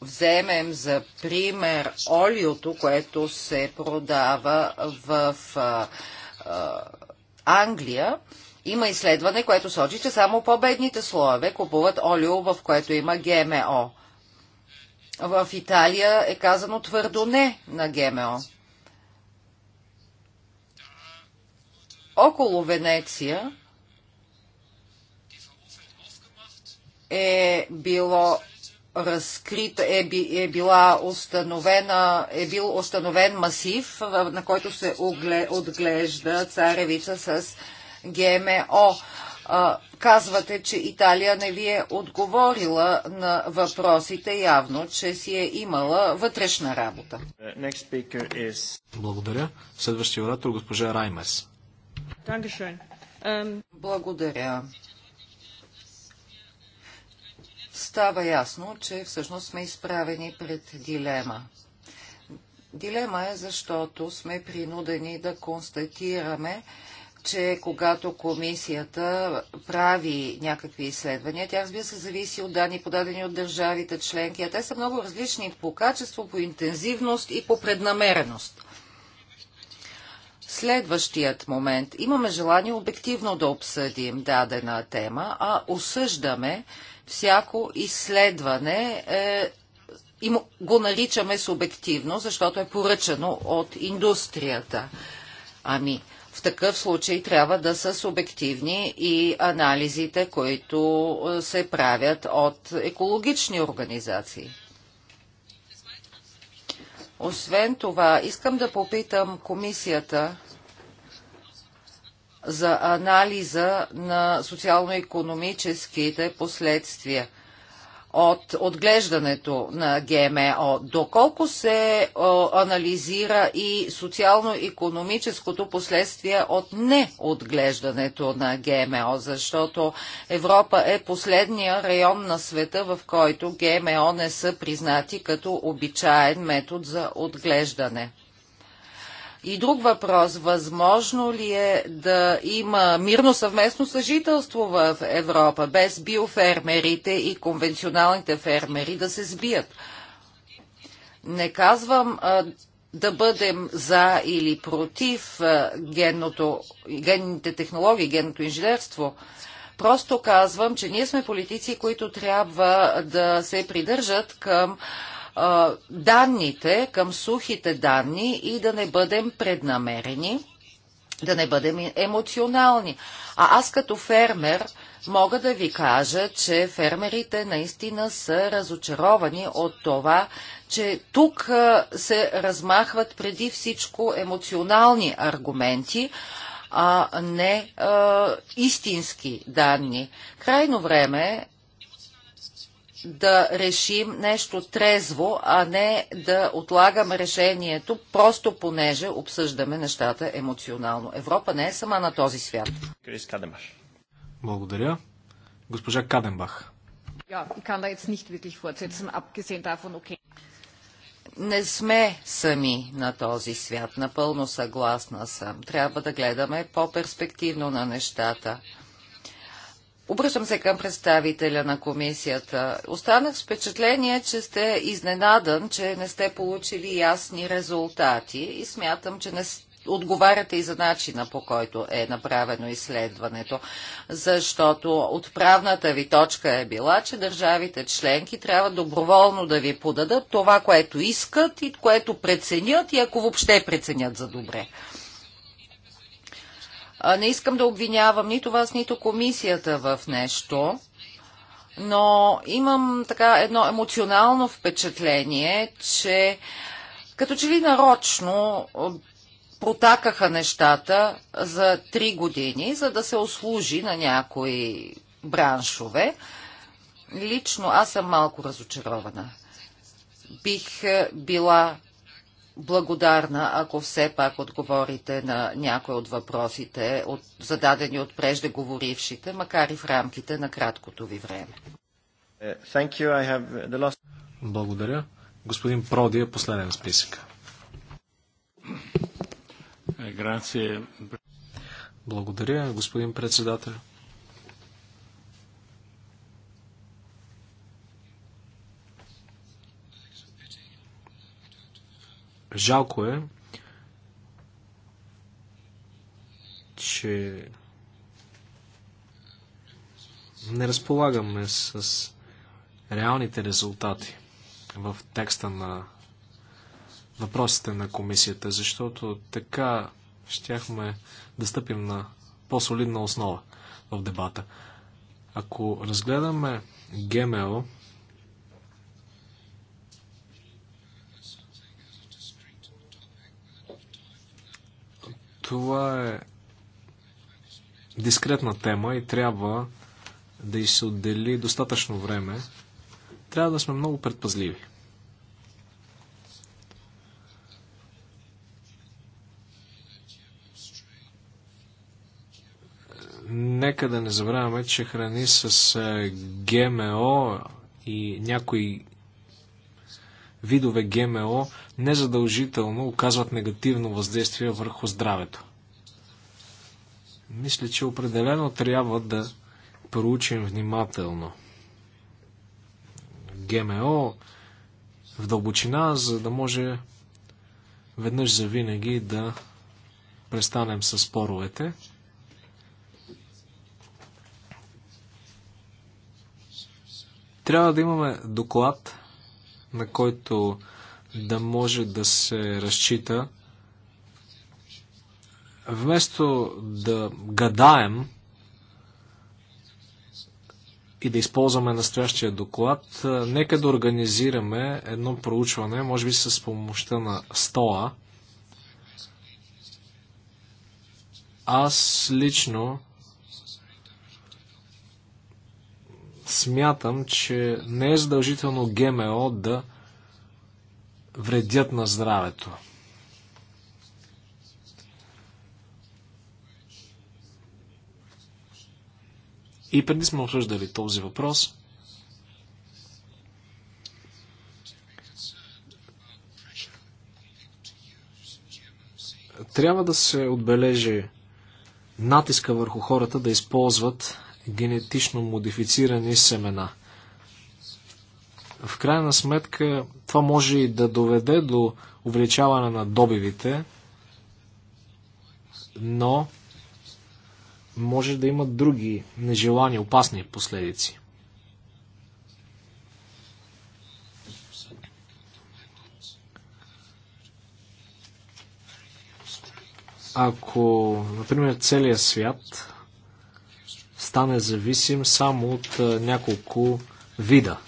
вземем за пример олиото, което се продава в а, а, Англия, има изследване, което сочи, че само по-бедните слоеве купуват олио, в което има ГМО. В Италия е казано твърдо не на ГМО. Около Венеция е било разкрит, е, би, е, била установена, е бил установен масив, на който се отглежда царевица с ГМО казвате, че Италия не ви е отговорила на въпросите явно, че си е имала вътрешна работа. Is... Благодаря. Следващия оратор госпожа Раймес. Um... Благодаря. Става ясно, че всъщност сме изправени пред дилема. Дилема е, защото сме принудени да констатираме, че когато комисията прави някакви изследвания, тя разбира се зависи от данни подадени от държавите членки, а те са много различни по качество, по интензивност и по преднамереност. Следващият момент. Имаме желание обективно да обсъдим дадена тема, а осъждаме всяко изследване е, и го наричаме субективно, защото е поръчано от индустрията. Ами, в такъв случай трябва да са субективни и анализите, които е, се правят от екологични организации. Освен това, искам да попитам комисията за анализа на социално-економическите последствия – от отглеждането на ГМО, доколко се анализира и социално-економическото последствие от неотглеждането на ГМО, защото Европа е последния район на света, в който ГМО не са признати като обичаен метод за отглеждане. И друг въпрос, възможно ли е да има мирно съвместно съжителство в Европа, без биофермерите и конвенционалните фермери да се сбият? Не казвам да бъдем за или против генното, генните технологии, генното инженерство. Просто казвам, че ние сме политици, които трябва да се придържат към а, а, данните към сухите данни и да не бъдем преднамерени, да не бъдем емоционални. А аз като фермер мога да ви кажа, че фермерите наистина са разочаровани от това, че тук се размахват преди всичко емоционални аргументи, а не а, истински данни. Крайно време да решим нещо трезво, а не да отлагам решението, просто понеже обсъждаме нещата емоционално. Европа не е сама на този свят. Крис Каденбах. Благодаря. Госпожа Каденбах. Не сме сами на този свят. Напълно съгласна съм. Трябва да гледаме по-перспективно на нещата. Обръщам се към представителя на комисията. Останах с впечатление, че сте изненадан, че не сте получили ясни резултати и смятам, че не отговаряте и за начина по който е направено изследването, защото отправната ви точка е била, че държавите членки трябва доброволно да ви подадат това, което искат и което преценят и ако въобще преценят за добре. Не искам да обвинявам нито вас, нито комисията в нещо, но имам така едно емоционално впечатление, че като че ли нарочно протакаха нещата за три години, за да се ослужи на някои браншове. Лично аз съм малко разочарована. Бих е, била благодарна, ако все пак отговорите на някои от въпросите, от, зададени от преждеговорившите, макар и в рамките на краткото ви време. Е, last... Благодаря. Господин Проди е последен списък. Е, Благодаря, господин председател. Жалко е, че не разполагаме с реалните резултати в текста на въпросите на комисията, защото така щяхме да стъпим на по-солидна основа в дебата. Ако разгледаме ГМО Това е дискретна тема и трябва да й се отдели достатъчно време. Трябва да сме много предпазливи. Нека да не забравяме, че храни с е, ГМО и някои видове ГМО незадължително оказват негативно въздействие върху здравето. Мисля, че определено трябва да проучим внимателно ГМО в дълбочина, за да може веднъж за винаги да престанем с споровете. Трябва да имаме доклад, на който да може да се разчита. Вместо да гадаем и да използваме настоящия доклад, нека да организираме едно проучване, може би с помощта на СТОА. Аз лично смятам, че не е задължително ГМО да вредят на здравето. И преди сме обсъждали този въпрос. Трябва да се отбележи натиска върху хората да използват генетично модифицирани семена. В крайна сметка това може и да доведе до увеличаване на добивите, но може да имат други нежелани, опасни последици. Ако, например, целият свят стане зависим само от е, няколко вида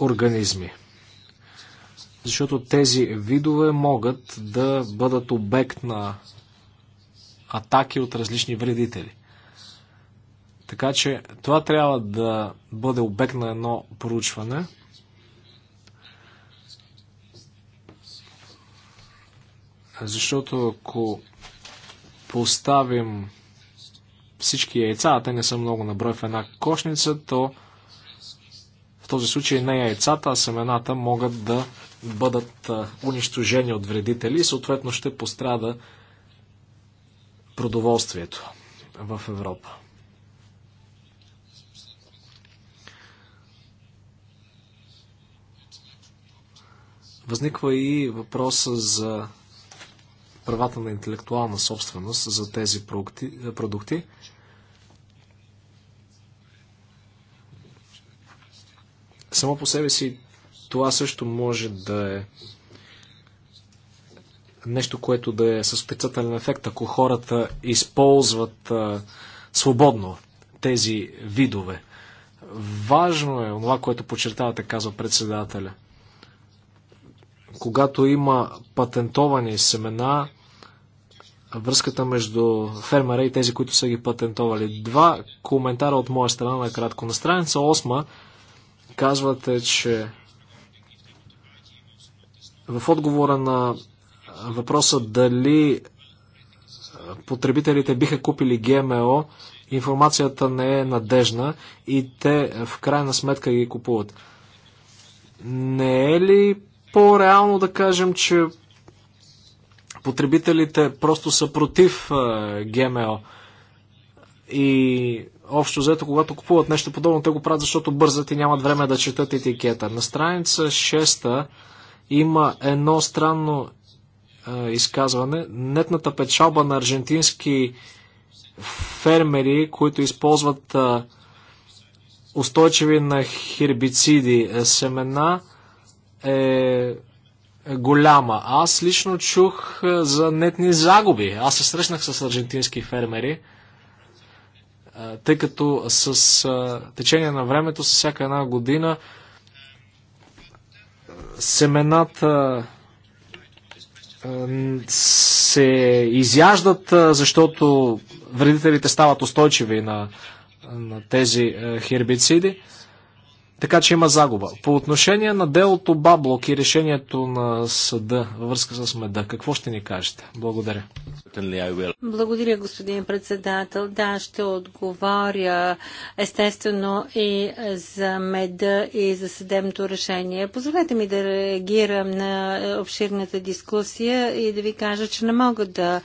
организми. Защото тези видове могат да бъдат обект на атаки от различни вредители. Така че това трябва да бъде обект на едно проучване. Защото ако поставим всички яйца, а те не са много на брой в една кошница, то в този случай не яйцата, а семената могат да бъдат унищожени от вредители и съответно ще пострада продоволствието в Европа. Възниква и въпроса за правата на интелектуална собственост за тези е, продукти. Само по себе си това също може да е нещо, което да е с отрицателен ефект, ако хората използват а, е, свободно тези видове. Важно е това, което подчертавате, казва председателя. Когато има патентовани семена, връзката между фермера и тези, които са ги патентовали. Два коментара от моя страна на кратко. На страница 8 казвате, че в отговора на въпроса дали е, потребителите биха купили ГМО, информацията не е надежна и те е, в крайна сметка ги купуват. Не е ли по-реално да кажем, че потребителите просто са против ГМО. И общо взето, когато купуват нещо подобно, те го правят, защото бързат и нямат време да четат етикета. На страница 6 има едно странно изказване. Нетната печалба на аржентински фермери, които използват устойчиви на хербициди семена, е голяма. Аз лично чух за нетни загуби. Аз се срещнах с аржентински фермери, тъй като с течение на времето, с всяка една година, семената се изяждат, защото вредителите стават устойчиви на, на тези хербициди. Така че има загуба. По отношение на делото Баблок и решението на съда във връзка с меда, какво ще ни кажете? Благодаря. Благодаря, господин председател. Да, ще отговоря естествено и за меда и за съдебното решение. Позволете ми да реагирам на обширната дискусия и да ви кажа, че не мога да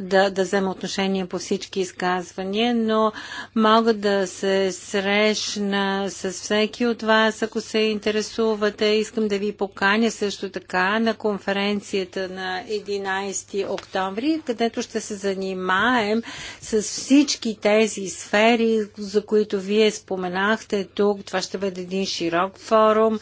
да, да взема отношение по всички изказвания, но мога да се срещна с всеки от вас, ако се интересувате. Искам да ви поканя също така на конференцията на 11 октомври, където ще се занимаем с всички тези сфери, за които вие споменахте тук. Това ще бъде един широк форум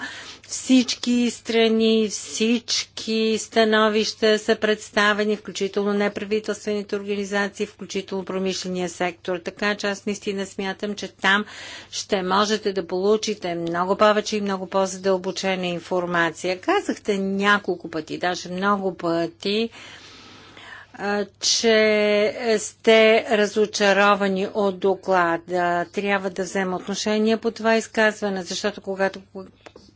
всички страни, всички становища са представени, включително неправителствените организации, включително промишления сектор. Така че аз наистина смятам, че там ще можете да получите много повече и много по-задълбочена информация. Казахте няколко пъти, даже много пъти, че сте разочаровани от доклада. Трябва да взема отношение по това изказване, защото когато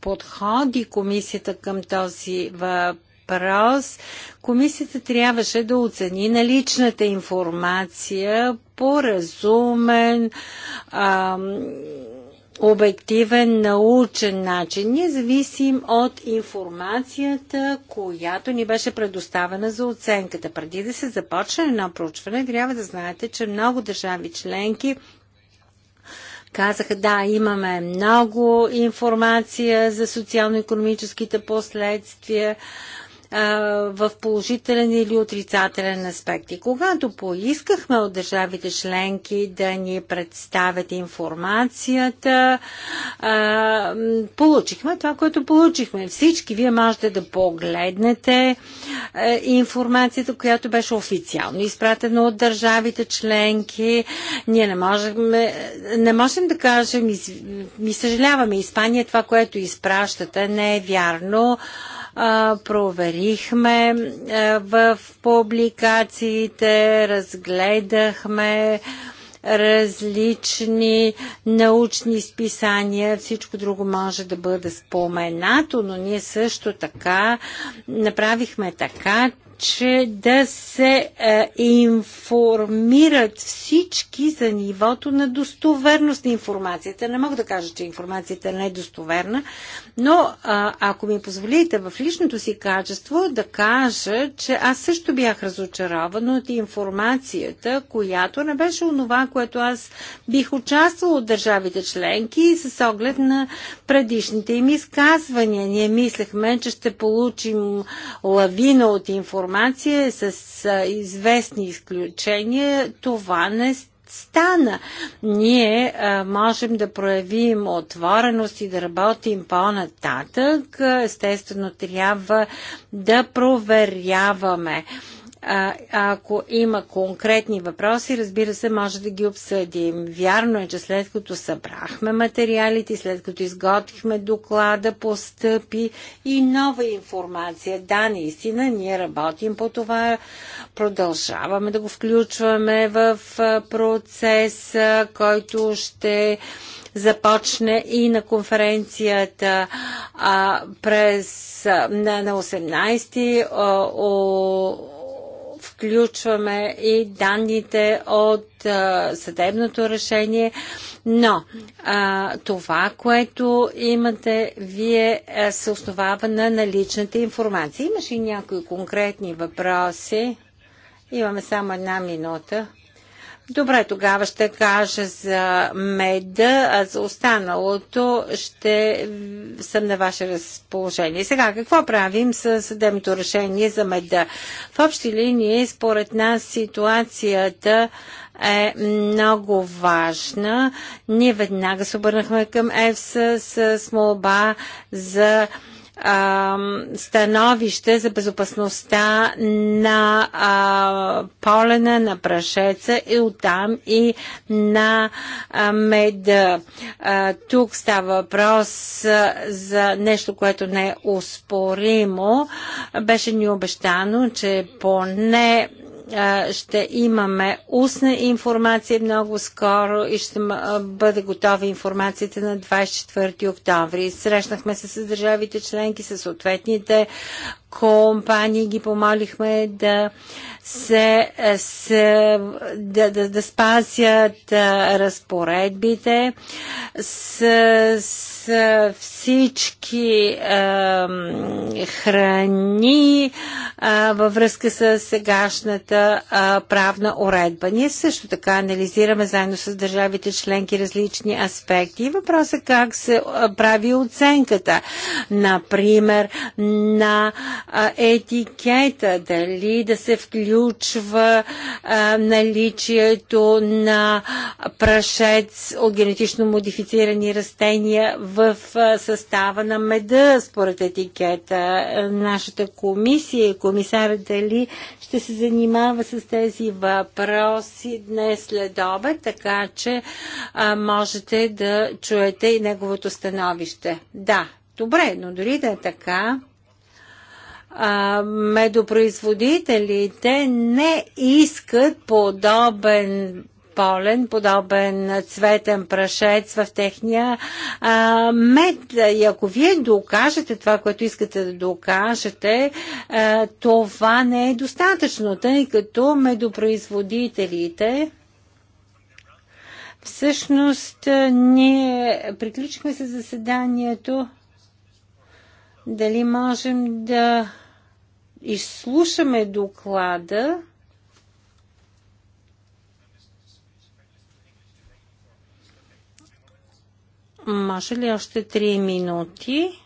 подходи комисията към този въпрос, комисията трябваше да оцени наличната информация по разумен, ам, обективен, научен начин. Ние зависим от информацията, която ни беше предоставена за оценката. Преди да се започне едно проучване, трябва да знаете, че много държави членки казаха, да, имаме много информация за социално-економическите последствия в положителен или отрицателен аспект. И когато поискахме от държавите членки да ни представят информацията, получихме това, което получихме. Всички вие можете да погледнете информацията, която беше официално изпратена от държавите членки. Ние не можем, не можем да кажем, ми, ми съжаляваме, Испания това, което изпращате, не е вярно проверихме в публикациите, разгледахме различни научни списания, всичко друго може да бъде споменато, но ние също така направихме така, че да се е, информират всички за нивото на достоверност на информацията. Не мога да кажа, че информацията не е достоверна, но а, ако ми позволите в личното си качество да кажа, че аз също бях разочарован от информацията, която не беше онова, което аз бих участвал от държавите членки с оглед на предишните им изказвания. Ние мислехме, че ще получим лавина от информация, информация е с известни изключения, това не стана. Ние а, можем да проявим отвореност и да работим по-нататък. Естествено, трябва да проверяваме. А, а, ако има конкретни въпроси, разбира се, може да ги обсъдим. Вярно е, че след като събрахме материалите, след като изготвихме доклада, постъпи и нова информация. Да, наистина, ние работим по това, продължаваме да го включваме в процес, който ще започне и на конференцията а, през, на, на 18 о, о включваме и данните от а, съдебното решение, но а, това, което имате, вие а, се основава на наличната информация. Имаше и някои конкретни въпроси. Имаме само една минута. Добре, тогава ще кажа за меда, а за останалото ще съм на ваше разположение. Сега, какво правим с съдебното решение за меда? В общи линии, според нас, ситуацията е много важна. Ние веднага се обърнахме към ЕФСА с молба за становище за безопасността на а, полена, на прашеца и оттам и на а, меда. А, тук става въпрос за нещо, което не е успоримо. Беше ни обещано, че поне ще имаме устна информация много скоро и ще бъде готова информацията на 24 октомври. Срещнахме се с държавите членки, с съответните компании, ги помолихме да се, се да, да, да спазят а, разпоредбите с, с всички а, храни а, във връзка с сегашната а, правна уредба. Ние също така анализираме заедно с държавите членки различни аспекти и въпроса е как се прави оценката, например, на етикета, дали да се включи включва а, наличието на прашец от генетично модифицирани растения в а, състава на меда, според етикета. Нашата комисия, комисарът Дали, ще се занимава с тези въпроси днес след обед, така че а, можете да чуете и неговото становище. Да, добре, но дори да е така, а, медопроизводителите не искат подобен полен, подобен цветен прашец в техния а, мед. И ако вие докажете това, което искате да докажете, а, това не е достатъчно, тъй като медопроизводителите всъщност ние приключихме се заседанието. Дали можем да изслушаме доклада, Може ли още 3 минути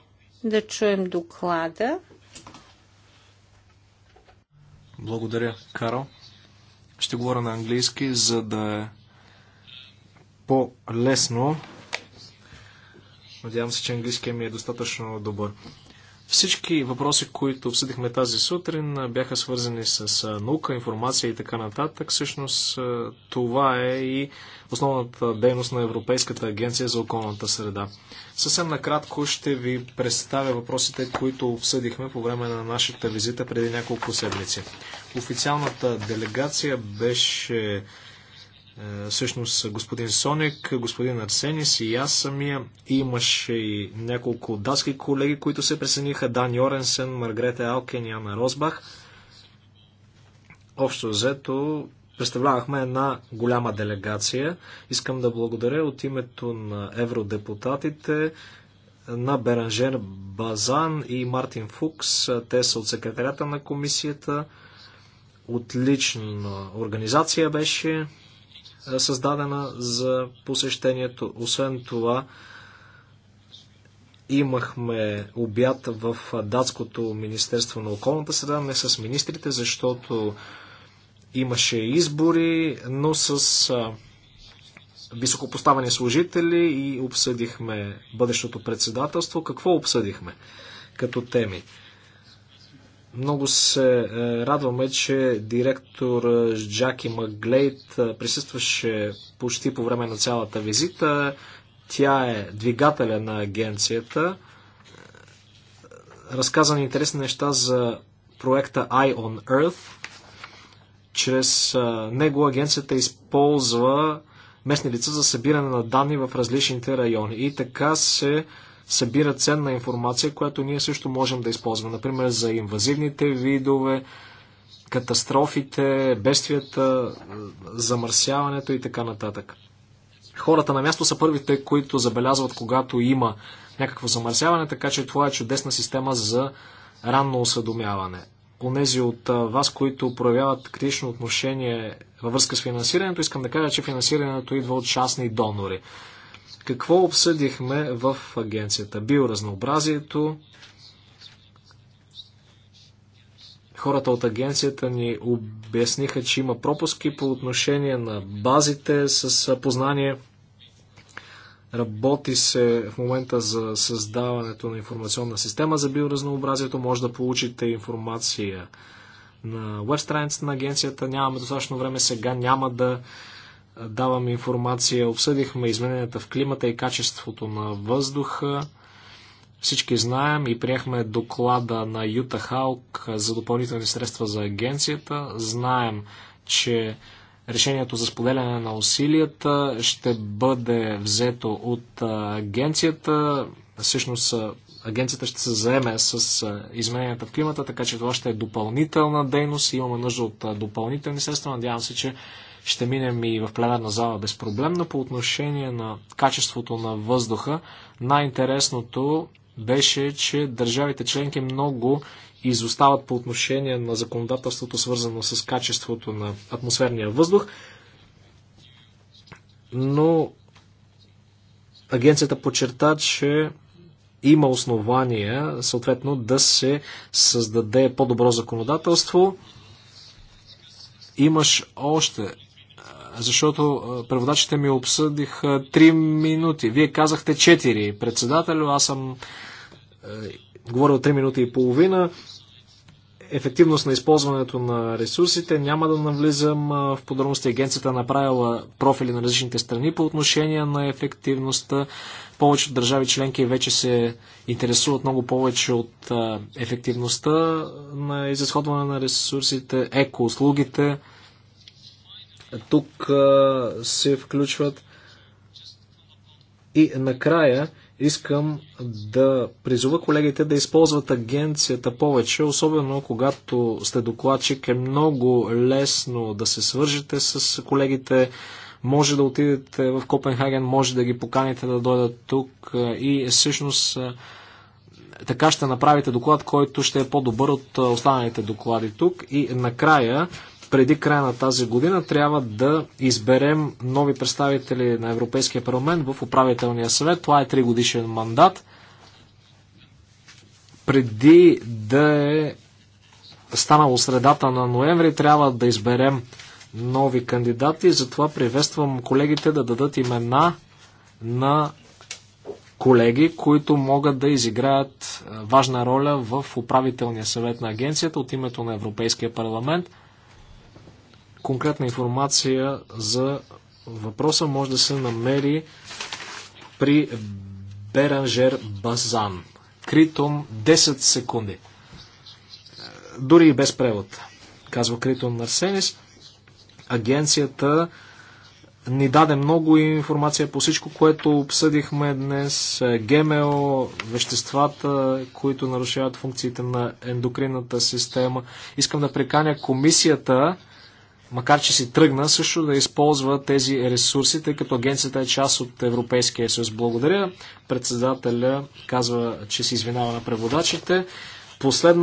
да чуем доклада? Благодаря, Карл. Ще говоря на английски, за да е по-лесно. Надявам се, че английският ми е достатъчно добър. Всички въпроси, които обсъдихме тази сутрин, бяха свързани с наука, информация и така нататък. Всъщност това е и основната дейност на Европейската агенция за околната среда. Съвсем накратко ще ви представя въпросите, които обсъдихме по време на нашата визита преди няколко седмици. Официалната делегация беше е, всъщност господин Соник, господин Арсенис и аз самия. Имаше и няколко датски колеги, които се присъединиха. Дан Йоренсен, Маргрета Алкен и Анна Розбах. Общо взето, представлявахме една голяма делегация. Искам да благодаря от името на евродепутатите на Беранжер Базан и Мартин Фукс. Те са от секретарята на комисията. Отлична организация беше. Е създадена за посещението. Освен това, имахме обяд в датското Министерство на околната среда, не с министрите, защото имаше избори, но с високопоставени служители и обсъдихме бъдещото председателство. Какво обсъдихме като теми? Много се е, радваме, че директор е, Джаки Маглейт е, присъстваше почти по време на цялата визита. Тя е двигателя на агенцията. Разказа ни интересни неща за проекта Eye on Earth. Чрез него агенцията използва местни лица за събиране на данни в различните райони. И така се събира ценна информация, която ние също можем да използваме. Например, за инвазивните видове, катастрофите, бедствията, замърсяването и така нататък. Хората на място са първите, които забелязват, когато има някакво замърсяване, така че това е чудесна система за ранно осъдомяване. Онези от вас, които проявяват критично отношение във връзка с финансирането, искам да кажа, че финансирането идва от частни донори. Какво обсъдихме в агенцията? Биоразнообразието. Хората от агенцията ни обясниха, че има пропуски по отношение на базите с познание. Работи се в момента за създаването на информационна система за биоразнообразието. Може да получите информация на веб страницата на агенцията. Нямаме достатъчно време сега, няма да давам информация. Обсъдихме измененията в климата и качеството на въздуха. Всички знаем и приехме доклада на Юта Халк за допълнителни средства за агенцията. Знаем, че решението за споделяне на усилията ще бъде взето от агенцията. Всъщност агенцията ще се заеме с измененията в климата, така че това ще е допълнителна дейност. Имаме нужда от допълнителни средства. Надявам се, че ще минем и в пленарна зала но По отношение на качеството на въздуха, най-интересното беше, че държавите членки много изостават по отношение на законодателството, свързано с качеството на атмосферния въздух. Но агенцията подчерта, че има основания, съответно, да се създаде по-добро законодателство. Имаш още защото преводачите ми обсъдиха 3 минути. Вие казахте 4. Председателю, аз съм е, говорил 3 минути и половина. Ефективност на използването на ресурсите. Няма да навлизам в подробности. Агенцията е направила профили на различните страни по отношение на ефективността. Повечето държави членки вече се интересуват много повече от ефективността на изразходване на ресурсите, еко-услугите тук се включват. И накрая искам да призова колегите да използват агенцията повече, особено когато сте докладчик. Е много лесно да се свържете с колегите. Може да отидете в Копенхаген, може да ги поканите да дойдат тук и е, всъщност така ще направите доклад, който ще е по-добър от останалите доклади тук. И накрая преди края на тази година трябва да изберем нови представители на Европейския парламент в управителния съвет. Това е 3 годишен мандат. Преди да е станало средата на ноември, трябва да изберем нови кандидати. Затова приветствам колегите да дадат имена на колеги, които могат да изиграят важна роля в управителния съвет на агенцията от името на Европейския парламент – конкретна информация за въпроса може да се намери при Беранжер Базан. Критон 10 секунди. Дори и без превод, казва Критон Арсенис. Агенцията ни даде много информация по всичко, което обсъдихме днес. ГМО, веществата, които нарушават функциите на ендокринната система. Искам да приканя комисията макар че си тръгна, също да използва тези ресурси, тъй като агенцията е част от Европейския съюз. Благодаря. Председателя казва, че се извинава на преводачите. Последно